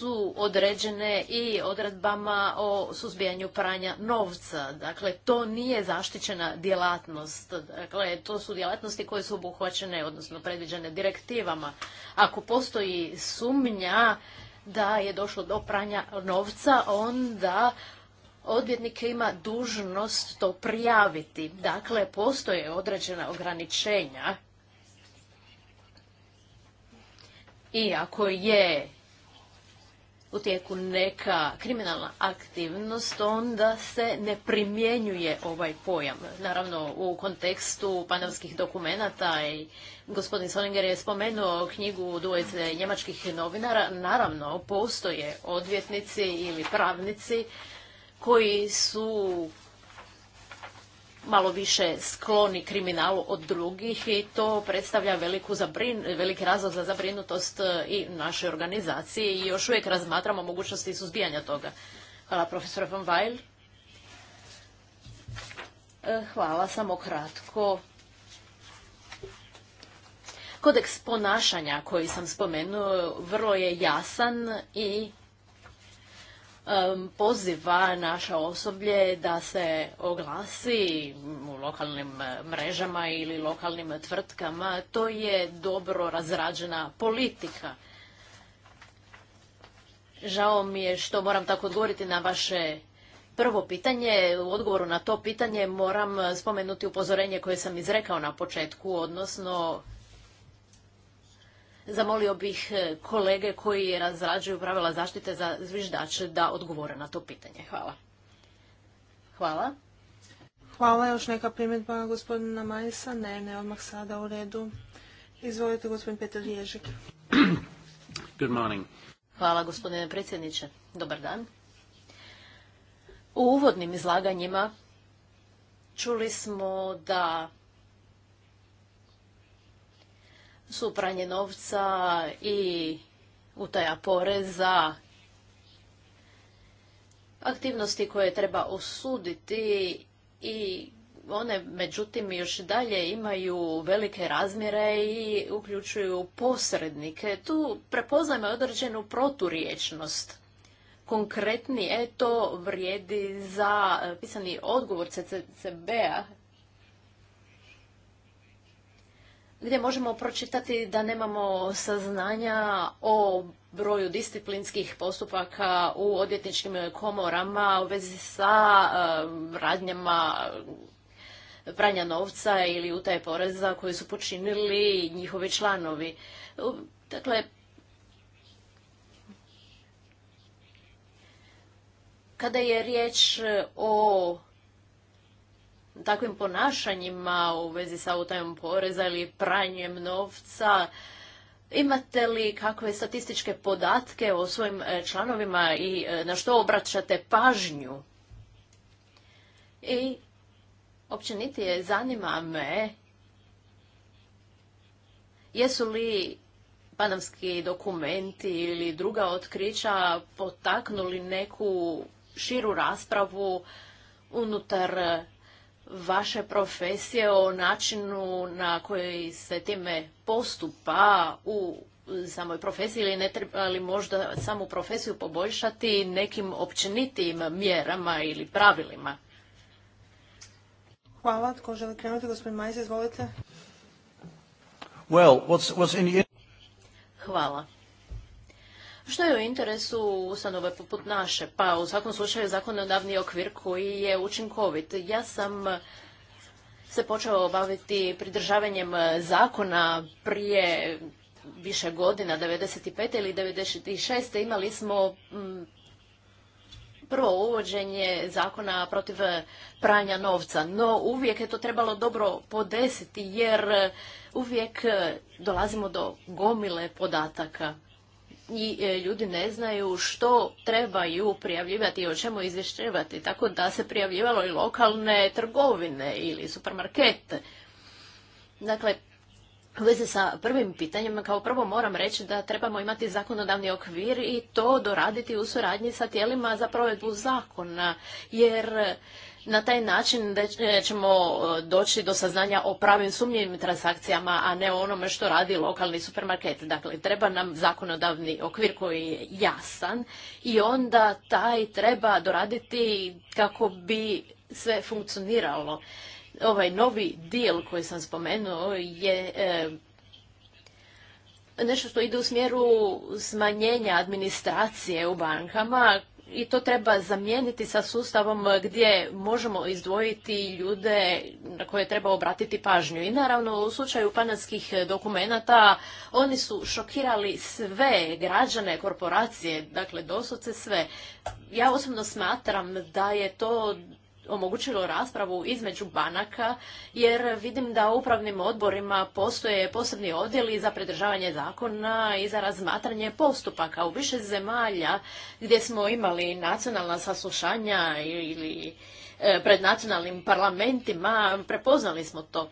su određene i odredbama o suzbijanju pranja novca. Dakle, to nije zaštićena djelatnost. Dakle, to su djelatnosti koje su obuhvaćene, odnosno predviđene direktivama. Ako postoji sumnja da je došlo do pranja novca, onda odvjetnik ima dužnost to prijaviti. Dakle, postoje određena ograničenja i ako je u tijeku neka kriminalna aktivnost, onda se ne primjenjuje ovaj pojam. Naravno, u kontekstu panelskih dokumenata i gospodin Solinger je spomenuo knjigu dvojice njemačkih novinara. Naravno, postoje odvjetnici ili pravnici koji su malo više skloni kriminalu od drugih i to predstavlja veliku veliki razlog za zabrinutost e, i naše organizacije i još uvijek razmatramo mogućnosti suzbijanja toga. Hvala profesor Van Weil. E, hvala, samo kratko. Kodeks ponašanja koji sam spomenuo vrlo je jasan i poziva naše osoblje da se oglasi u lokalnim e, mrežama ili lokalnim tvrtkama. To je dobro razrađena politika. Žao mi je što moram tako odgovoriti na vaše prvo pitanje. U odgovoru na to pitanje moram spomenuti upozorenje koje sam izrekao na početku, odnosno Zamolio bih e, kolege koji razrađuju pravila zaštite za zviždače da odgovore na to pitanje. Hvala. Hvala. Hvala. Još neka primjedba gospodina Majsa? Ne, ne, odmah sada u redu. Izvolite gospodin Petar Ježek. Good morning. Hvala gospodine predsjedniče. Dobar dan. U uvodnim izlaganjima čuli smo da su pranje novca i utaja poreza, aktivnosti koje treba osuditi i one međutim još dalje imaju velike razmjere i uključuju posrednike. Tu prepoznajemo određenu proturiječnost. Konkretni, eto vrijedi za pisani odgovor CCCB-a gdje možemo pročitati da nemamo saznanja o broju disciplinskih postupaka u odvjetničkim komorama u vezi sa eh, radnjama pranja novca ili utaje poreza koje su počinili njihovi članovi. Dakle, kada je riječ o takvim ponašanjima u vezi sa utajom poreza ili pranjem novca? Imate li kakve statističke podatke o svojim e, članovima i e, na što obraćate pažnju? I je zanima me jesu li panamski dokumenti ili druga otkrića potaknuli neku širu raspravu unutar vaše profesije, o načinu na koji se time postupa u samoj profesiji ili ne treba li možda samu profesiju poboljšati nekim općenitim mjerama ili pravilima? Hvala. Tko želi krenuti? Gospodin Majs, izvolite. Hvala. Što je u interesu ustanove poput naše? Pa u svakom slučaju zakonodavni okvir koji je učinkovit. Ja sam se počeo baviti pridržavanjem zakona prije više godina, 95. ili 96. imali smo mm, prvo uvođenje zakona protiv pranja novca, no uvijek je to trebalo dobro podesiti jer uvijek dolazimo do gomile podataka. E, ljudi ne znaju što trebaju prijavljivati i o čemu izvješćivati. Tako da se prijavljivalo i lokalne trgovine ili supermarkete. Dakle, u vezi sa prvim pitanjem, kao prvo moram reći da trebamo imati zakonodavni okvir i to doraditi u suradnji sa tijelima za provedbu zakona, jer na taj način e, ćemo e, doći do saznanja o pravim sumnjivim transakcijama, a ne onome što radi lokalni supermarket. Dakle, treba nam zakonodavni okvir koji je jasan i onda taj treba doraditi kako bi sve funkcioniralo. Ovaj novi dio koji sam spomenuo je e, nešto što ide u smjeru smanjenja administracije u bankama i to treba zamijeniti sa sustavom gdje možemo izdvojiti ljude na koje treba obratiti pažnju. I naravno u slučaju panadskih dokumenata oni su šokirali sve građane, korporacije, dakle doslovce sve. Ja osobno smatram da je to omogućilo raspravu između banaka, jer vidim da u upravnim odborima postoje posebni odjeli za pridržavanje zakona i za razmatranje postupaka. U više zemalja gdje smo imali nacionalna saslušanja ili e, pred nacionalnim parlamentima, prepoznali smo to.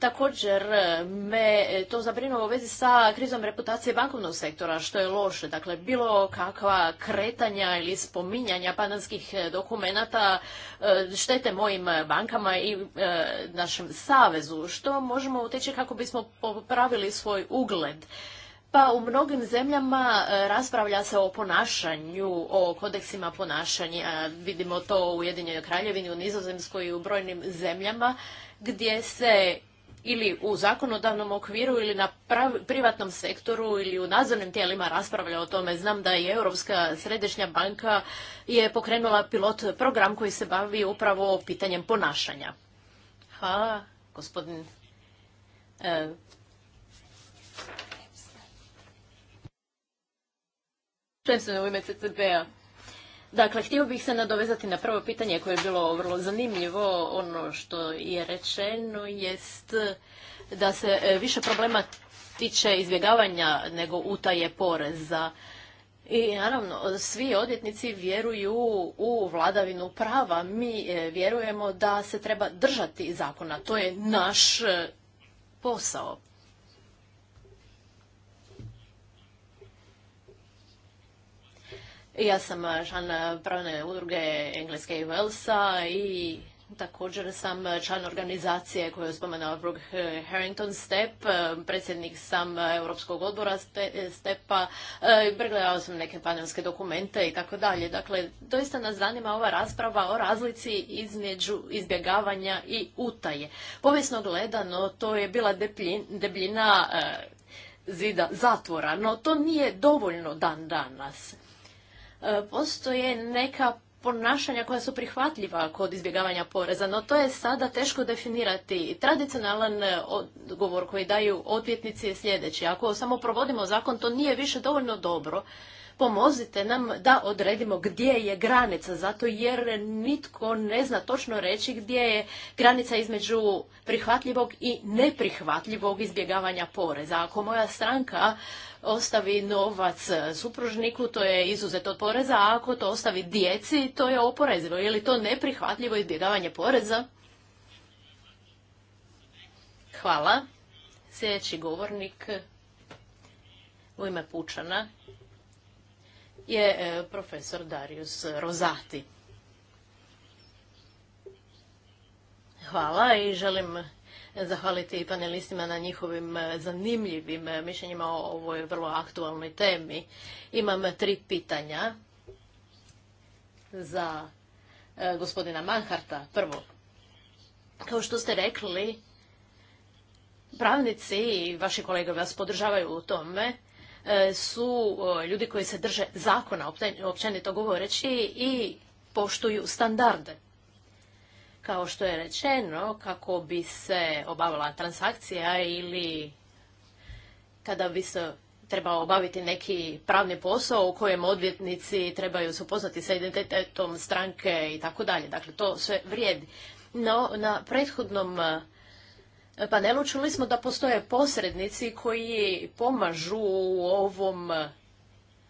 Također e, me to zabrinulo u vezi sa krizom reputacije bankovnog sektora, što je loše. Dakle, bilo kakva kretanja ili spominjanja pananskih e, dokumenata e, štete mojim bankama i našem savezu. Što možemo uteći kako bismo popravili svoj ugled? Pa u mnogim zemljama raspravlja se o ponašanju, o kodeksima ponašanja. Vidimo to u Ujedinjenoj Kraljevini, u Nizozemskoj i u brojnim zemljama gdje se ili u zakonodavnom okviru ili na privatnom sektoru ili u nadzornim tijelima raspravlja o tome. Znam da je Europska središnja banka je pokrenula pilot program koji se bavi upravo pitanjem ponašanja. Hvala, gospodin e, u ime p-a. Dakle, htio bih se nadovezati na prvo pitanje koje je bilo vrlo zanimljivo. Ono što je rečeno jest da se e, više problema tiče izbjegavanja nego utaje poreza. I naravno, svi odvjetnici vjeruju u vladavinu prava. Mi e, vjerujemo da se treba držati zakona. To je naš e, posao. Ja sam eh, član eh, pravne udruge Engleske i Walesa i također sam eh, član organizacije koju je spomenula Brooke Harrington Step, predsjednik sam Europskog odbora Stepa, pregledao sam neke panelske dokumente i tako dalje. Dakle, doista nas zanima ova rasprava o razlici između izbjegavanja i utaje. Povijesno gledano, to je bila debljina zida zatvora, no to nije dovoljno dan danas. E, postoje neka ponašanja koja su prihvatljiva kod izbjegavanja poreza, no to je sada teško definirati. Tradicionalan e, odgovor koji daju odvjetnici je sljedeći. Ako samo provodimo zakon, to nije više dovoljno dobro. Pomozite nam da odredimo gdje je granica, zato jer nitko ne zna točno reći gdje je granica između prihvatljivog i neprihvatljivog izbjegavanja poreza. Ako moja stranka ostavi novac supružniku, to je izuzet od poreza, a ako to ostavi djeci, to je oporezivo. Je to neprihvatljivo izbjegavanje poreza? Hvala. Sljedeći govornik u ime Pučana je e, profesor Darius Rozati. Hvala i želim zahvaliti i panelistima na njihovim e, zanimljivim e, mišljenjima o ovoj vrlo aktualnoj temi. Imam tri pitanja za e, gospodina Manharta. Prvo, kao što ste rekli, pravnici i vaši kolege vas podržavaju u tome, su ljudi koji se drže zakona, općenito govoreći, i poštuju standarde. Kao što je rečeno, kako bi se obavila transakcija ili kada bi se trebao obaviti neki pravni posao u kojem odvjetnici trebaju se upoznati sa identitetom stranke i tako dalje. Dakle, to sve vrijedi. No, na prethodnom eh, panelu čuli smo da postoje posrednici koji pomažu u ovom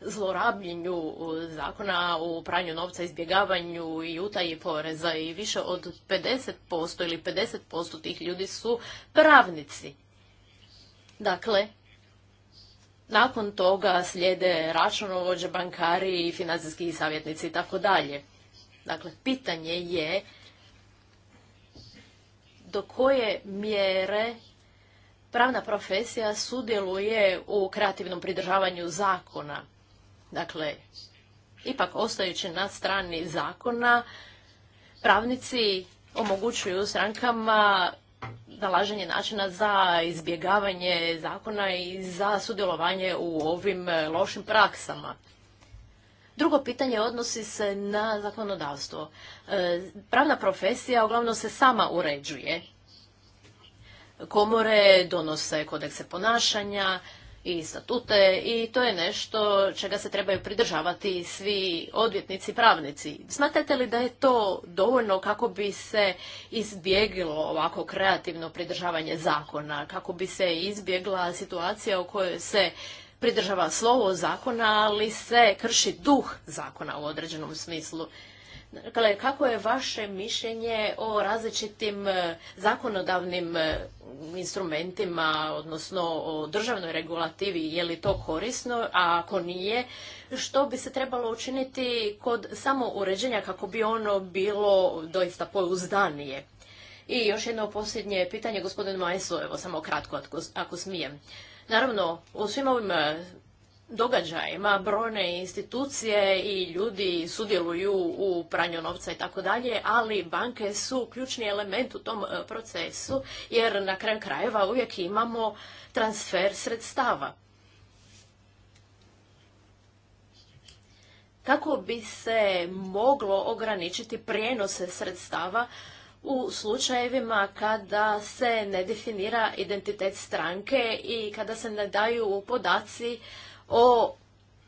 zlorabljenju zakona u pranju novca, izbjegavanju i utaji poreza i više od 50% ili 50% tih ljudi su pravnici. Dakle, nakon toga slijede računovođe, bankari i financijski savjetnici i tako dalje. Dakle, pitanje je do koje mjere pravna profesija sudjeluje u kreativnom pridržavanju zakona. Dakle, ipak ostajući na strani zakona, pravnici omogućuju strankama nalaženje načina za izbjegavanje zakona i za sudjelovanje u ovim lošim praksama. Drugo pitanje odnosi se na zakonodavstvo. E, pravna profesija uglavnom se sama uređuje. Komore donose kodekse ponašanja, i statute i to je nešto čega se trebaju pridržavati svi odvjetnici, i pravnici. Smatrate li da je to dovoljno kako bi se izbjeglo ovako kreativno pridržavanje zakona, kako bi se izbjegla situacija u kojoj se pridržava slovo zakona, ali se krši duh zakona u određenom smislu? kako je vaše mišljenje o različitim e, zakonodavnim e, instrumentima, odnosno o državnoj regulativi, je li to korisno, a ako nije, što bi se trebalo učiniti kod samo uređenja kako bi ono bilo doista pouzdanije? I još jedno posljednje pitanje, gospodin Majsu, evo samo kratko ako smijem. Naravno, u svim ovim e, događajima, brojne institucije i ljudi sudjeluju u pranju novca i tako dalje, ali banke su ključni element u tom e, procesu jer na kraju krajeva uvijek imamo transfer sredstava. Kako bi se moglo ograničiti prijenose sredstava u slučajevima kada se ne definira identitet stranke i kada se ne daju podaci o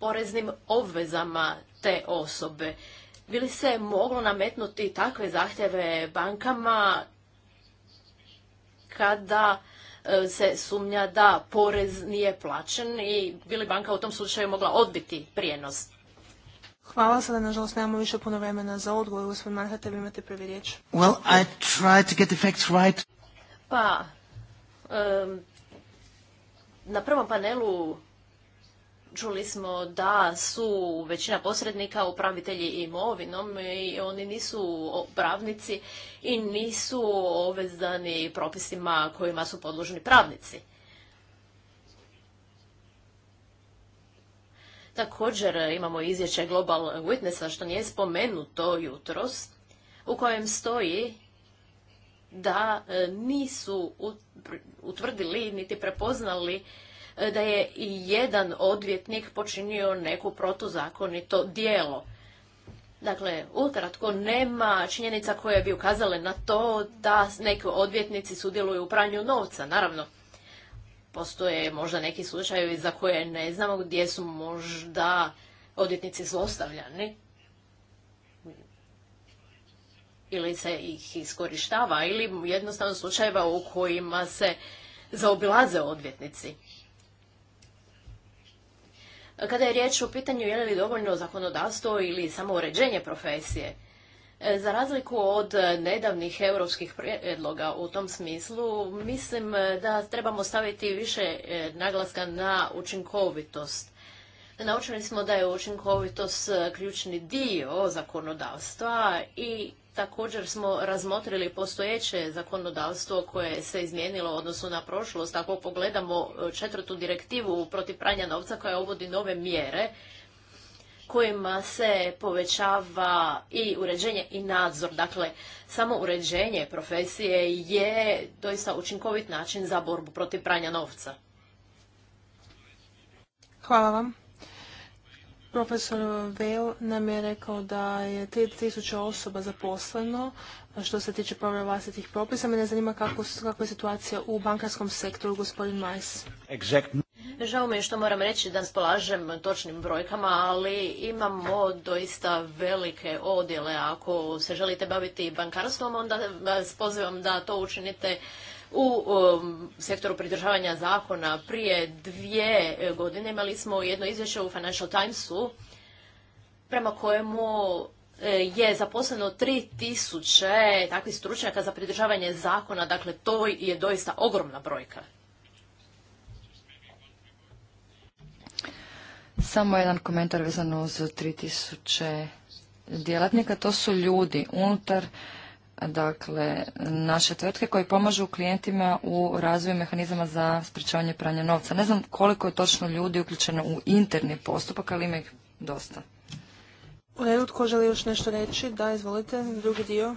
poreznim obvezama te osobe. Bili se moglo nametnuti takve zahtjeve bankama kada e, se sumnja da porez nije plaćen i bili banka u tom slučaju mogla odbiti prijenos? Hvala, sada nažalost nemamo više puno vremena za odgovor. Gospod Marhate, vi imate prvi riječ. Well, I try to get the facts right. Pa, na prvom panelu Čuli smo da su većina posrednika upravitelji imovinom i oni nisu pravnici i nisu ovezdani propisima kojima su podložni pravnici. Također imamo izvješće Global Witnessa što nije spomenuto jutros u kojem stoji da e, nisu utvrdili niti prepoznali E, da je i jedan odvjetnik počinio neku protuzakonito djelo. Dakle, ukratko nema činjenica koje bi ukazale na to da neki odvjetnici sudjeluju u pranju novca, naravno. Postoje možda neki slučajevi za koje ne znamo gdje su možda odvjetnici zlostavljani ili se ih iskorištava ili jednostavno slučajeva u kojima se zaobilaze odvjetnici kada je riječ o pitanju je li dovoljno zakonodavstvo ili samo uređenje profesije. E, za razliku od nedavnih europskih prijedloga u tom smislu, mislim da trebamo staviti više e, naglaska na učinkovitost. Naučili smo da je učinkovitost e, ključni dio zakonodavstva i Također smo razmotrili postojeće zakonodavstvo koje se izmijenilo u odnosu na prošlost. Ako pogledamo e, četvrtu direktivu protiv pranja novca koja uvodi nove mjere kojima se povećava i uređenje i nadzor. Dakle, samo uređenje profesije je doista učinkovit način za borbu protiv pranja novca. Hvala vam. Profesor Veo nam je rekao da je 3000 osoba zaposleno što se tiče provjera vlastitih propisa. Mene zanima kako, je situacija u bankarskom sektoru, gospodin Majs. Žao mi je što moram reći da spolažem točnim brojkama, ali imamo doista velike odjele. Ako se želite baviti bankarstvom, onda vas pozivam da to učinite u um, sektoru pridržavanja zakona prije dvije e, godine imali smo jedno izvješće u Financial Timesu prema kojemu e, je zaposleno 3000 takvih stručnjaka za pridržavanje zakona, dakle to je doista ogromna brojka. Samo jedan komentar vezano uz 3000 djelatnika, to su ljudi unutar dakle, naše tvrtke koji pomažu klijentima u razvoju mehanizama za sprječavanje pranja novca. Ne znam koliko je točno ljudi uključeno u interni postupak, ali ima ih dosta. U redu, tko želi još nešto reći? Da, izvolite, drugi dio.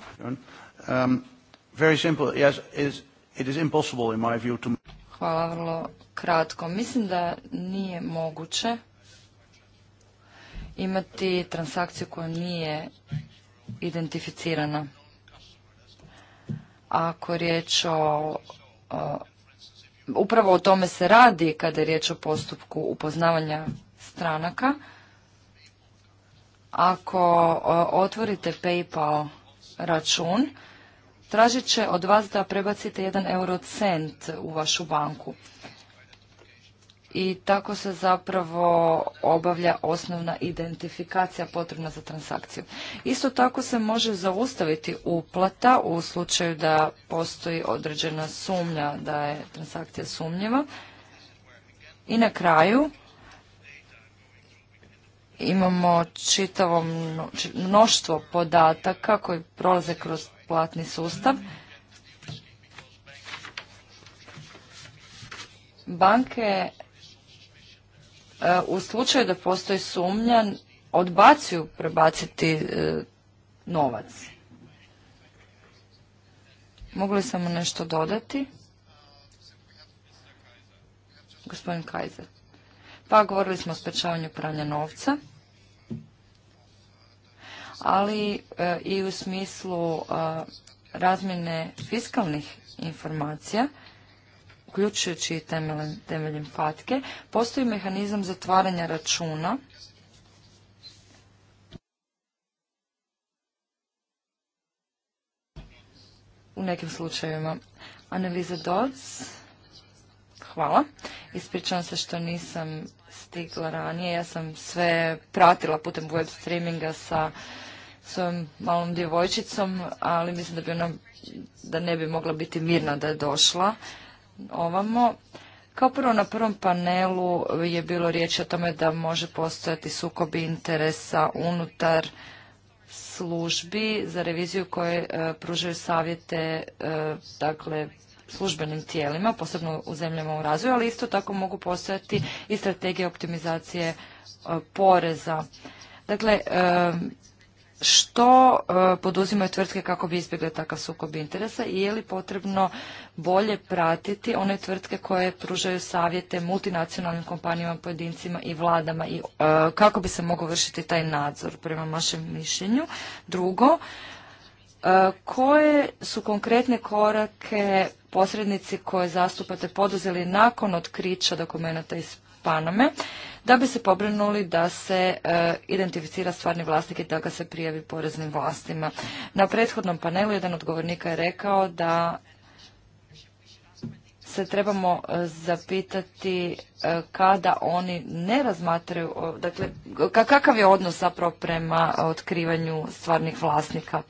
Hvala, vrlo kratko. Mislim da nije moguće imati transakciju koja nije identificirana ako je riječ o, o upravo o tome se radi kada je riječ o postupku upoznavanja stranaka. Ako otvorite PayPal račun, tražit će od vas da prebacite jedan eurocent u vašu banku i tako se zapravo obavlja osnovna identifikacija potrebna za transakciju. Isto tako se može zaustaviti uplata u slučaju da postoji određena sumnja da je transakcija sumnjiva. I na kraju imamo čitavo mnoštvo podataka koji prolaze kroz platni sustav. Banke u slučaju da postoji sumnja odbacuju prebaciti e, novac. Mogli li samo nešto dodati? Gospodin Kajzer. Pa govorili smo o sprečavanju pranja novca, ali e, i u smislu razmjene fiskalnih informacija uključujući i temeljem fatke, postoji mehanizam zatvaranja računa u nekim slučajevima. Analiza Dodds, hvala. Ispričavam se što nisam stigla ranije. Ja sam sve pratila putem web streaminga sa svojom malom djevojčicom, ali mislim da bi da ne bi mogla biti mirna da je došla ovamo. Kao prvo na prvom panelu je bilo riječ o tome da može postojati sukob interesa unutar službi za reviziju koje e, pružaju savjete e, dakle službenim tijelima, posebno u zemljama u razvoju, ali isto tako mogu postojati i strategije optimizacije e, poreza. Dakle, što e, poduzimaju tvrtke kako bi izbjegle takav sukob interesa i je li potrebno bolje pratiti one tvrtke koje pružaju savjete multinacionalnim kompanijama, pojedincima i vladama i e, kako bi se mogao vršiti taj nadzor prema vašem mišljenju. Drugo, e, koje su konkretne korake posrednici koje zastupate poduzeli nakon otkrića dokumenta iz Paname da bi se pobrinuli da se e, identificira stvarni vlasnik i da ga se prijavi poreznim vlastima. Na prethodnom panelu jedan od govornika je rekao da se trebamo e, zapitati e, kada oni ne razmatraju, dakle kakav je odnos zapravo prema otkrivanju stvarnih vlasnika.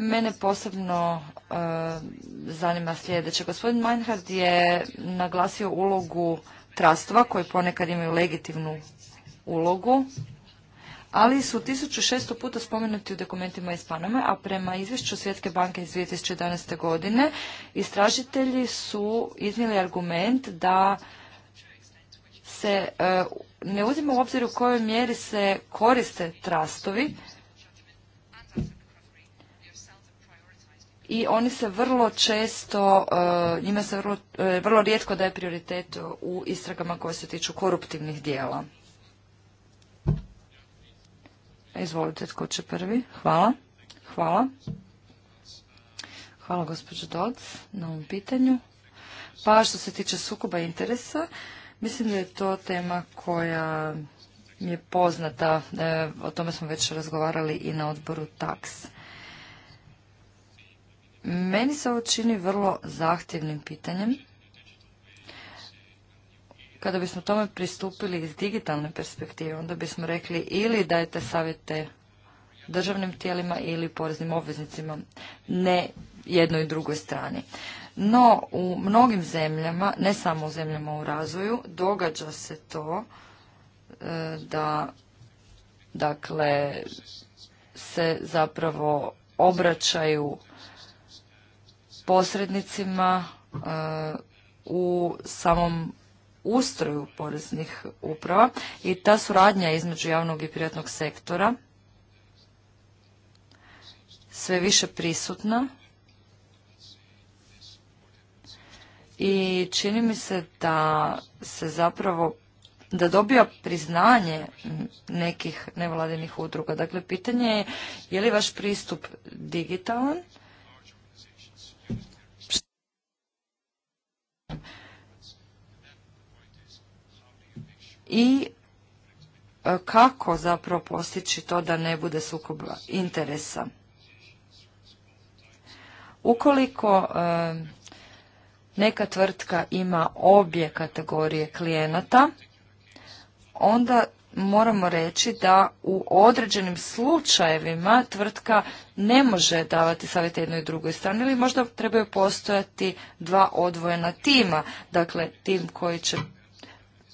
Mene posebno e, zanima sljedeće. Gospodin Meinhard je naglasio ulogu trastva koji ponekad imaju legitimnu ulogu, ali su 1600 puta spomenuti u dokumentima iz panama a prema izvješću Svjetske banke iz 2011. godine istražitelji su iznijeli argument da se e, ne uzima u obzir u kojoj mjeri se koriste trastovi i oni se vrlo često, eh, njima se vrlo, eh, vrlo rijetko daje prioritet u istragama koje se tiču koruptivnih dijela. Izvolite, tko će prvi? Hvala. Hvala. Hvala gospođo Dodds na ovom pitanju. Pa što se tiče sukoba interesa, mislim da je to tema koja mi je poznata. Eh, o tome smo već razgovarali i na odboru TAX. Meni se ovo čini vrlo zahtjevnim pitanjem. Kada bismo tome pristupili iz digitalne perspektive, onda bismo rekli ili dajete savjete državnim tijelima ili poreznim obveznicima, ne jednoj i drugoj strani. No, u mnogim zemljama, ne samo u zemljama u razvoju, događa se to e, da dakle se zapravo obraćaju posrednicima eh, u samom ustroju poreznih uprava i ta suradnja između javnog i privatnog sektora sve više prisutna i čini mi se da se zapravo da dobija priznanje nekih nevladinih udruga. Dakle, pitanje je je li vaš pristup digitalan i e, kako zapravo postići to da ne bude sukoba interesa. Ukoliko e, neka tvrtka ima obje kategorije klijenata, onda moramo reći da u određenim slučajevima tvrtka ne može davati savjete jednoj i drugoj strani ili možda trebaju postojati dva odvojena tima, dakle tim koji će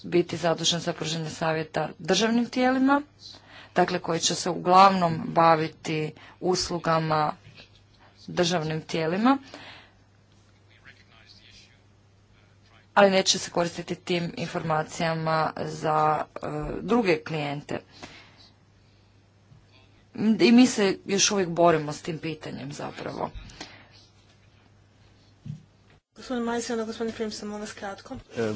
biti zadužen za pružanje savjeta državnim tijelima, dakle koji će se uglavnom baviti uslugama državnim tijelima, ali neće se koristiti tim informacijama za e, druge klijente. I mi se još uvijek borimo s tim pitanjem zapravo. Gospodin gospodin molim vas kratko. E,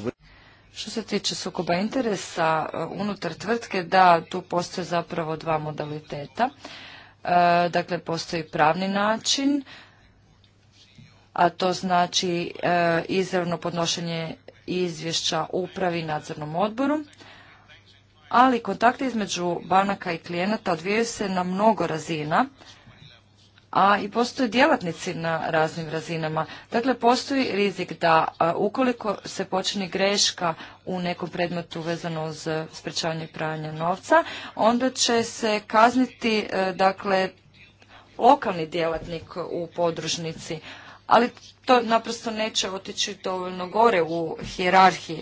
što se tiče sukoba interesa e, unutar tvrtke, da, tu postoje zapravo dva modaliteta. E, dakle, postoji pravni način, a to znači e, izravno podnošenje izvješća upravi nadzornom odboru, ali kontakte između banaka i klijenata odvijaju se na mnogo razina a i postoje djelatnici na raznim razinama. Dakle, postoji rizik da ukoliko se počini greška u nekom predmetu vezano uz sprečavanje pranja novca, onda će se kazniti e, dakle lokalni djelatnik u podružnici, ali to naprosto neće otići dovoljno gore u hijerarhiji.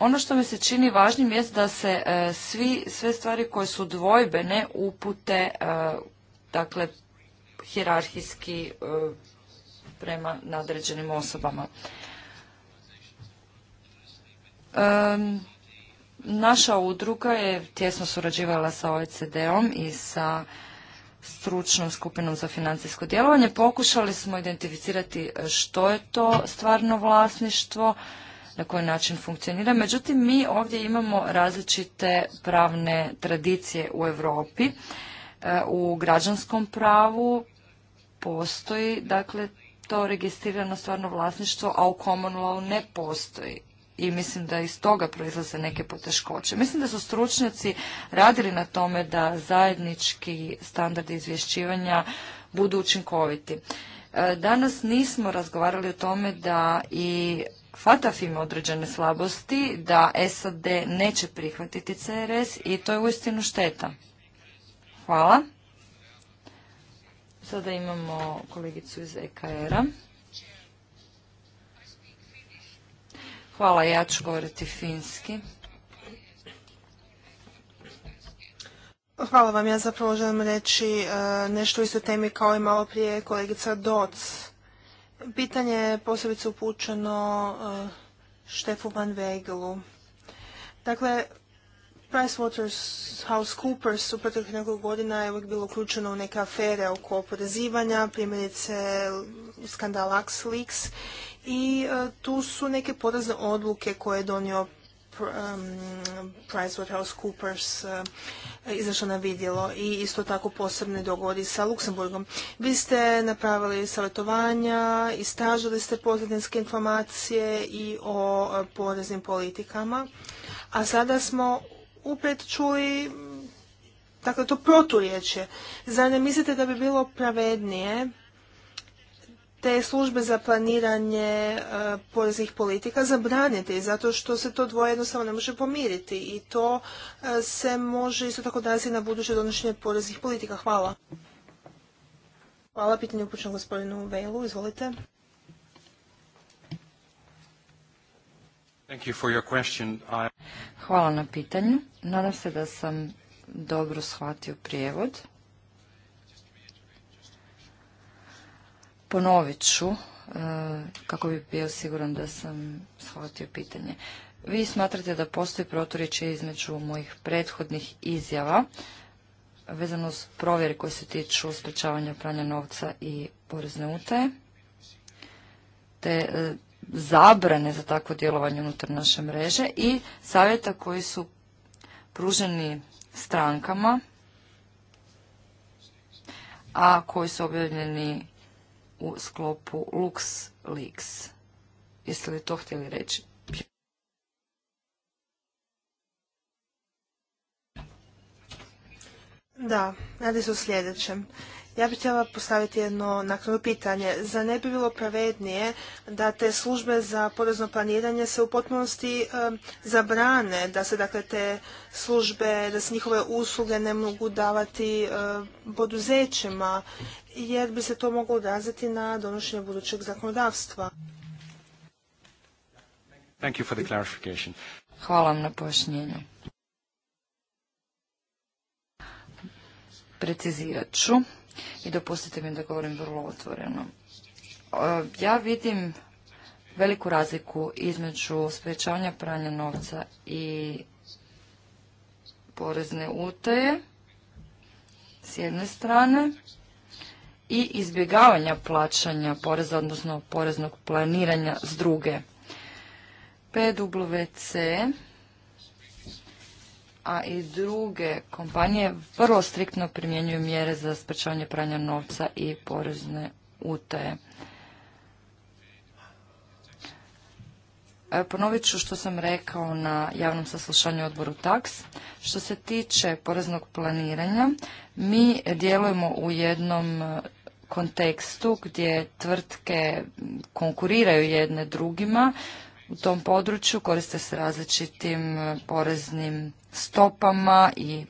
Ono što mi se čini važnim jest da se e, svi, sve stvari koje su dvojbene upute e, dakle hijerarhijski e, prema nadređenim osobama. Naša udruga je tjesno surađivala sa OECD-om i sa stručnom skupinom za financijsko djelovanje. Pokušali smo identificirati što je to stvarno vlasništvo, na koji način funkcionira. Međutim, mi ovdje imamo različite pravne tradicije u Europi. E, u građanskom pravu postoji, dakle, to registrirano stvarno vlasništvo, a u common law ne postoji i mislim da iz toga proizlaze neke poteškoće. Mislim da su stručnjaci radili na tome da zajednički standardi izvješćivanja budu učinkoviti. E, danas nismo razgovarali o tome da i Fatah ima određene slabosti, da SAD neće prihvatiti CRS i to je uistinu šteta. Hvala. Sada imamo kolegicu iz EKR-a. Hvala, ja ću govoriti finski. Hvala vam, ja zapravo želim reći e, nešto o istoj temi kao i malo prije kolegica Doc. Pitanje je posebice upućeno e, Štefu Van Wegelu. Dakle, PricewaterhouseCoopers u proteklih nekoliko godina je uvijek bilo uključeno u neke afere oko oporezivanja, primjerice skandal Leaks i e, tu su neke porezne odluke koje je donio Um, PricewaterhouseCoopers uh, izašlo na vidjelo i isto tako posebne dogodi sa Luksemburgom. Vi ste napravili savjetovanja, istražili ste pozadinske informacije i o uh, poreznim politikama, a sada smo upred čuli dakle, to proturječje. Zar ne mislite da bi bilo pravednije te službe za planiranje e, poreznih politika zabraniti zato što se to dvoje jednostavno ne može pomiriti i to e, se može isto tako odraziti na buduće donošenje poreznih politika. Hvala. Hvala. Pitanje upućeno gospodinu Vejlu. Izvolite. Hvala na pitanju. Nadam se da sam dobro shvatio prijevod. ponovit ću e, kako bi bio siguran da sam shvatio pitanje. Vi smatrate da postoji proturječe između mojih prethodnih izjava vezano uz provjere koje se tiču sprečavanja pranja novca i porezne utaje, te e, zabrane za takvo djelovanje unutar naše mreže i savjeta koji su pruženi strankama, a koji su objavljeni u sklopu Leaks. Jeste li to htjeli reći? Da, radi se o sljedećem. Ja bih htjela postaviti jedno naknadno pitanje. Za ne bi bilo pravednije da te službe za porezno planiranje se u potpunosti zabrane, da se dakle te službe, da se njihove usluge ne mogu davati poduzećima, jer bi se to moglo odraziti na donošenje budućeg zakonodavstva. Hvala vam na pojašnjenju. Precizirat ću i dopustite mi da govorim vrlo otvoreno. Ja vidim veliku razliku između sprečavanja pranja novca i porezne utaje s jedne strane i izbjegavanja plaćanja poreza, odnosno poreznog planiranja s druge. PWC a i druge kompanije vrlo striktno primjenjuju mjere za sprečavanje pranja novca i porezne utaje. E, ponovit ću što sam rekao na javnom saslušanju odboru TAX. Što se tiče poreznog planiranja, mi djelujemo u jednom e, kontekstu gdje tvrtke konkuriraju jedne drugima u tom području, koriste se različitim e, poreznim stopama i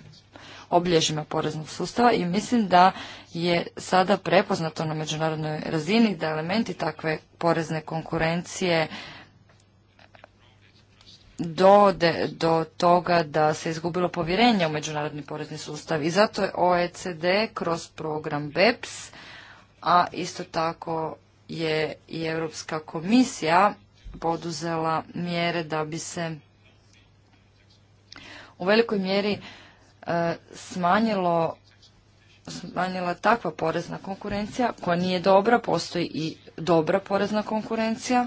obilježjima poreznog sustava i mislim da je sada prepoznato na međunarodnoj razini da elementi takve porezne konkurencije dovode do toga da se izgubilo povjerenje u međunarodni porezni sustav i zato je OECD kroz program BEPS, a isto tako je i Europska komisija poduzela mjere da bi se u velikoj mjeri e, smanjila takva porezna konkurencija koja nije dobra, postoji i dobra porezna konkurencija.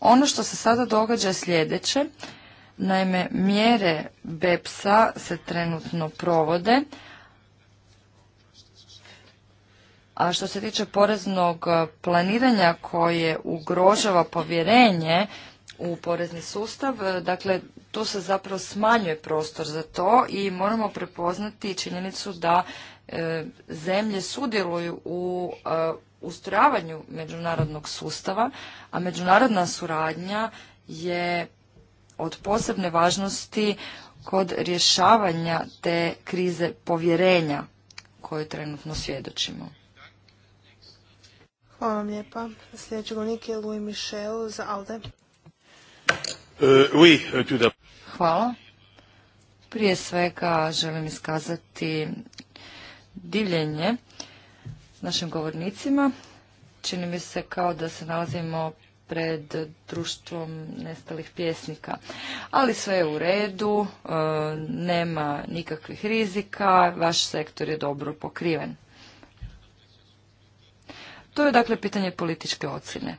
Ono što se sada događa je sljedeće. Naime, mjere BEPS-a se trenutno provode, a što se tiče poreznog planiranja koje ugrožava povjerenje u porezni sustav, dakle, tu se zapravo smanjuje prostor za to i moramo prepoznati činjenicu da e, zemlje sudjeluju u e, ustrojavanju međunarodnog sustava, a međunarodna suradnja je od posebne važnosti kod rješavanja te krize povjerenja koju trenutno svjedočimo. Hvala vam lijepa. Sljedeći govornik je Louis Michel za ALDE. Uh, oui, uh, Hvala. Prije svega želim iskazati divljenje našim govornicima. Čini mi se kao da se nalazimo pred društvom nestalih pjesnika. Ali sve je u redu, e, nema nikakvih rizika, vaš sektor je dobro pokriven. To je dakle pitanje političke ocjene.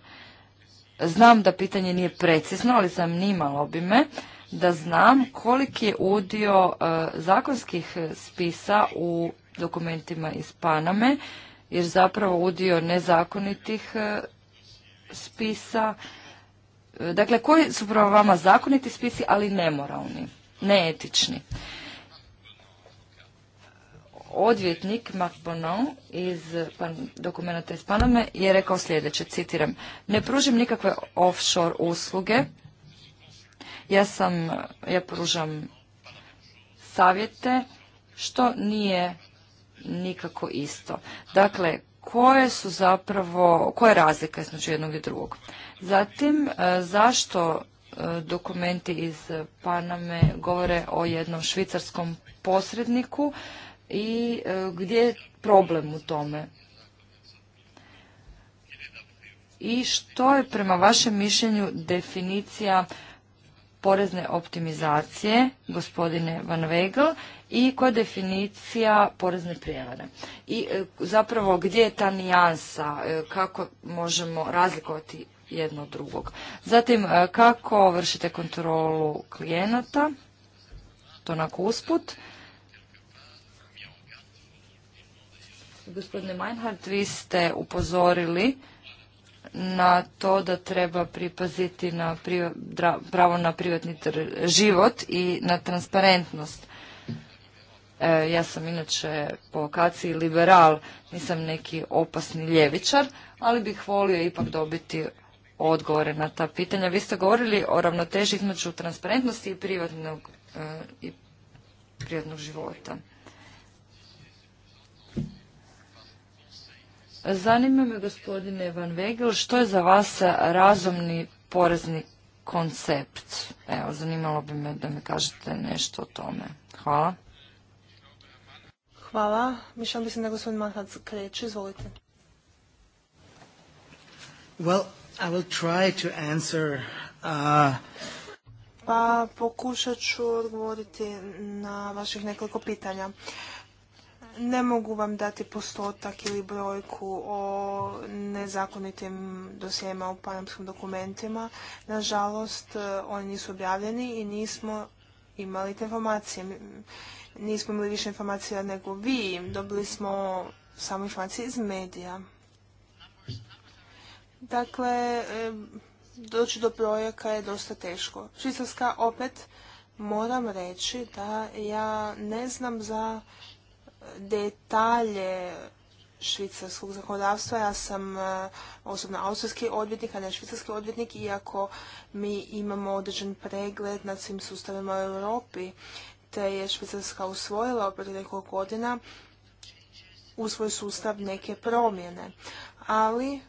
Znam da pitanje nije precizno, ali zanimalo bi me da znam koliki je udio e, zakonskih spisa u dokumentima iz Paname, jer zapravo udio nezakonitih e, spisa, e, dakle koji su prema vama zakoniti spisi, ali nemoralni, neetični. Odvjetnik Mark Bonon iz dokumenta iz Paname je rekao sljedeće, citiram, ne pružim nikakve offshore usluge, ja sam, ja pružam savjete što nije nikako isto. Dakle, koje su zapravo, koja je između jednog i drugog. Zatim, e, zašto e, dokumenti iz Paname govore o jednom švicarskom posredniku i e, gdje je problem u tome? I što je prema vašem mišljenju definicija porezne optimizacije, gospodine Van Wegel, i koja je definicija porezne prijevare. I e, zapravo gdje je ta nijansa, e, kako možemo razlikovati jedno od drugog. Zatim, e, kako vršite kontrolu klijenata, to onako usput. Gospodine Meinhardt, vi ste upozorili na to da treba pripaziti na pravo na privatni život i na transparentnost. E, ja sam inače po okaciji liberal, nisam neki opasni ljevičar, ali bih volio ipak dobiti odgovore na ta pitanja. Vi ste govorili o ravnoteži između transparentnosti i privatnog, e, i privatnog života. Zanima me, gospodine Van Vegel, što je za vas razumni porezni koncept? Evo, zanimalo bi me da mi kažete nešto o tome. Hvala. Hvala. Mišljam mislim se da gospodin Manhac kreće. Izvolite. Well, I will try to answer, uh, Pa pokušat ću odgovoriti na vaših nekoliko pitanja. Ne mogu vam dati postotak ili brojku o nezakonitim dosijema u panamskim dokumentima. Nažalost, e, oni nisu objavljeni i nismo imali te informacije. Nismo imali više informacija nego vi. Dobili smo samo informacije iz medija. Dakle, e, doći do brojaka je dosta teško. Švicarska opet moram reći da ja ne znam za detalje švicarskog zakonodavstva. Ja sam e, osobno austrijski odvjetnik, a ne švicarski odvjetnik, iako mi imamo određen pregled nad svim sustavima u Europi, te je Švicarska usvojila opet nekog godina u svoj sustav neke promjene. Ali,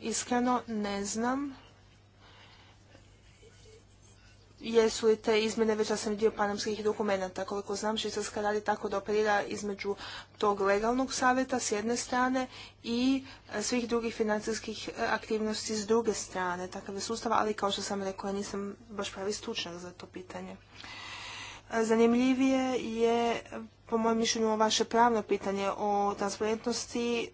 iskreno, ne znam jesu li te izmjene već da sam dio panamskih dokumenta, Koliko znam, Švicarska radi tako da operira između tog legalnog savjeta s jedne strane i e, svih drugih financijskih e, aktivnosti s druge strane. Takav je sustav, ali kao što sam rekao, ja nisam baš pravi stručnjak za to pitanje. E, zanimljivije je, po mojem mišljenju, vaše pravno pitanje o transparentnosti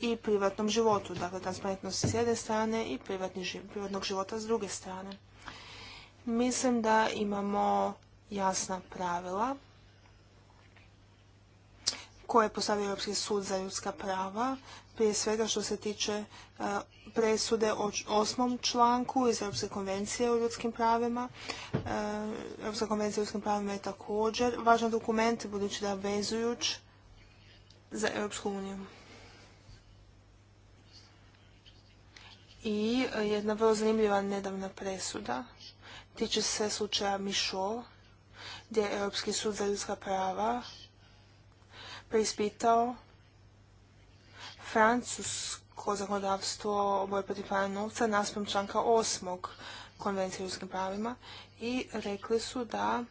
i privatnom životu. Dakle, transparentnosti s jedne strane i privatnog života s druge strane. Mislim da imamo jasna pravila koje je postavio Europski sud za ljudska prava, prije svega što se tiče e, presude o osmom članku iz Europske konvencije o ljudskim pravima. E, Europska konvencija o ljudskim pravima je također važan dokument, budući da je vezujuć za Europsku uniju. I e, jedna vrlo zanimljiva nedavna presuda tiče se slučaja Mišo, gdje je Europski sud za ljudska prava preispitao francusko zakonodavstvo o borbi protiv pranja novca naspram članka osmog konvencije o ljudskim pravima i rekli su da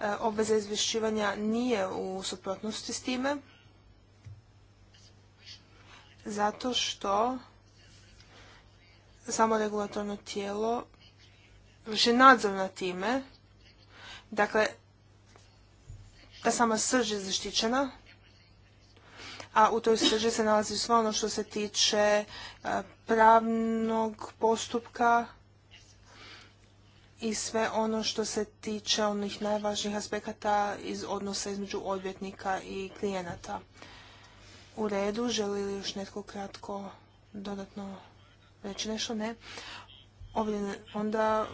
e, obveza izvješćivanja nije u suprotnosti s time zato što samo regulatorno tijelo vrši nadzor na time, dakle, ta sama srž je zaštićena, a u toj srži se nalazi sve ono što se tiče e, pravnog postupka i sve ono što se tiče onih najvažnijih aspekata iz odnosa između odvjetnika i klijenata. U redu, želi li još netko kratko dodatno reći znači, nešto? Ne. onda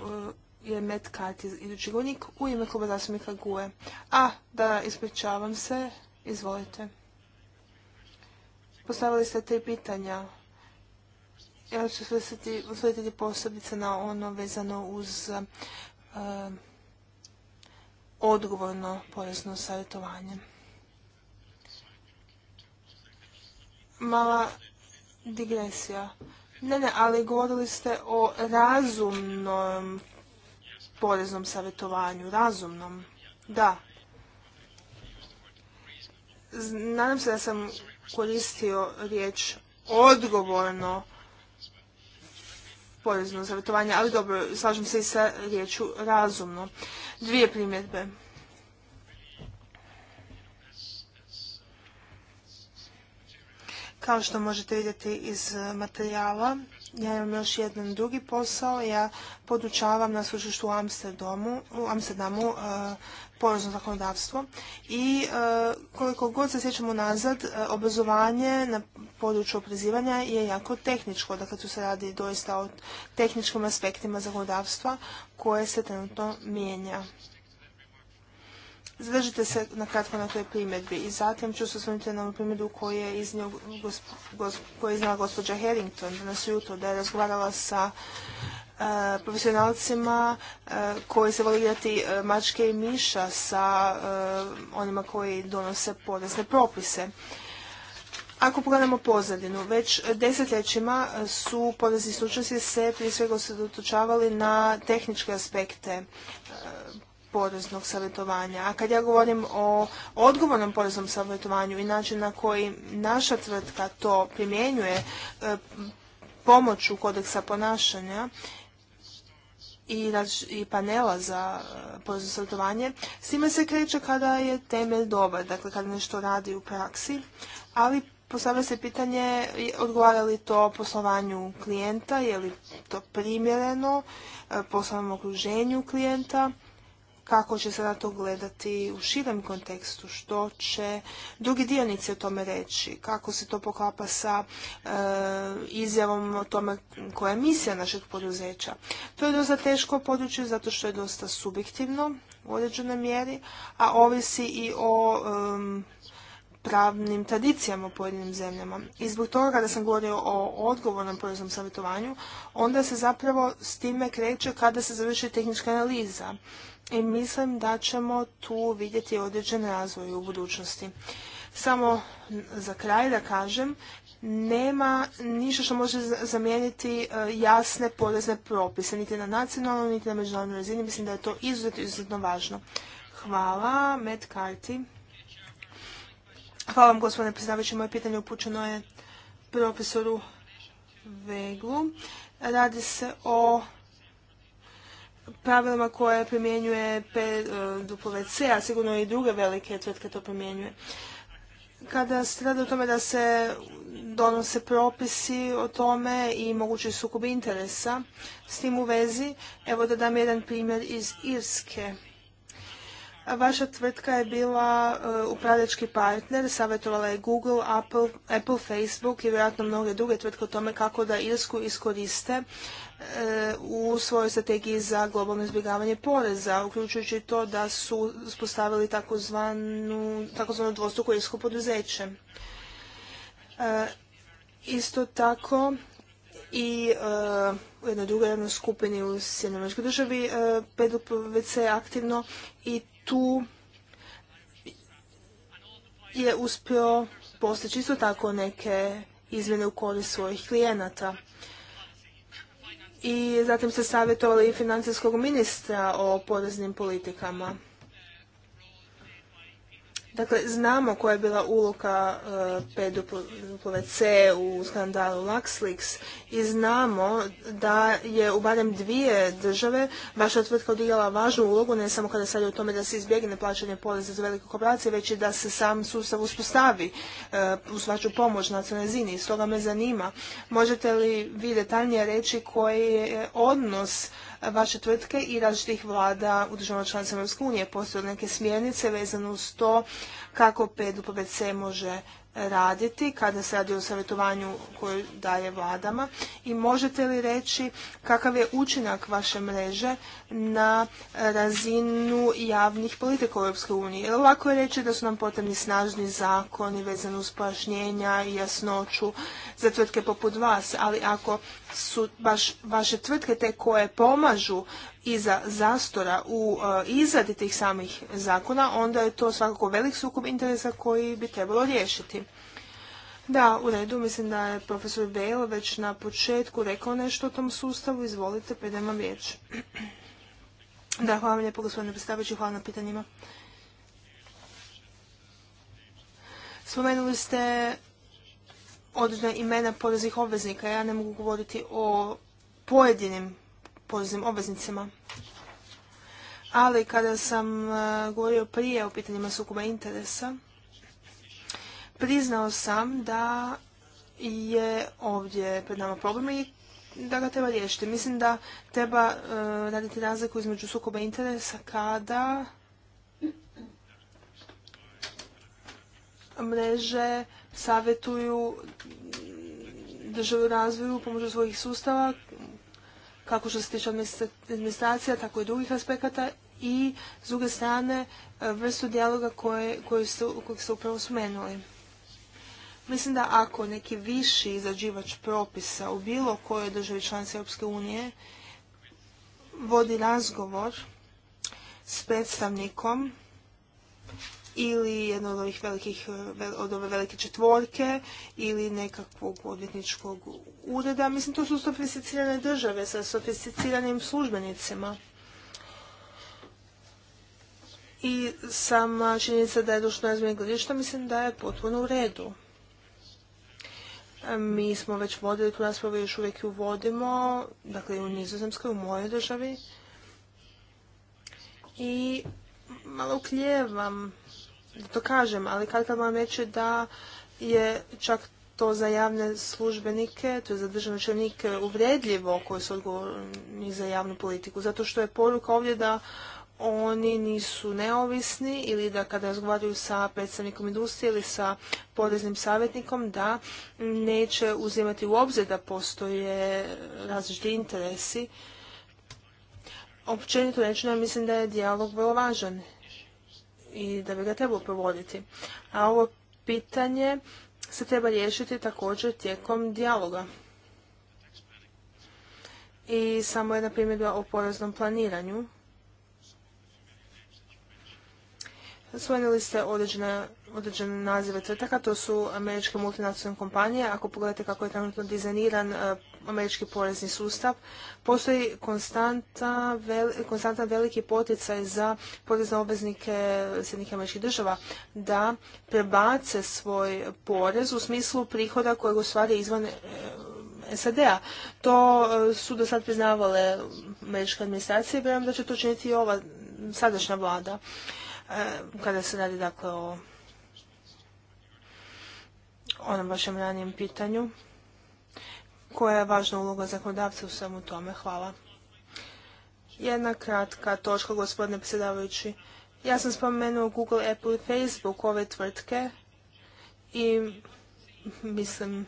e, je Matt iz idući govornik u ime kluba zastupnika GUE. A, da, ispričavam se. Izvolite. Postavili ste tri pitanja. Ja ću usvetiti posebice na ono vezano uz e, odgovorno porezno savjetovanje. Mala digresija. Ne, ne, ali govorili ste o razumnom poreznom savjetovanju, razumnom. Da. Nadam se da sam koristio riječ odgovorno porezno savjetovanje, ali dobro, slažem se i sa riječu razumno. Dvije primjedbe. Kao što možete vidjeti iz e, materijala, ja imam još jedan drugi posao. Ja podučavam na sveučilištu u Amsterdamu, u Amsterdamu e, porezno zakonodavstvo i e, koliko god se sjećamo nazad, obrazovanje na području oprezivanja je jako tehničko, dakle tu se radi doista o tehničkim aspektima zakonodavstva koje se trenutno mijenja. Zadržite se na kratko na toj primjedbi i zatim ću se osvrnuti na onu primjedbu koju je, iznala gospođa Harrington danas jutro, da je razgovarala sa e, profesionalcima e, koji se voli igrati e, mačke i miša sa onima koji donose porezne propise. Ako pogledamo pozadinu, već desetljećima su porezni stručnjaci se prije svega osredotočavali na tehničke aspekte poreznog savjetovanja. A kad ja govorim o odgovornom poreznom savjetovanju i način na koji naša tvrtka to primjenjuje e, pomoću kodeksa ponašanja, i panela za e, porezno savjetovanje. S time se kreće kada je temelj dobar, dakle kada nešto radi u praksi, ali postavlja se pitanje odgovara li to poslovanju klijenta, je li to primjereno e, poslovnom okruženju klijenta kako će se na to gledati u širem kontekstu, što će drugi dionici o tome reći, kako se to poklapa sa e, izjavom o tome koja je misija našeg poduzeća. To je dosta teško područje zato što je dosta subjektivno u određenoj mjeri, a ovisi i o pravnim tradicijama u pojedinim zemljama. I zbog toga kada sam govorio o odgovornom poreznom savjetovanju, onda se zapravo s time kreće kada se završi tehnička analiza i mislim da ćemo tu vidjeti određen razvoj u budućnosti. Samo za kraj da kažem, nema ništa što može zamijeniti e, jasne porezne propise, niti na nacionalnoj, niti na međunarodnoj razini. Mislim da je to izuzetno, izuzetno važno. Hvala, Matt Carty. Hvala vam, gospodine predsjedavajući. Moje pitanje upućeno je profesoru Veglu. Radi se o pravilima koje primjenjuje PWC, e, a sigurno i druge velike tvrtke to primjenjuje. Kada se radi o tome da se donose propisi o tome i mogući sukob interesa s tim u vezi, evo da dam jedan primjer iz Irske. Vaša tvrtka je bila e, upravljački partner, savjetovala je Google, Apple, Apple, Facebook i vjerojatno mnoge druge tvrtke o tome kako da Irsku iskoriste u svojoj strategiji za globalno izbjegavanje poreza, uključujući to da su spostavili takozvanu, takozvanu dvostruko poduzeće. E, isto tako i e, u jednoj drugoj jednoj skupini u Sjednomečkoj državi e, PDPVC je aktivno i tu je uspio postići isto tako neke izmjene u korist svojih klijenata i zatim se savjetovali i financijskog ministra o poreznim politikama. Dakle, znamo koja je bila uloga e, PWC u skandalu LuxLeaks i znamo da je u barem dvije države vaša tvrtka odigrala važnu ulogu, ne samo kada se radi o tome da se izbjegne plaćanje poreza za velike korporacije, već i da se sam sustav uspostavi e, u svaču pomoć na i Stoga me zanima, možete li vi detaljnije reći koji je odnos vaše tvrtke i različitih vlada u državama članica Europske unije. Postoje neke smjernice vezano uz to kako se može raditi kada se radi o savjetovanju koju daje vladama i možete li reći kakav je učinak vaše mreže na razinu javnih politika u Europskoj uniji? lako je reći da su nam potrebni snažni zakoni vezani uz pojašnjenja i jasnoću za tvrtke poput vas, ali ako su baš vaše tvrtke te koje pomažu iza zastora u e, izradi tih samih zakona, onda je to svakako velik sukob interesa koji bi trebalo riješiti. Da, u redu, mislim da je profesor Bale već na početku rekao nešto o tom sustavu. Izvolite, predajem vam riječ. Da, hvala vam lijepo gospodine hvala na pitanjima. Spomenuli ste određene imena poreznih obveznika. Ja ne mogu govoriti o pojedinim poreznim obveznicima. Ali kada sam e, govorio prije o pitanjima sukoba interesa, priznao sam da je ovdje pred nama problem i da ga treba riješiti. Mislim da treba e, raditi razliku između sukoba interesa kada mreže savjetuju državu razvoju pomoću svojih sustava kako što se tiče administracija, tako i drugih aspekata i s druge strane e, vrstu dijaloga koje, ste, kojeg ste upravo spomenuli. Mislim da ako neki viši izrađivač propisa u bilo kojoj državi članice Europske unije vodi razgovor s predstavnikom ili jedno od ovih velikih, od ove velike četvorke ili nekakvog odvjetničkog ureda. Mislim, to su sofisticirane države sa sofisticiranim službenicima. I sama činjenica da je došlo razmjene gledišta mislim da je potpuno u redu. E, mi smo već vodili tu raspravu i još uvijek ju vodimo, dakle u Nizozemskoj, u mojoj državi. I malo ukljevam da to kažem, ali kad kad vam reći da je čak to za javne službenike, to je za državne čelnike uvredljivo koji su odgovorni za javnu politiku, zato što je poruka ovdje da oni nisu neovisni ili da kada razgovaraju sa predstavnikom industrije ili sa poreznim savjetnikom da neće uzimati u obzir da postoje različiti interesi. Općenito rečeno, mislim da je dijalog vrlo važan i da bi ga trebalo provoditi. A ovo pitanje se treba riješiti također tijekom dijaloga. I samo jedna primjedba o poreznom planiranju. Spomenuli ste određene, određene nazive tvrtaka, to su američke multinacionalne kompanije. Ako pogledate kako je trenutno dizajniran eh, američki porezni sustav, postoji konstanta, konstantan veliki poticaj za porezne obveznike Sjednih američkih država da prebace svoj porez u smislu prihoda kojeg ostvari izvan e, SAD-a. To e, su do sad priznavale američke administracije vjerujem da će to činiti i ova sadašnja vlada e, kada se radi dakle o onom vašem ranijem pitanju koja je važna uloga zakonodavca u svemu tome. Hvala. Jedna kratka točka, gospodine predsjedavajući. Ja sam spomenuo Google, Apple i Facebook, ove tvrtke i mislim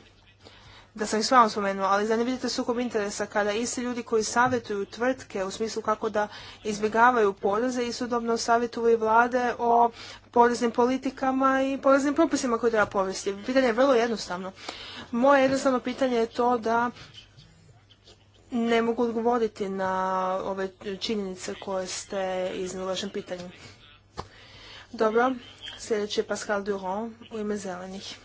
da sam ih s vama spomenula, ali da ne vidite sukob interesa kada isti ljudi koji savjetuju tvrtke u smislu kako da izbjegavaju poreze i sudobno savjetuju vlade o poreznim politikama i poreznim propisima koje treba povesti. Pitanje je vrlo jednostavno. Moje jednostavno pitanje je to da ne mogu odgovoriti na ove činjenice koje ste iznijeli u vašem pitanju. Dobro, sljedeći je Pascal Durand u ime zelenih.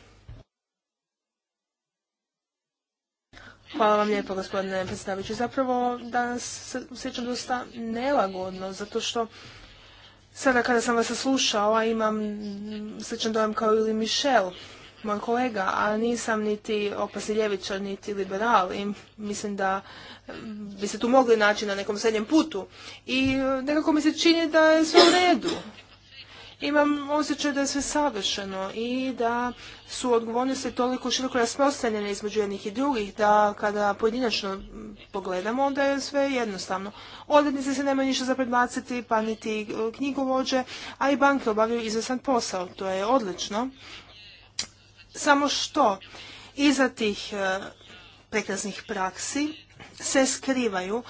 Hvala vam lijepo gospodine predsjedavajući. Zapravo danas se osjećam dosta nelagodno zato što sada kada sam vas saslušao, a imam sličan dojam kao ili Michel, moj kolega, a nisam niti opasni ljevičar, niti liberal i mislim da bi se tu mogli naći na nekom srednjem putu. I nekako mi se čini da je sve u redu imam osjećaj da je sve savršeno i da su odgovornosti toliko široko rasprostranjene između jednih i drugih da kada pojedinačno pogledamo onda je sve jednostavno. Odrednice se nemaju ništa za predbaciti pa niti e, knjigovođe, a i banke obavljaju izvrstan posao. To je odlično. Samo što iza tih e, prekrasnih praksi se skrivaju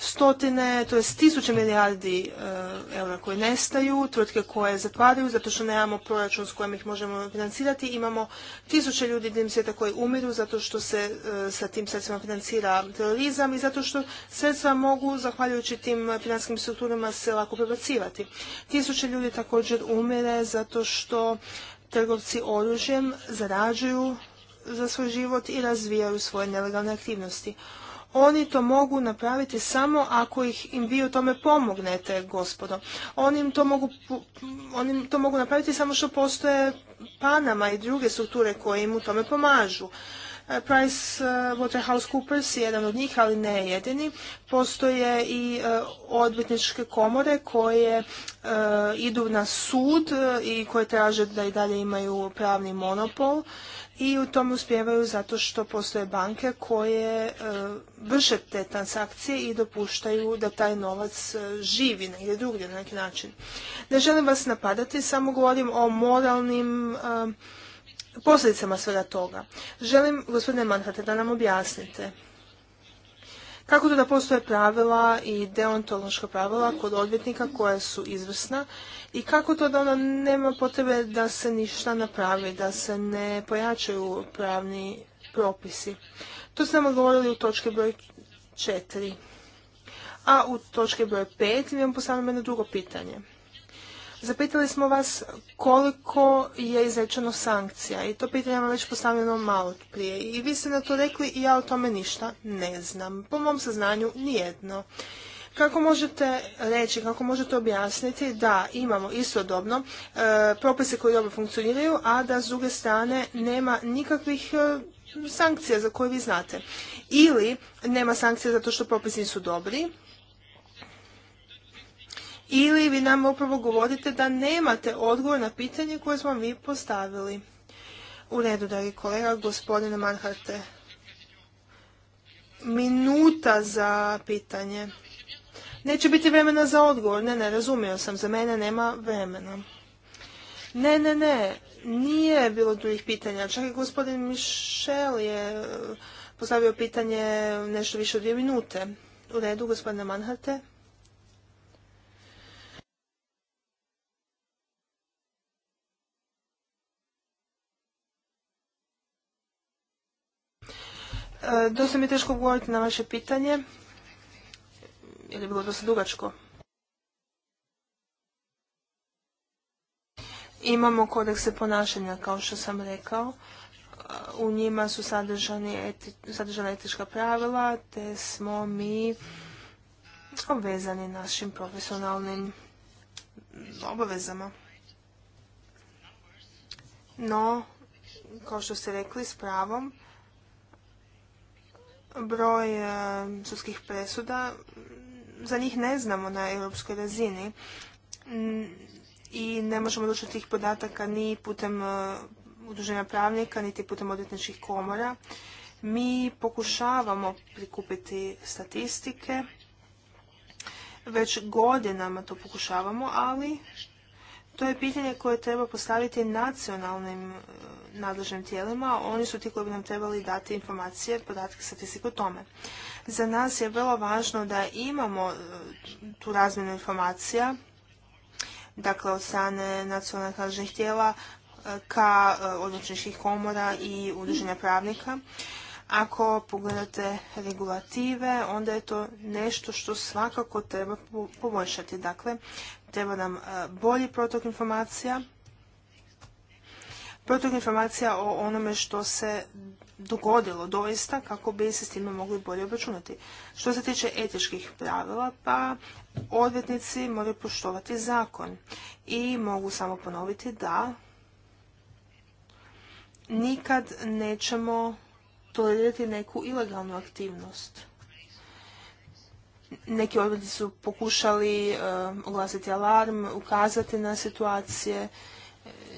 stotine, to je tisuće milijardi e, eura koje nestaju, tvrtke koje zatvaraju zato što nemamo proračun s kojim ih možemo financirati, imamo tisuće ljudi dim svijeta koji umiru zato što se e, sa tim sredstvima financira terorizam i zato što sredstva mogu, zahvaljujući tim financijskim strukturama, se lako prebacivati. Tisuće ljudi također umire zato što trgovci oružjem zarađuju za svoj život i razvijaju svoje nelegalne aktivnosti. Oni to mogu napraviti samo ako ih im vi u tome pomognete, gospodo. Oni im to mogu, oni to mogu napraviti samo što postoje Panama i druge strukture koje im u tome pomažu. E, Price Waterhouse Coopers je jedan od njih, ali ne jedini. Postoje i e, odvjetničke komore koje e, idu na sud i koje traže da i dalje imaju pravni monopol i u tom uspijevaju zato što postoje banke koje e, vrše te transakcije i dopuštaju da taj novac e, živi negdje drugdje na neki način. Ne želim vas napadati, samo govorim o moralnim e, posljedicama svega toga. Želim, gospodine Manhate, da nam objasnite kako to da postoje pravila i deontološka pravila kod odvjetnika koja su izvrsna i kako to da ona nema potrebe da se ništa napravi, da se ne pojačaju pravni propisi. To smo nam odgovorili u točki broj četiri. A u točki broj 5 vam postavljamo jedno drugo pitanje. Zapitali smo vas koliko je izrečeno sankcija i to pitanje vam već postavljeno malo prije. I vi ste na to rekli i ja o tome ništa ne znam. Po mom saznanju nijedno. Kako možete reći, kako možete objasniti da imamo istodobno e, propise koji dobro funkcioniraju, a da s druge strane nema nikakvih e, sankcija za koje vi znate. Ili nema sankcija zato što propisi nisu dobri, ili vi nam upravo govorite da nemate odgovor na pitanje koje smo vi postavili. U redu, dragi kolega, gospodine Manharte. Minuta za pitanje. Neće biti vremena za odgovor. Ne, ne, razumio sam. Za mene nema vremena. Ne, ne, ne. Nije bilo drugih pitanja. Čak i gospodin Mišel je eh, postavio pitanje nešto više od dvije minute. U redu, gospodine Manharte. Eh, dosta mi je teško govoriti na vaše pitanje jer je bilo dosta dugačko. Imamo kodekse ponašanja, kao što sam rekao. U njima su sadržana etička pravila, te smo mi obvezani našim profesionalnim obavezama. No, kao što ste rekli s pravom, broj eh, sudskih presuda za njih ne znamo na europskoj razini i ne možemo doći do tih podataka ni putem e, udruženja pravnika, niti putem odvjetničkih komora. Mi pokušavamo prikupiti statistike, već godinama to pokušavamo, ali to je pitanje koje treba postaviti nacionalnim e, nadležnim tijelima. Oni su ti koji bi nam trebali dati informacije, podatke, statistiku o tome. Za nas je vrlo važno da imamo e, tu razmjenu informacija, dakle od strane nacionalnih nadležnih tijela e, ka odlučničkih komora i udruženja pravnika. Ako pogledate regulative, onda je to nešto što svakako treba poboljšati. Dakle, treba nam e, bolji protok informacija, protok informacija o onome što se dogodilo doista kako bi se s time mogli bolje obračunati. Što se tiče etičkih pravila, pa odvjetnici moraju poštovati zakon i mogu samo ponoviti da nikad nećemo tolerirati neku ilegalnu aktivnost. Neki odvjetnici su pokušali oglasiti um, alarm, ukazati na situacije e,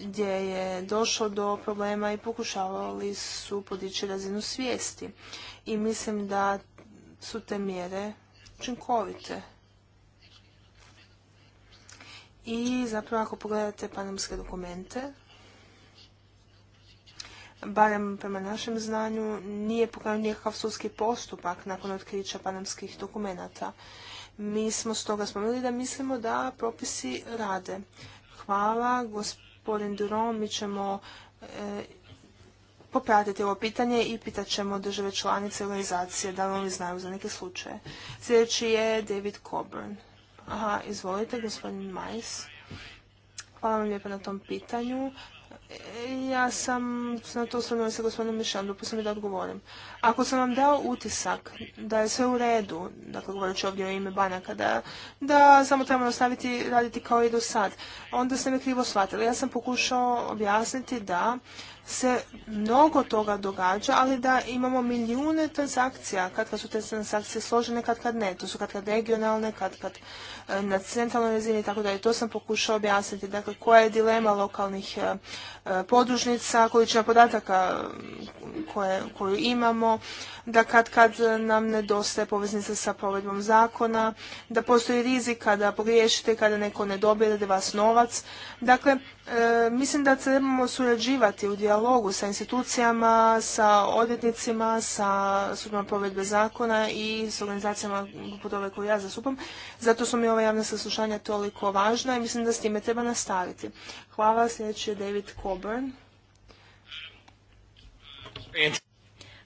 gdje je došlo do problema i pokušavali su podići razinu svijesti. I mislim da su te mjere učinkovite. I zapravo ako pogledate panamske dokumente, barem prema našem znanju, nije pokrenut nikakav sudski postupak nakon otkrića panamskih dokumenata. Mi smo stoga spomenuli da mislimo da propisi rade. Hvala, gospodin Duron, mi ćemo e, popratiti ovo pitanje i pitat ćemo države članice organizacije da li oni znaju za neke slučaje. Sljedeći je David Coburn. Aha, izvolite, gospodin Majs. Hvala vam lijepo na tom pitanju. Ja sam na to osvrnula sa gospodinom Mišelom, dopustim mi da odgovorim. Ako sam vam dao utisak da je sve u redu, dakle govoreći ovdje o ime banaka, da, da samo trebamo nastaviti raditi kao i do sad, onda ste me krivo shvatili. Ja sam pokušao objasniti da se mnogo toga događa, ali da imamo milijune transakcija, kad kad su te transakcije složene, kad kad ne. To su kad kad regionalne, kad kad e, na centralnoj razini, tako da je to sam pokušao objasniti. Dakle, koja je dilema lokalnih e, e, podružnica, količina podataka koju imamo, da kad kad nam nedostaje poveznica sa provedbom zakona, da postoji rizik da pogriješite, kada neko ne dobije, da vas novac. Dakle, mislim da trebamo surađivati u dijelu dijalogu sa institucijama, sa odvjetnicima, sa sudbama povedbe zakona i s organizacijama poput ove koju ja zasupam. Zato su mi ova javna saslušanja toliko važna i mislim da s time treba nastaviti. Hvala, sljedeći je David Coburn.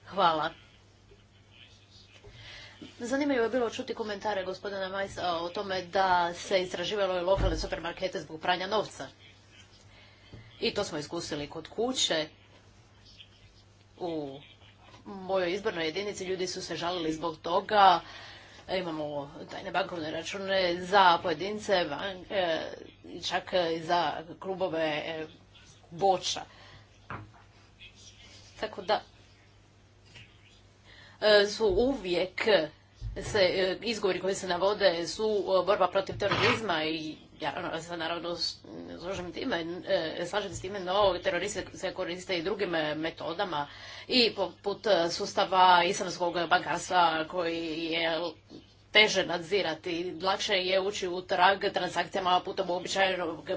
Hvala. Zanimljivo je bilo čuti komentare gospodina Majsa o tome da se istraživalo i lokalne supermarkete zbog pranja novca. I to smo iskusili kod kuće. U mojoj izbornoj jedinici ljudi su se žalili zbog toga. E, imamo tajne bankovne račune za pojedince, e, čak i za klubove e, boča. Tako da su uvijek se e, izgovori koji se navode su e, borba protiv terorizma i ja ono, se naravno e, slažem, time, slažem s time, no teroristi se koriste i drugim metodama i poput sustava islamskog bankarstva koji je teže nadzirati. Lakše je ući u trag transakcijama putem uobičajenog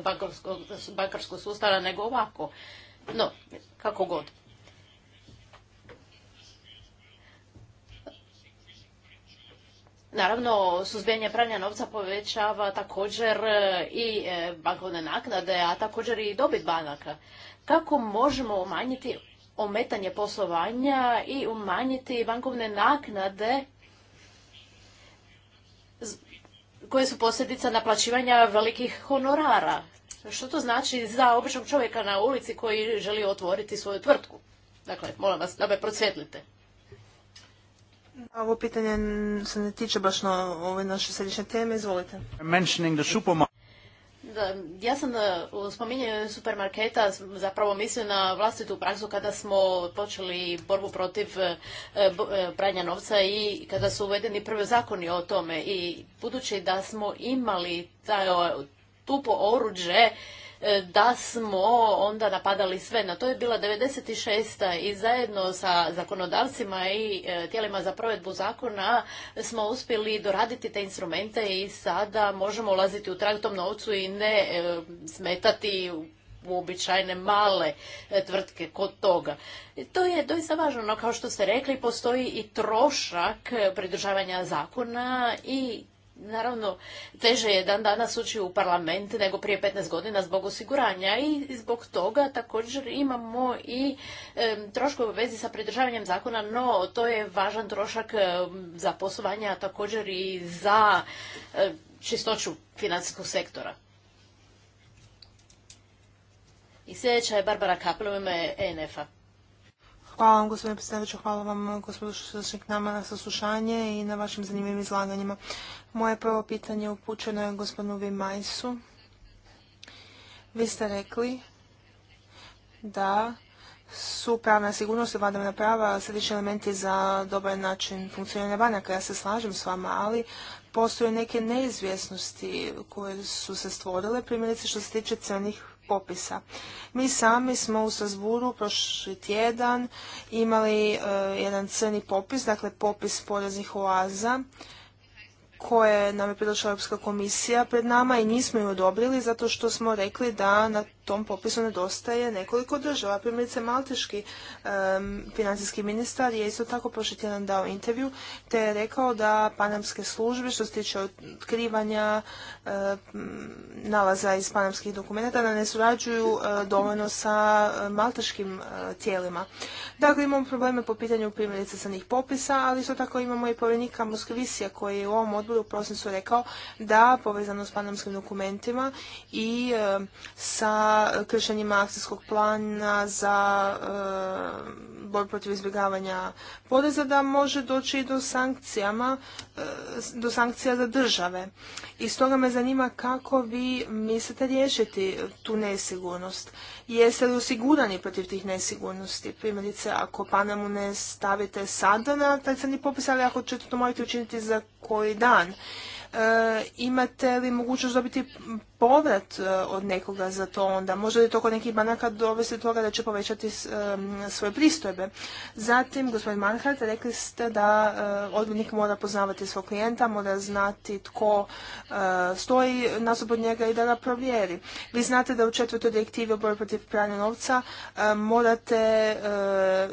bankarskog sustava nego ovako. No, kako god. Naravno, suzbijanje pranja novca povećava također e, i e, bankovne naknade, a također i dobit banaka. Kako možemo umanjiti ometanje poslovanja i umanjiti bankovne naknade koje su posljedica naplaćivanja velikih honorara? Što to znači za običnog čovjeka na ulici koji želi otvoriti svoju tvrtku? Dakle, molim vas da me procvjetlite. Ovo pitanje se ne tiče baš na ove naše središnje teme, izvolite. ja sam e, u spominjanju supermarketa zapravo mislio na vlastitu praksu kada smo počeli borbu protiv e, e, pranja novca i kada su uvedeni prvi zakoni o tome i budući da smo imali taj, tupo oruđe E, da smo onda napadali sve. Na to je bila 96. i zajedno sa zakonodavcima i e, tijelima za provedbu zakona smo uspjeli doraditi te instrumente i sada možemo ulaziti u trag tom novcu i ne e, smetati uobičajene male tvrtke kod toga. To je doista važno, no kao što ste rekli, postoji i trošak pridržavanja zakona i Naravno, teže je dan danas ući u parlament nego prije 15 godina zbog osiguranja i zbog toga također imamo i e, troškove u vezi sa pridržavanjem zakona, no to je važan trošak za poslovanje, a također i za čistoću financijskog sektora. I sljedeća je Barbara Kapel u ime ENF-a. Hvala vam gospodine hvala vam gospodine što ste k nama na saslušanje i na vašim zanimljivim izlaganjima. Moje prvo pitanje upućeno je gospodinu Vimajsu. Vi ste rekli da su pravna sigurnost i vladavina prava središnji elementi za dobar način funkcioniranja banaka. Ja se slažem s vama, ali postoje neke neizvjesnosti koje su se stvorile, primjerice što se tiče crnih popisa. Mi sami smo u Sazburu prošli tjedan imali e, jedan crni popis, dakle popis poreznih oaza koje nam je predložila Europska komisija pred nama i nismo ju odobrili zato što smo rekli da na tom popisu nedostaje nekoliko država. Primjerice Malteški financijski ministar je isto tako prošli tjedan dao intervju te je rekao da panamske službe što se tiče otkrivanja nalaza iz panamskih dokumenta da ne surađuju e, dovoljno sa e, malteškim e, tijelima. Dakle, imamo probleme po pitanju primjerice njih popisa, ali isto tako imamo i povjerenika Moskvisija koji je u ovom odboru u prosincu rekao da povezano s panamskim dokumentima i sa kršenjima akcijskog plana za e, bolj protiv izbjegavanja poreza da može doći i do sankcijama, e, do sankcija za države. I stoga me zanima kako vi mislite riješiti tu nesigurnost. Jeste li osigurani protiv tih nesigurnosti? Primjerice, ako Panamu ne stavite sada na taj crni popis, ali ako ćete to morati učiniti za koji dan, e, imate li mogućnost dobiti povrat e, od nekoga za to onda? Može li to kod nekih banaka dovesti do toga da će povećati e, svoje pristojbe? Zatim, gospodin Manhart, rekli ste da e, odvjetnik mora poznavati svog klijenta, mora znati tko stoji od njega i da ga provjeri. Vi znate da u četvrtoj direktivi o borbi protiv pranja novca morate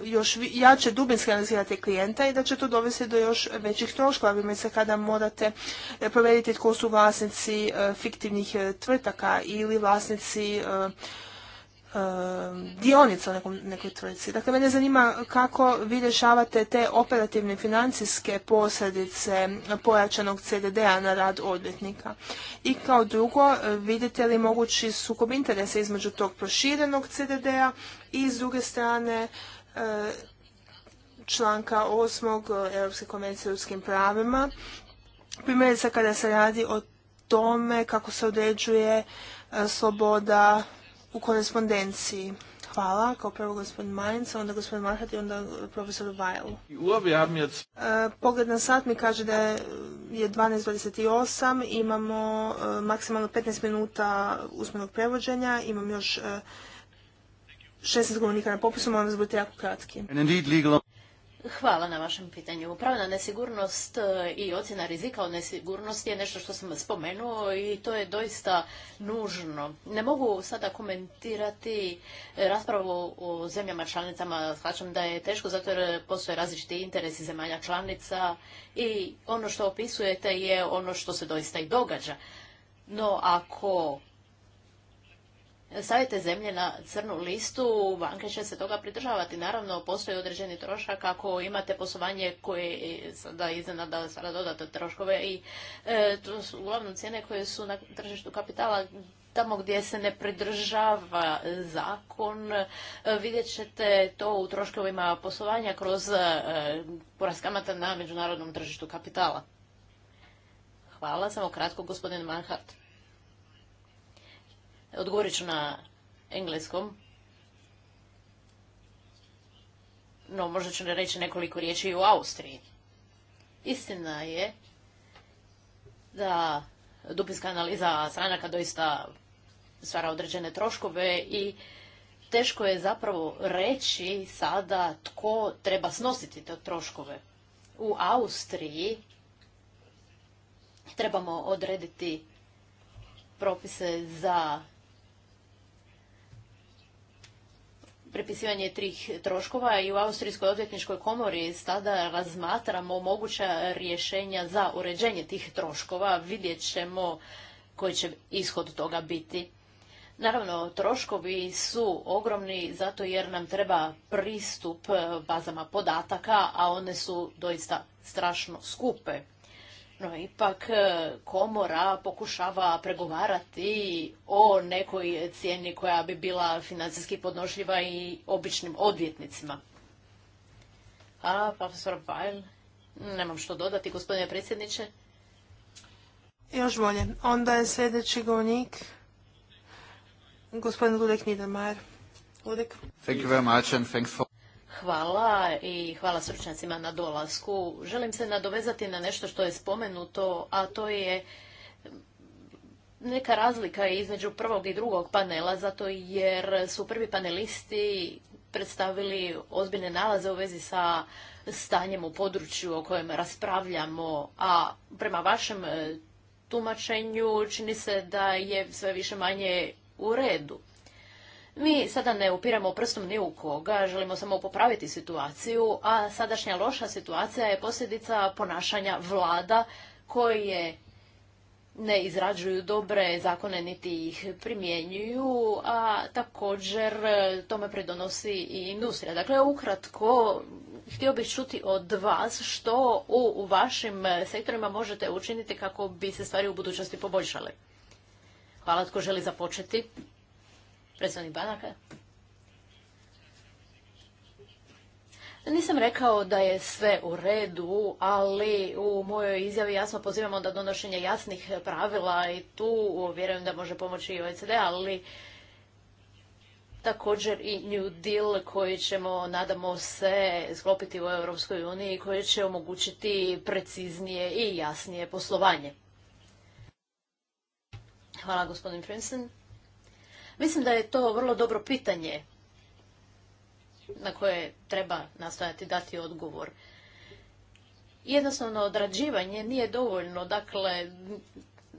još jače dubinski analizirati klijenta i da će to dovesti do još većih troškova, se kada morate provjeriti tko su vlasnici fiktivnih tvrtaka ili vlasnici e, e, dionica u nekoj tvrtci. Dakle, mene zanima kako vi rješavate te operativne financijske posljedice pojačanog CDD-a na rad odvjetnika. I kao drugo, vidite li mogući sukob interesa između tog proširenog CDD-a i s druge strane e, članka 8. Europske konvencije o ljudskim pravima, primjerice kada se radi o tome kako se određuje e, sloboda u korespondenciji. Hvala. Kao prvo gospodin Mainz, onda gospodin Marhat i onda profesor Weil. E, pogled na sat mi kaže da je 12.28. Imamo e, maksimalno 15 minuta usmenog prevođenja. Imam još 16 govornika na popisu, molim vas budite jako kratki. Hvala na vašem pitanju. Upravna nesigurnost e, i ocjena rizika od nesigurnosti je nešto što sam spomenuo i to je doista nužno. Ne mogu sada komentirati raspravu o zemljama članicama. Shvaćam da je teško zato jer postoje različiti interesi zemalja članica i ono što opisujete je ono što se doista i događa. No ako stavite zemlje na crnu listu, banke će se toga pridržavati. Naravno, postoji određeni trošak ako imate poslovanje koje sada iznenada stvara dodate troškove i e, to su uglavnom cijene koje su na tržištu kapitala tamo gdje se ne pridržava zakon, e, vidjet ćete to u troškovima poslovanja kroz e, porast kamata na međunarodnom tržištu kapitala. Hvala, samo kratko gospodin Manhart. Odgovorit ću na engleskom. No, možda ću ne reći nekoliko riječi i u Austriji. Istina je da dupinska analiza stranaka doista stvara određene troškove i teško je zapravo reći sada tko treba snositi te troškove. U Austriji trebamo odrediti propise za prepisivanje tih troškova i u Austrijskoj odvjetničkoj komori sada razmatramo moguća rješenja za uređenje tih troškova. Vidjet ćemo koji će ishod toga biti. Naravno, troškovi su ogromni zato jer nam treba pristup bazama podataka, a one su doista strašno skupe. No, ipak e, komora pokušava pregovarati o nekoj cijeni koja bi bila financijski podnošljiva i običnim odvjetnicima. A, profesor Bajl, nemam što dodati, gospodine predsjedniče. Još bolje. Onda je sljedeći govnik. gospodin Ludek Niedermayer. Ludek. Thank you very much and thanks Hvala i hvala stručnjacima na dolasku. Želim se nadovezati na nešto što je spomenuto, a to je neka razlika između prvog i drugog panela, zato jer su prvi panelisti predstavili ozbiljne nalaze u vezi sa stanjem u području o kojem raspravljamo, a prema vašem e, tumačenju čini se da je sve više manje u redu. Mi sada ne upiramo prstom ni u koga, želimo samo popraviti situaciju, a sadašnja loša situacija je posljedica ponašanja vlada koje ne izrađuju dobre zakone niti ih primjenjuju, a također tome pridonosi i industrija. Dakle, ukratko, htio bih čuti od vas što u, vašim sektorima možete učiniti kako bi se stvari u budućnosti poboljšale. Hvala tko želi započeti predstavnik banaka. Nisam rekao da je sve u redu, ali u mojoj izjavi jasno pozivamo da donošenje jasnih pravila i tu vjerujem da može pomoći i OECD, ali također i New Deal koji ćemo, nadamo se, sklopiti u Europskoj uniji i koji će omogućiti preciznije i jasnije poslovanje. Hvala gospodin Prinsen. Mislim da je to vrlo dobro pitanje na koje treba nastojati dati odgovor. Jednostavno odrađivanje nije dovoljno, dakle,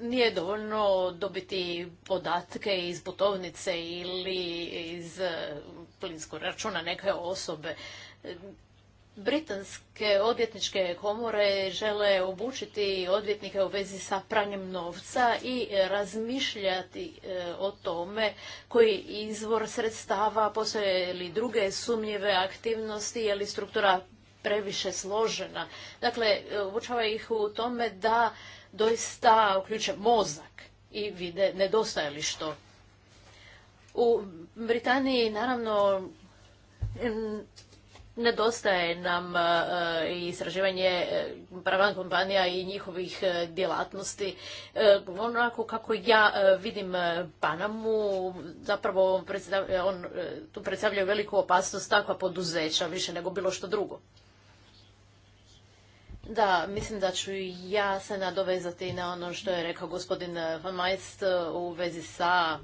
nije dovoljno dobiti podatke iz putovnice ili iz eh, plinskog računa neke osobe. Britanske odvjetničke komore žele obučiti odvjetnike u vezi sa pranjem novca i razmišljati e, o tome koji izvor sredstava, postoje li druge sumnjive aktivnosti, je li struktura previše složena. Dakle, e, obučava ih u tome da doista uključe mozak i vide nedostaje što. U Britaniji, naravno, Nedostaje nam i e, e, istraživanje e, prava kompanija i njihovih djelatnosti. Onako kako ja vidim Panamu, zapravo on, tu predstavljaju veliku opasnost takva poduzeća više nego bilo što drugo. Da, mislim da ću ja se nadovezati na ono što je rekao gospodin Van Majst u vezi sa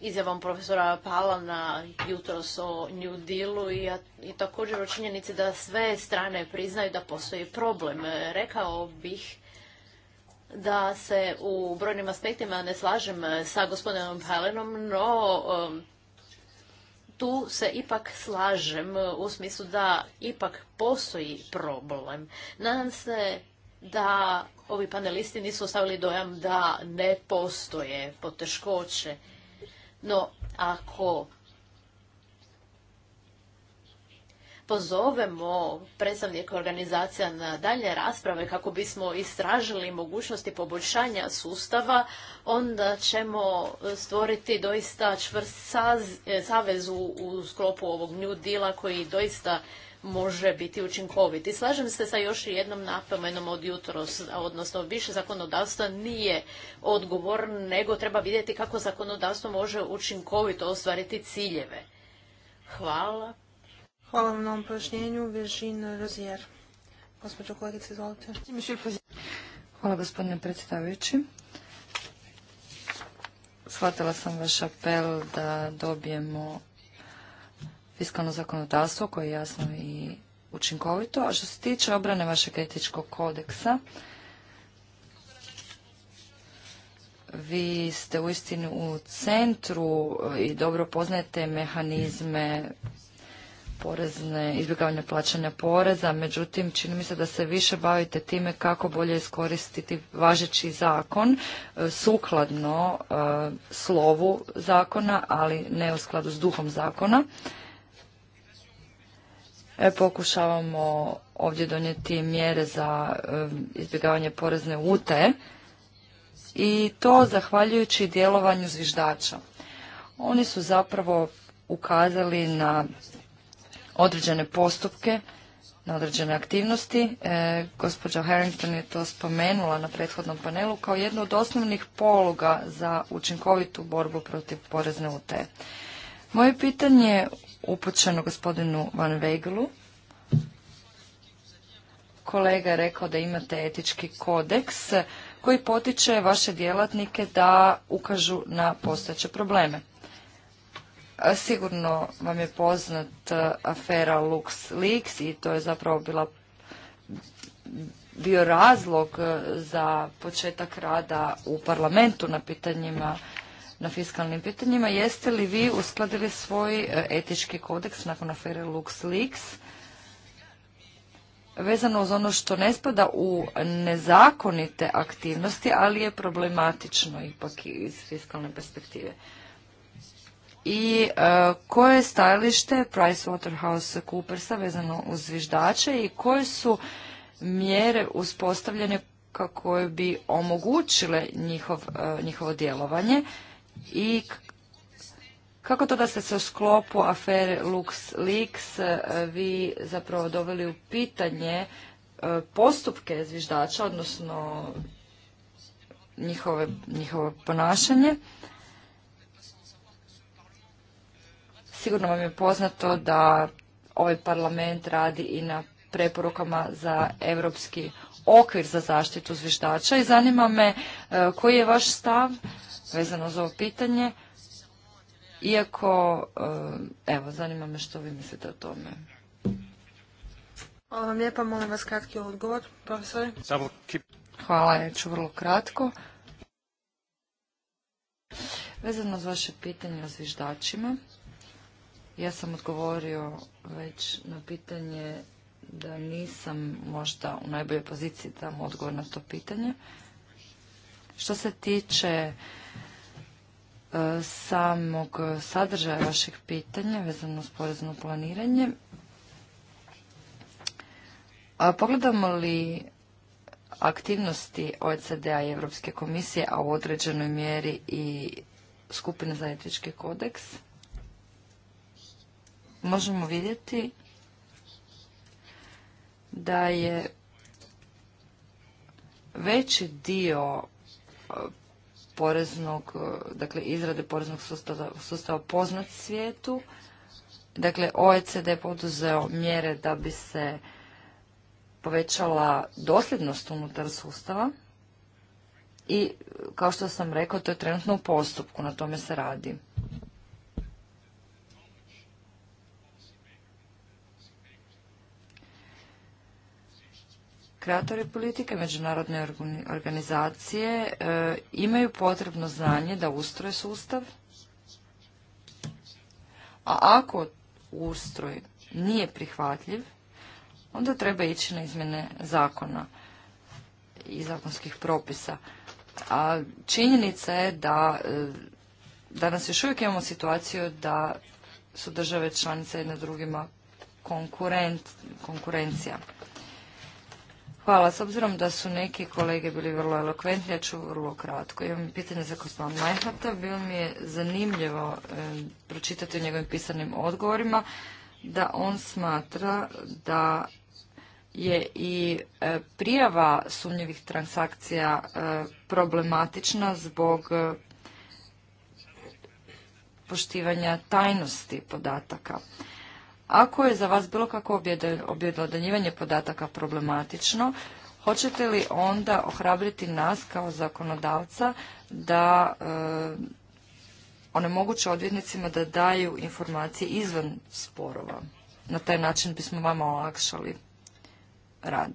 izjavom profesora Palana jutros o New Dealu i, i također o činjenici da sve strane priznaju da postoji problem. Rekao bih da se u brojnim aspektima ne slažem sa gospodinom Palenom, no um, tu se ipak slažem u smislu da ipak postoji problem. Nadam se da ovi panelisti nisu ostavili dojam da ne postoje poteškoće no, ako pozovemo predstavnike organizacija na dalje rasprave kako bismo istražili mogućnosti poboljšanja sustava, onda ćemo stvoriti doista čvrst savez eh, u sklopu ovog nju dila koji doista može biti učinkovit. I slažem se sa još jednom napomenom od jutros, odnosno više zakonodavstva nije odgovor, nego treba vidjeti kako zakonodavstvo može učinkovito ostvariti ciljeve. Hvala. Hvala vam na ovom pojašnjenju. Rozijer. Gospođo kolegice, izvolite. Hvala gospodine predstavajući. Shvatila sam vaš apel da dobijemo fiskalno zakonodavstvo koje je jasno i učinkovito. A što se tiče obrane vašeg etičkog kodeksa, vi ste uistinu u centru i dobro poznajete mehanizme porezne, izbjegavanja plaćanja poreza, međutim čini mi se da se više bavite time kako bolje iskoristiti važeći zakon e, sukladno e, slovu zakona, ali ne u skladu s duhom zakona. E, pokušavamo ovdje donijeti mjere za e, izbjegavanje porezne utaje i to zahvaljujući djelovanju zviždača. Oni su zapravo ukazali na određene postupke, na određene aktivnosti. E, gospođa Harrington je to spomenula na prethodnom panelu kao jednu od osnovnih poluga za učinkovitu borbu protiv porezne utaje. Moje pitanje upućeno gospodinu Van Wegelu. Kolega je rekao da imate etički kodeks koji potiče vaše djelatnike da ukažu na postojeće probleme. Sigurno vam je poznat afera Lux Leaks i to je zapravo bila bio razlog za početak rada u parlamentu na pitanjima na fiskalnim pitanjima. Jeste li vi uskladili svoj e, etički kodeks nakon afere LuxLeaks vezano uz ono što ne spada u nezakonite aktivnosti, ali je problematično ipak iz fiskalne perspektive? i e, koje je stajalište PricewaterhouseCoopersa vezano uz zviždače i koje su mjere uspostavljene kako bi omogućile e, njihovo djelovanje i kako to da ste se u sklopu afere LuxLeaks e, vi zapravo doveli u pitanje e, postupke zviždača, odnosno njihove, njihovo ponašanje? Sigurno vam je poznato da ovaj parlament radi i na preporukama za europski okvir za zaštitu zviždača i zanima me e, koji je vaš stav vezano za ovo pitanje. Iako, eh, evo, zanima me što vi mislite o tome. Hvala vam lijepa, molim vas kratki odgovor, Hvala, ja ću vrlo kratko. Vezano za vaše pitanje o zviždačima, ja sam odgovorio već na pitanje da nisam možda u najboljoj poziciji da vam odgovor na to pitanje. Što se tiče E, samog sadržaja vašeg pitanja vezano s porezno planiranje. pogledamo li aktivnosti OECD-a i Europske komisije, a u određenoj mjeri i skupine za etički kodeks, možemo vidjeti da je veći dio poreznog, e, dakle izrade poreznog sustava, poznat svijetu. Dakle, OECD je poduzeo mjere da bi se povećala dosljednost unutar sustava i e, kao što sam rekao, to je trenutno u postupku, na tome se radi. kreatori politike, međunarodne organizacije e, imaju potrebno znanje da ustroje sustav, a ako ustroj nije prihvatljiv, onda treba ići na izmjene zakona i zakonskih propisa. A činjenica je da e, danas još uvijek imamo situaciju da su države članice jedna drugima konkurent, konkurencija. Hvala. S obzirom da su neki kolege bili vrlo elokventni, ja ću vrlo kratko. Imam pitanje za gospodina Majhata. Bilo mi je zanimljivo e, pročitati u njegovim pisanim odgovorima da on smatra da je i e, prijava sumnjivih transakcija e, problematična zbog poštivanja tajnosti podataka. Ako je za vas bilo kako objedodanjivanje podataka problematično, hoćete li onda ohrabriti nas kao zakonodavca da e, onemoguće odvjetnicima da daju informacije izvan sporova? Na taj način bismo vama olakšali rad.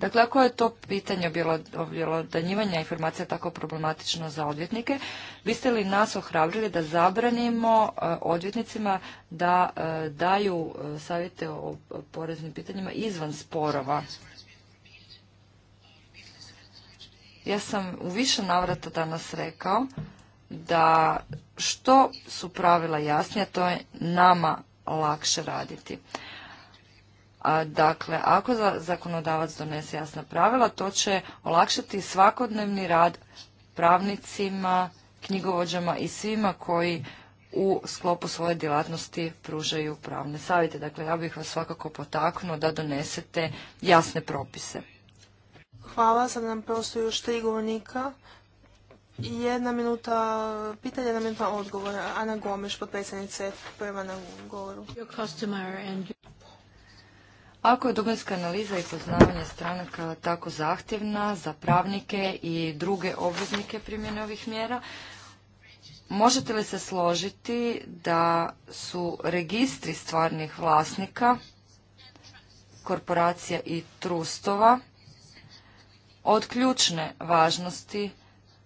Dakle, ako je to pitanje objelodanjivanja informacija tako problematično za odvjetnike, biste li nas ohrabrili da zabranimo e, odvjetnicima da e, daju e, savjete o poreznim pitanjima izvan sporova? Ja sam u više navrata danas rekao da što su pravila jasnija, to je nama lakše raditi. Dakle, ako zakonodavac donese jasna pravila, to će olakšati svakodnevni rad pravnicima, knjigovođama i svima koji u sklopu svoje djelatnosti pružaju pravne savjete. Dakle, ja bih vas svakako potaknuo da donesete jasne propise. Hvala, sad nam prosto još tri govornika. Jedna minuta pitanja, jedna minuta odgovora. Ana Gomeš, potpredsjednice, prema na govoru. Ako je dubinska analiza i poznavanje stranaka tako zahtjevna za pravnike i druge obveznike primjene ovih mjera, možete li se složiti da su registri stvarnih vlasnika, korporacija i trustova od ključne važnosti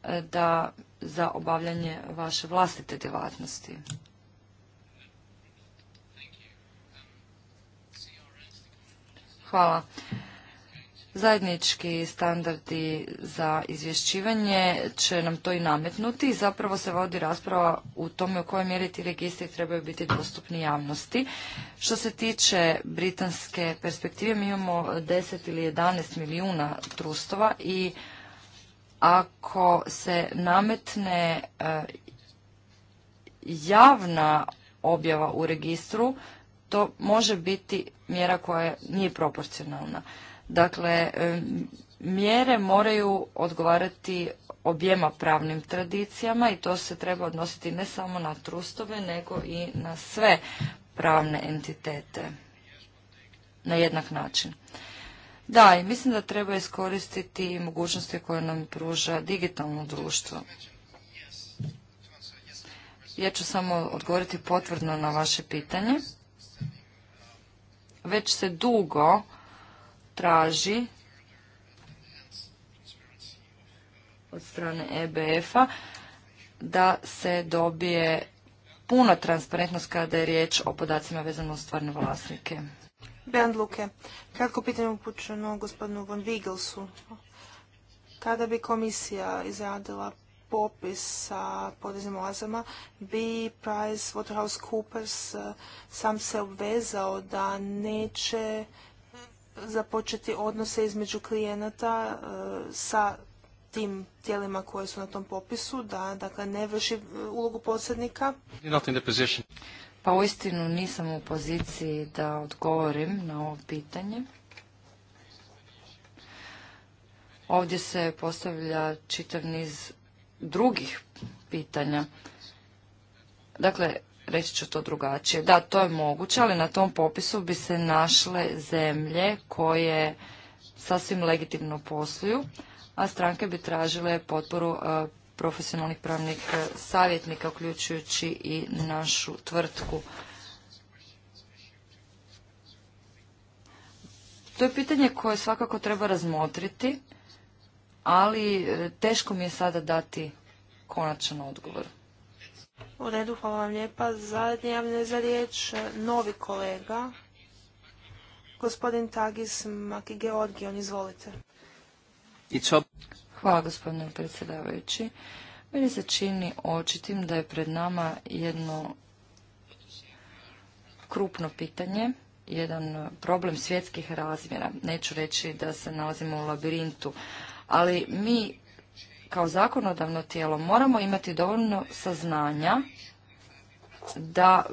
e, da za obavljanje vaše vlastite djelatnosti? Hvala. Zajednički standardi za izvješćivanje će nam to i nametnuti zapravo se vodi rasprava u tome u kojoj mjeri ti registri trebaju biti dostupni javnosti. Što se tiče britanske perspektive, mi imamo 10 ili 11 milijuna trustova i ako se nametne e, javna objava u registru, to može biti mjera koja nije proporcionalna. Dakle, mjere moraju odgovarati objema pravnim tradicijama i to se treba odnositi ne samo na trustove, nego i na sve pravne entitete na jednak način. Da, i mislim da treba iskoristiti mogućnosti koje nam pruža digitalno društvo. Ja ću samo odgovoriti potvrdno na vaše pitanje već se dugo traži od strane EBF-a da se dobije puna transparentnost kada je riječ o podacima vezano uz stvarne vlasnike. Bernd Luke, kratko pitanje upućeno gospodinu Von Vigelsu. Kada bi komisija izradila sa poreznim oazama bi PricewaterhouseCoopers e, sam se obvezao da neće započeti odnose između klijenata e, sa tim tijelima koje su na tom popisu, da dakle ne vrši e, ulogu posrednika? Pa uistinu nisam u poziciji da odgovorim na ovo pitanje. Ovdje se postavlja čitav niz drugih pitanja. Dakle, reći ću to drugačije. Da, to je moguće, ali na tom popisu bi se našle zemlje koje sasvim legitimno posluju, a stranke bi tražile potporu e, profesionalnih pravnih e, savjetnika, uključujući i našu tvrtku. To je pitanje koje svakako treba razmotriti ali e, teško mi je sada dati konačan odgovor. U redu, hvala vam lijepa. Zadnje javne za riječ, e, novi kolega, gospodin Tagis Makigeorgion, izvolite. Hvala gospodine predsjedavajući. Meni se čini očitim da je pred nama jedno krupno pitanje, jedan problem svjetskih razmjera. Neću reći da se nalazimo u labirintu, ali mi kao zakonodavno tijelo moramo imati dovoljno saznanja da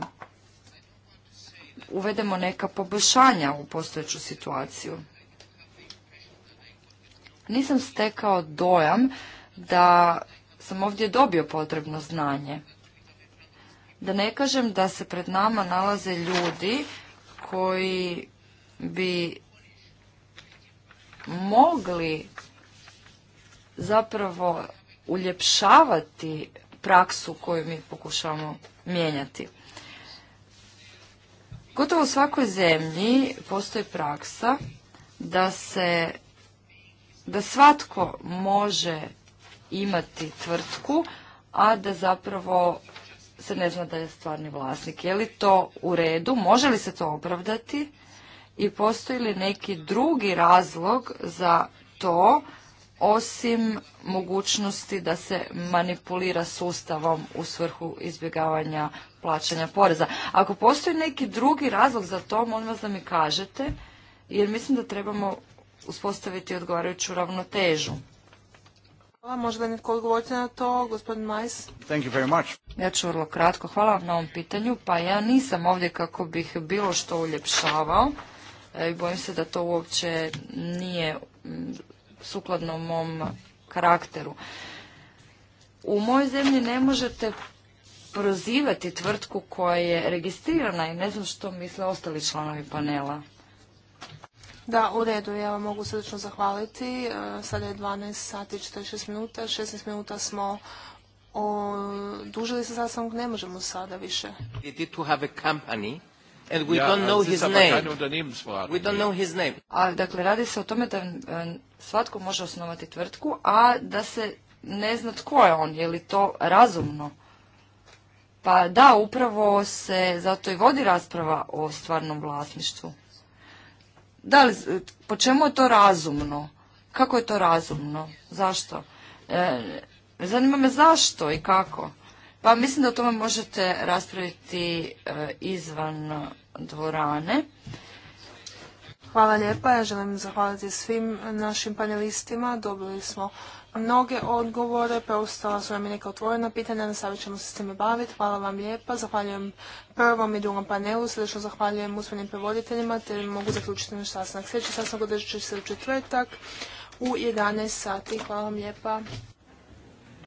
uvedemo neka poboljšanja u postojeću situaciju. Nisam stekao dojam da sam ovdje dobio potrebno znanje. Da ne kažem da se pred nama nalaze ljudi koji bi mogli zapravo uljepšavati praksu koju mi pokušavamo mijenjati. Gotovo u svakoj zemlji postoji praksa da se da svatko može imati tvrtku, a da zapravo se ne zna da je stvarni vlasnik. Je li to u redu? Može li se to opravdati? I postoji li neki drugi razlog za to osim mogućnosti da se manipulira sustavom u svrhu izbjegavanja plaćanja poreza. Ako postoji neki drugi razlog za to, molim vas da mi kažete, jer mislim da trebamo uspostaviti odgovarajuću ravnotežu. Hvala, možda netko odgovorite na to, gospodin Majs. Thank you very much. Ja ću vrlo kratko, hvala vam na ovom pitanju. Pa ja nisam ovdje kako bih bilo što uljepšavao e, i bojim se da to uopće nije sukladno mom karakteru. U mojoj zemlji ne možete prozivati tvrtku koja je registrirana i ne znam što misle ostali članovi panela. Da, u redu, ja vam mogu srdečno zahvaliti. E, sada je 12 sati i 46 minuta, 16 minuta smo odužili se sastanak, ne možemo sada više and we don't know his name. We A, dakle, radi se o tome da e, svatko može osnovati tvrtku, a da se ne zna tko je on, je li to razumno? Pa da, upravo se zato i vodi rasprava o stvarnom vlasništvu. Da li, e, po čemu je to razumno? Kako je to razumno? Zašto? E, zanima me zašto i kako? Pa mislim da o tome možete raspraviti e, izvan dvorane. Hvala lijepa, ja želim zahvaliti svim našim panelistima. Dobili smo mnoge odgovore, preostala su nam i neka otvorena pitanja, nastavit ćemo se s time baviti. Hvala vam lijepa, zahvaljujem prvom i drugom panelu, srdečno zahvaljujem uspjenim prevoditeljima, te mogu zaključiti naš sastanak. Sljedeći sastanak održat će se u četvrtak u 11 sati. Hvala vam lijepa.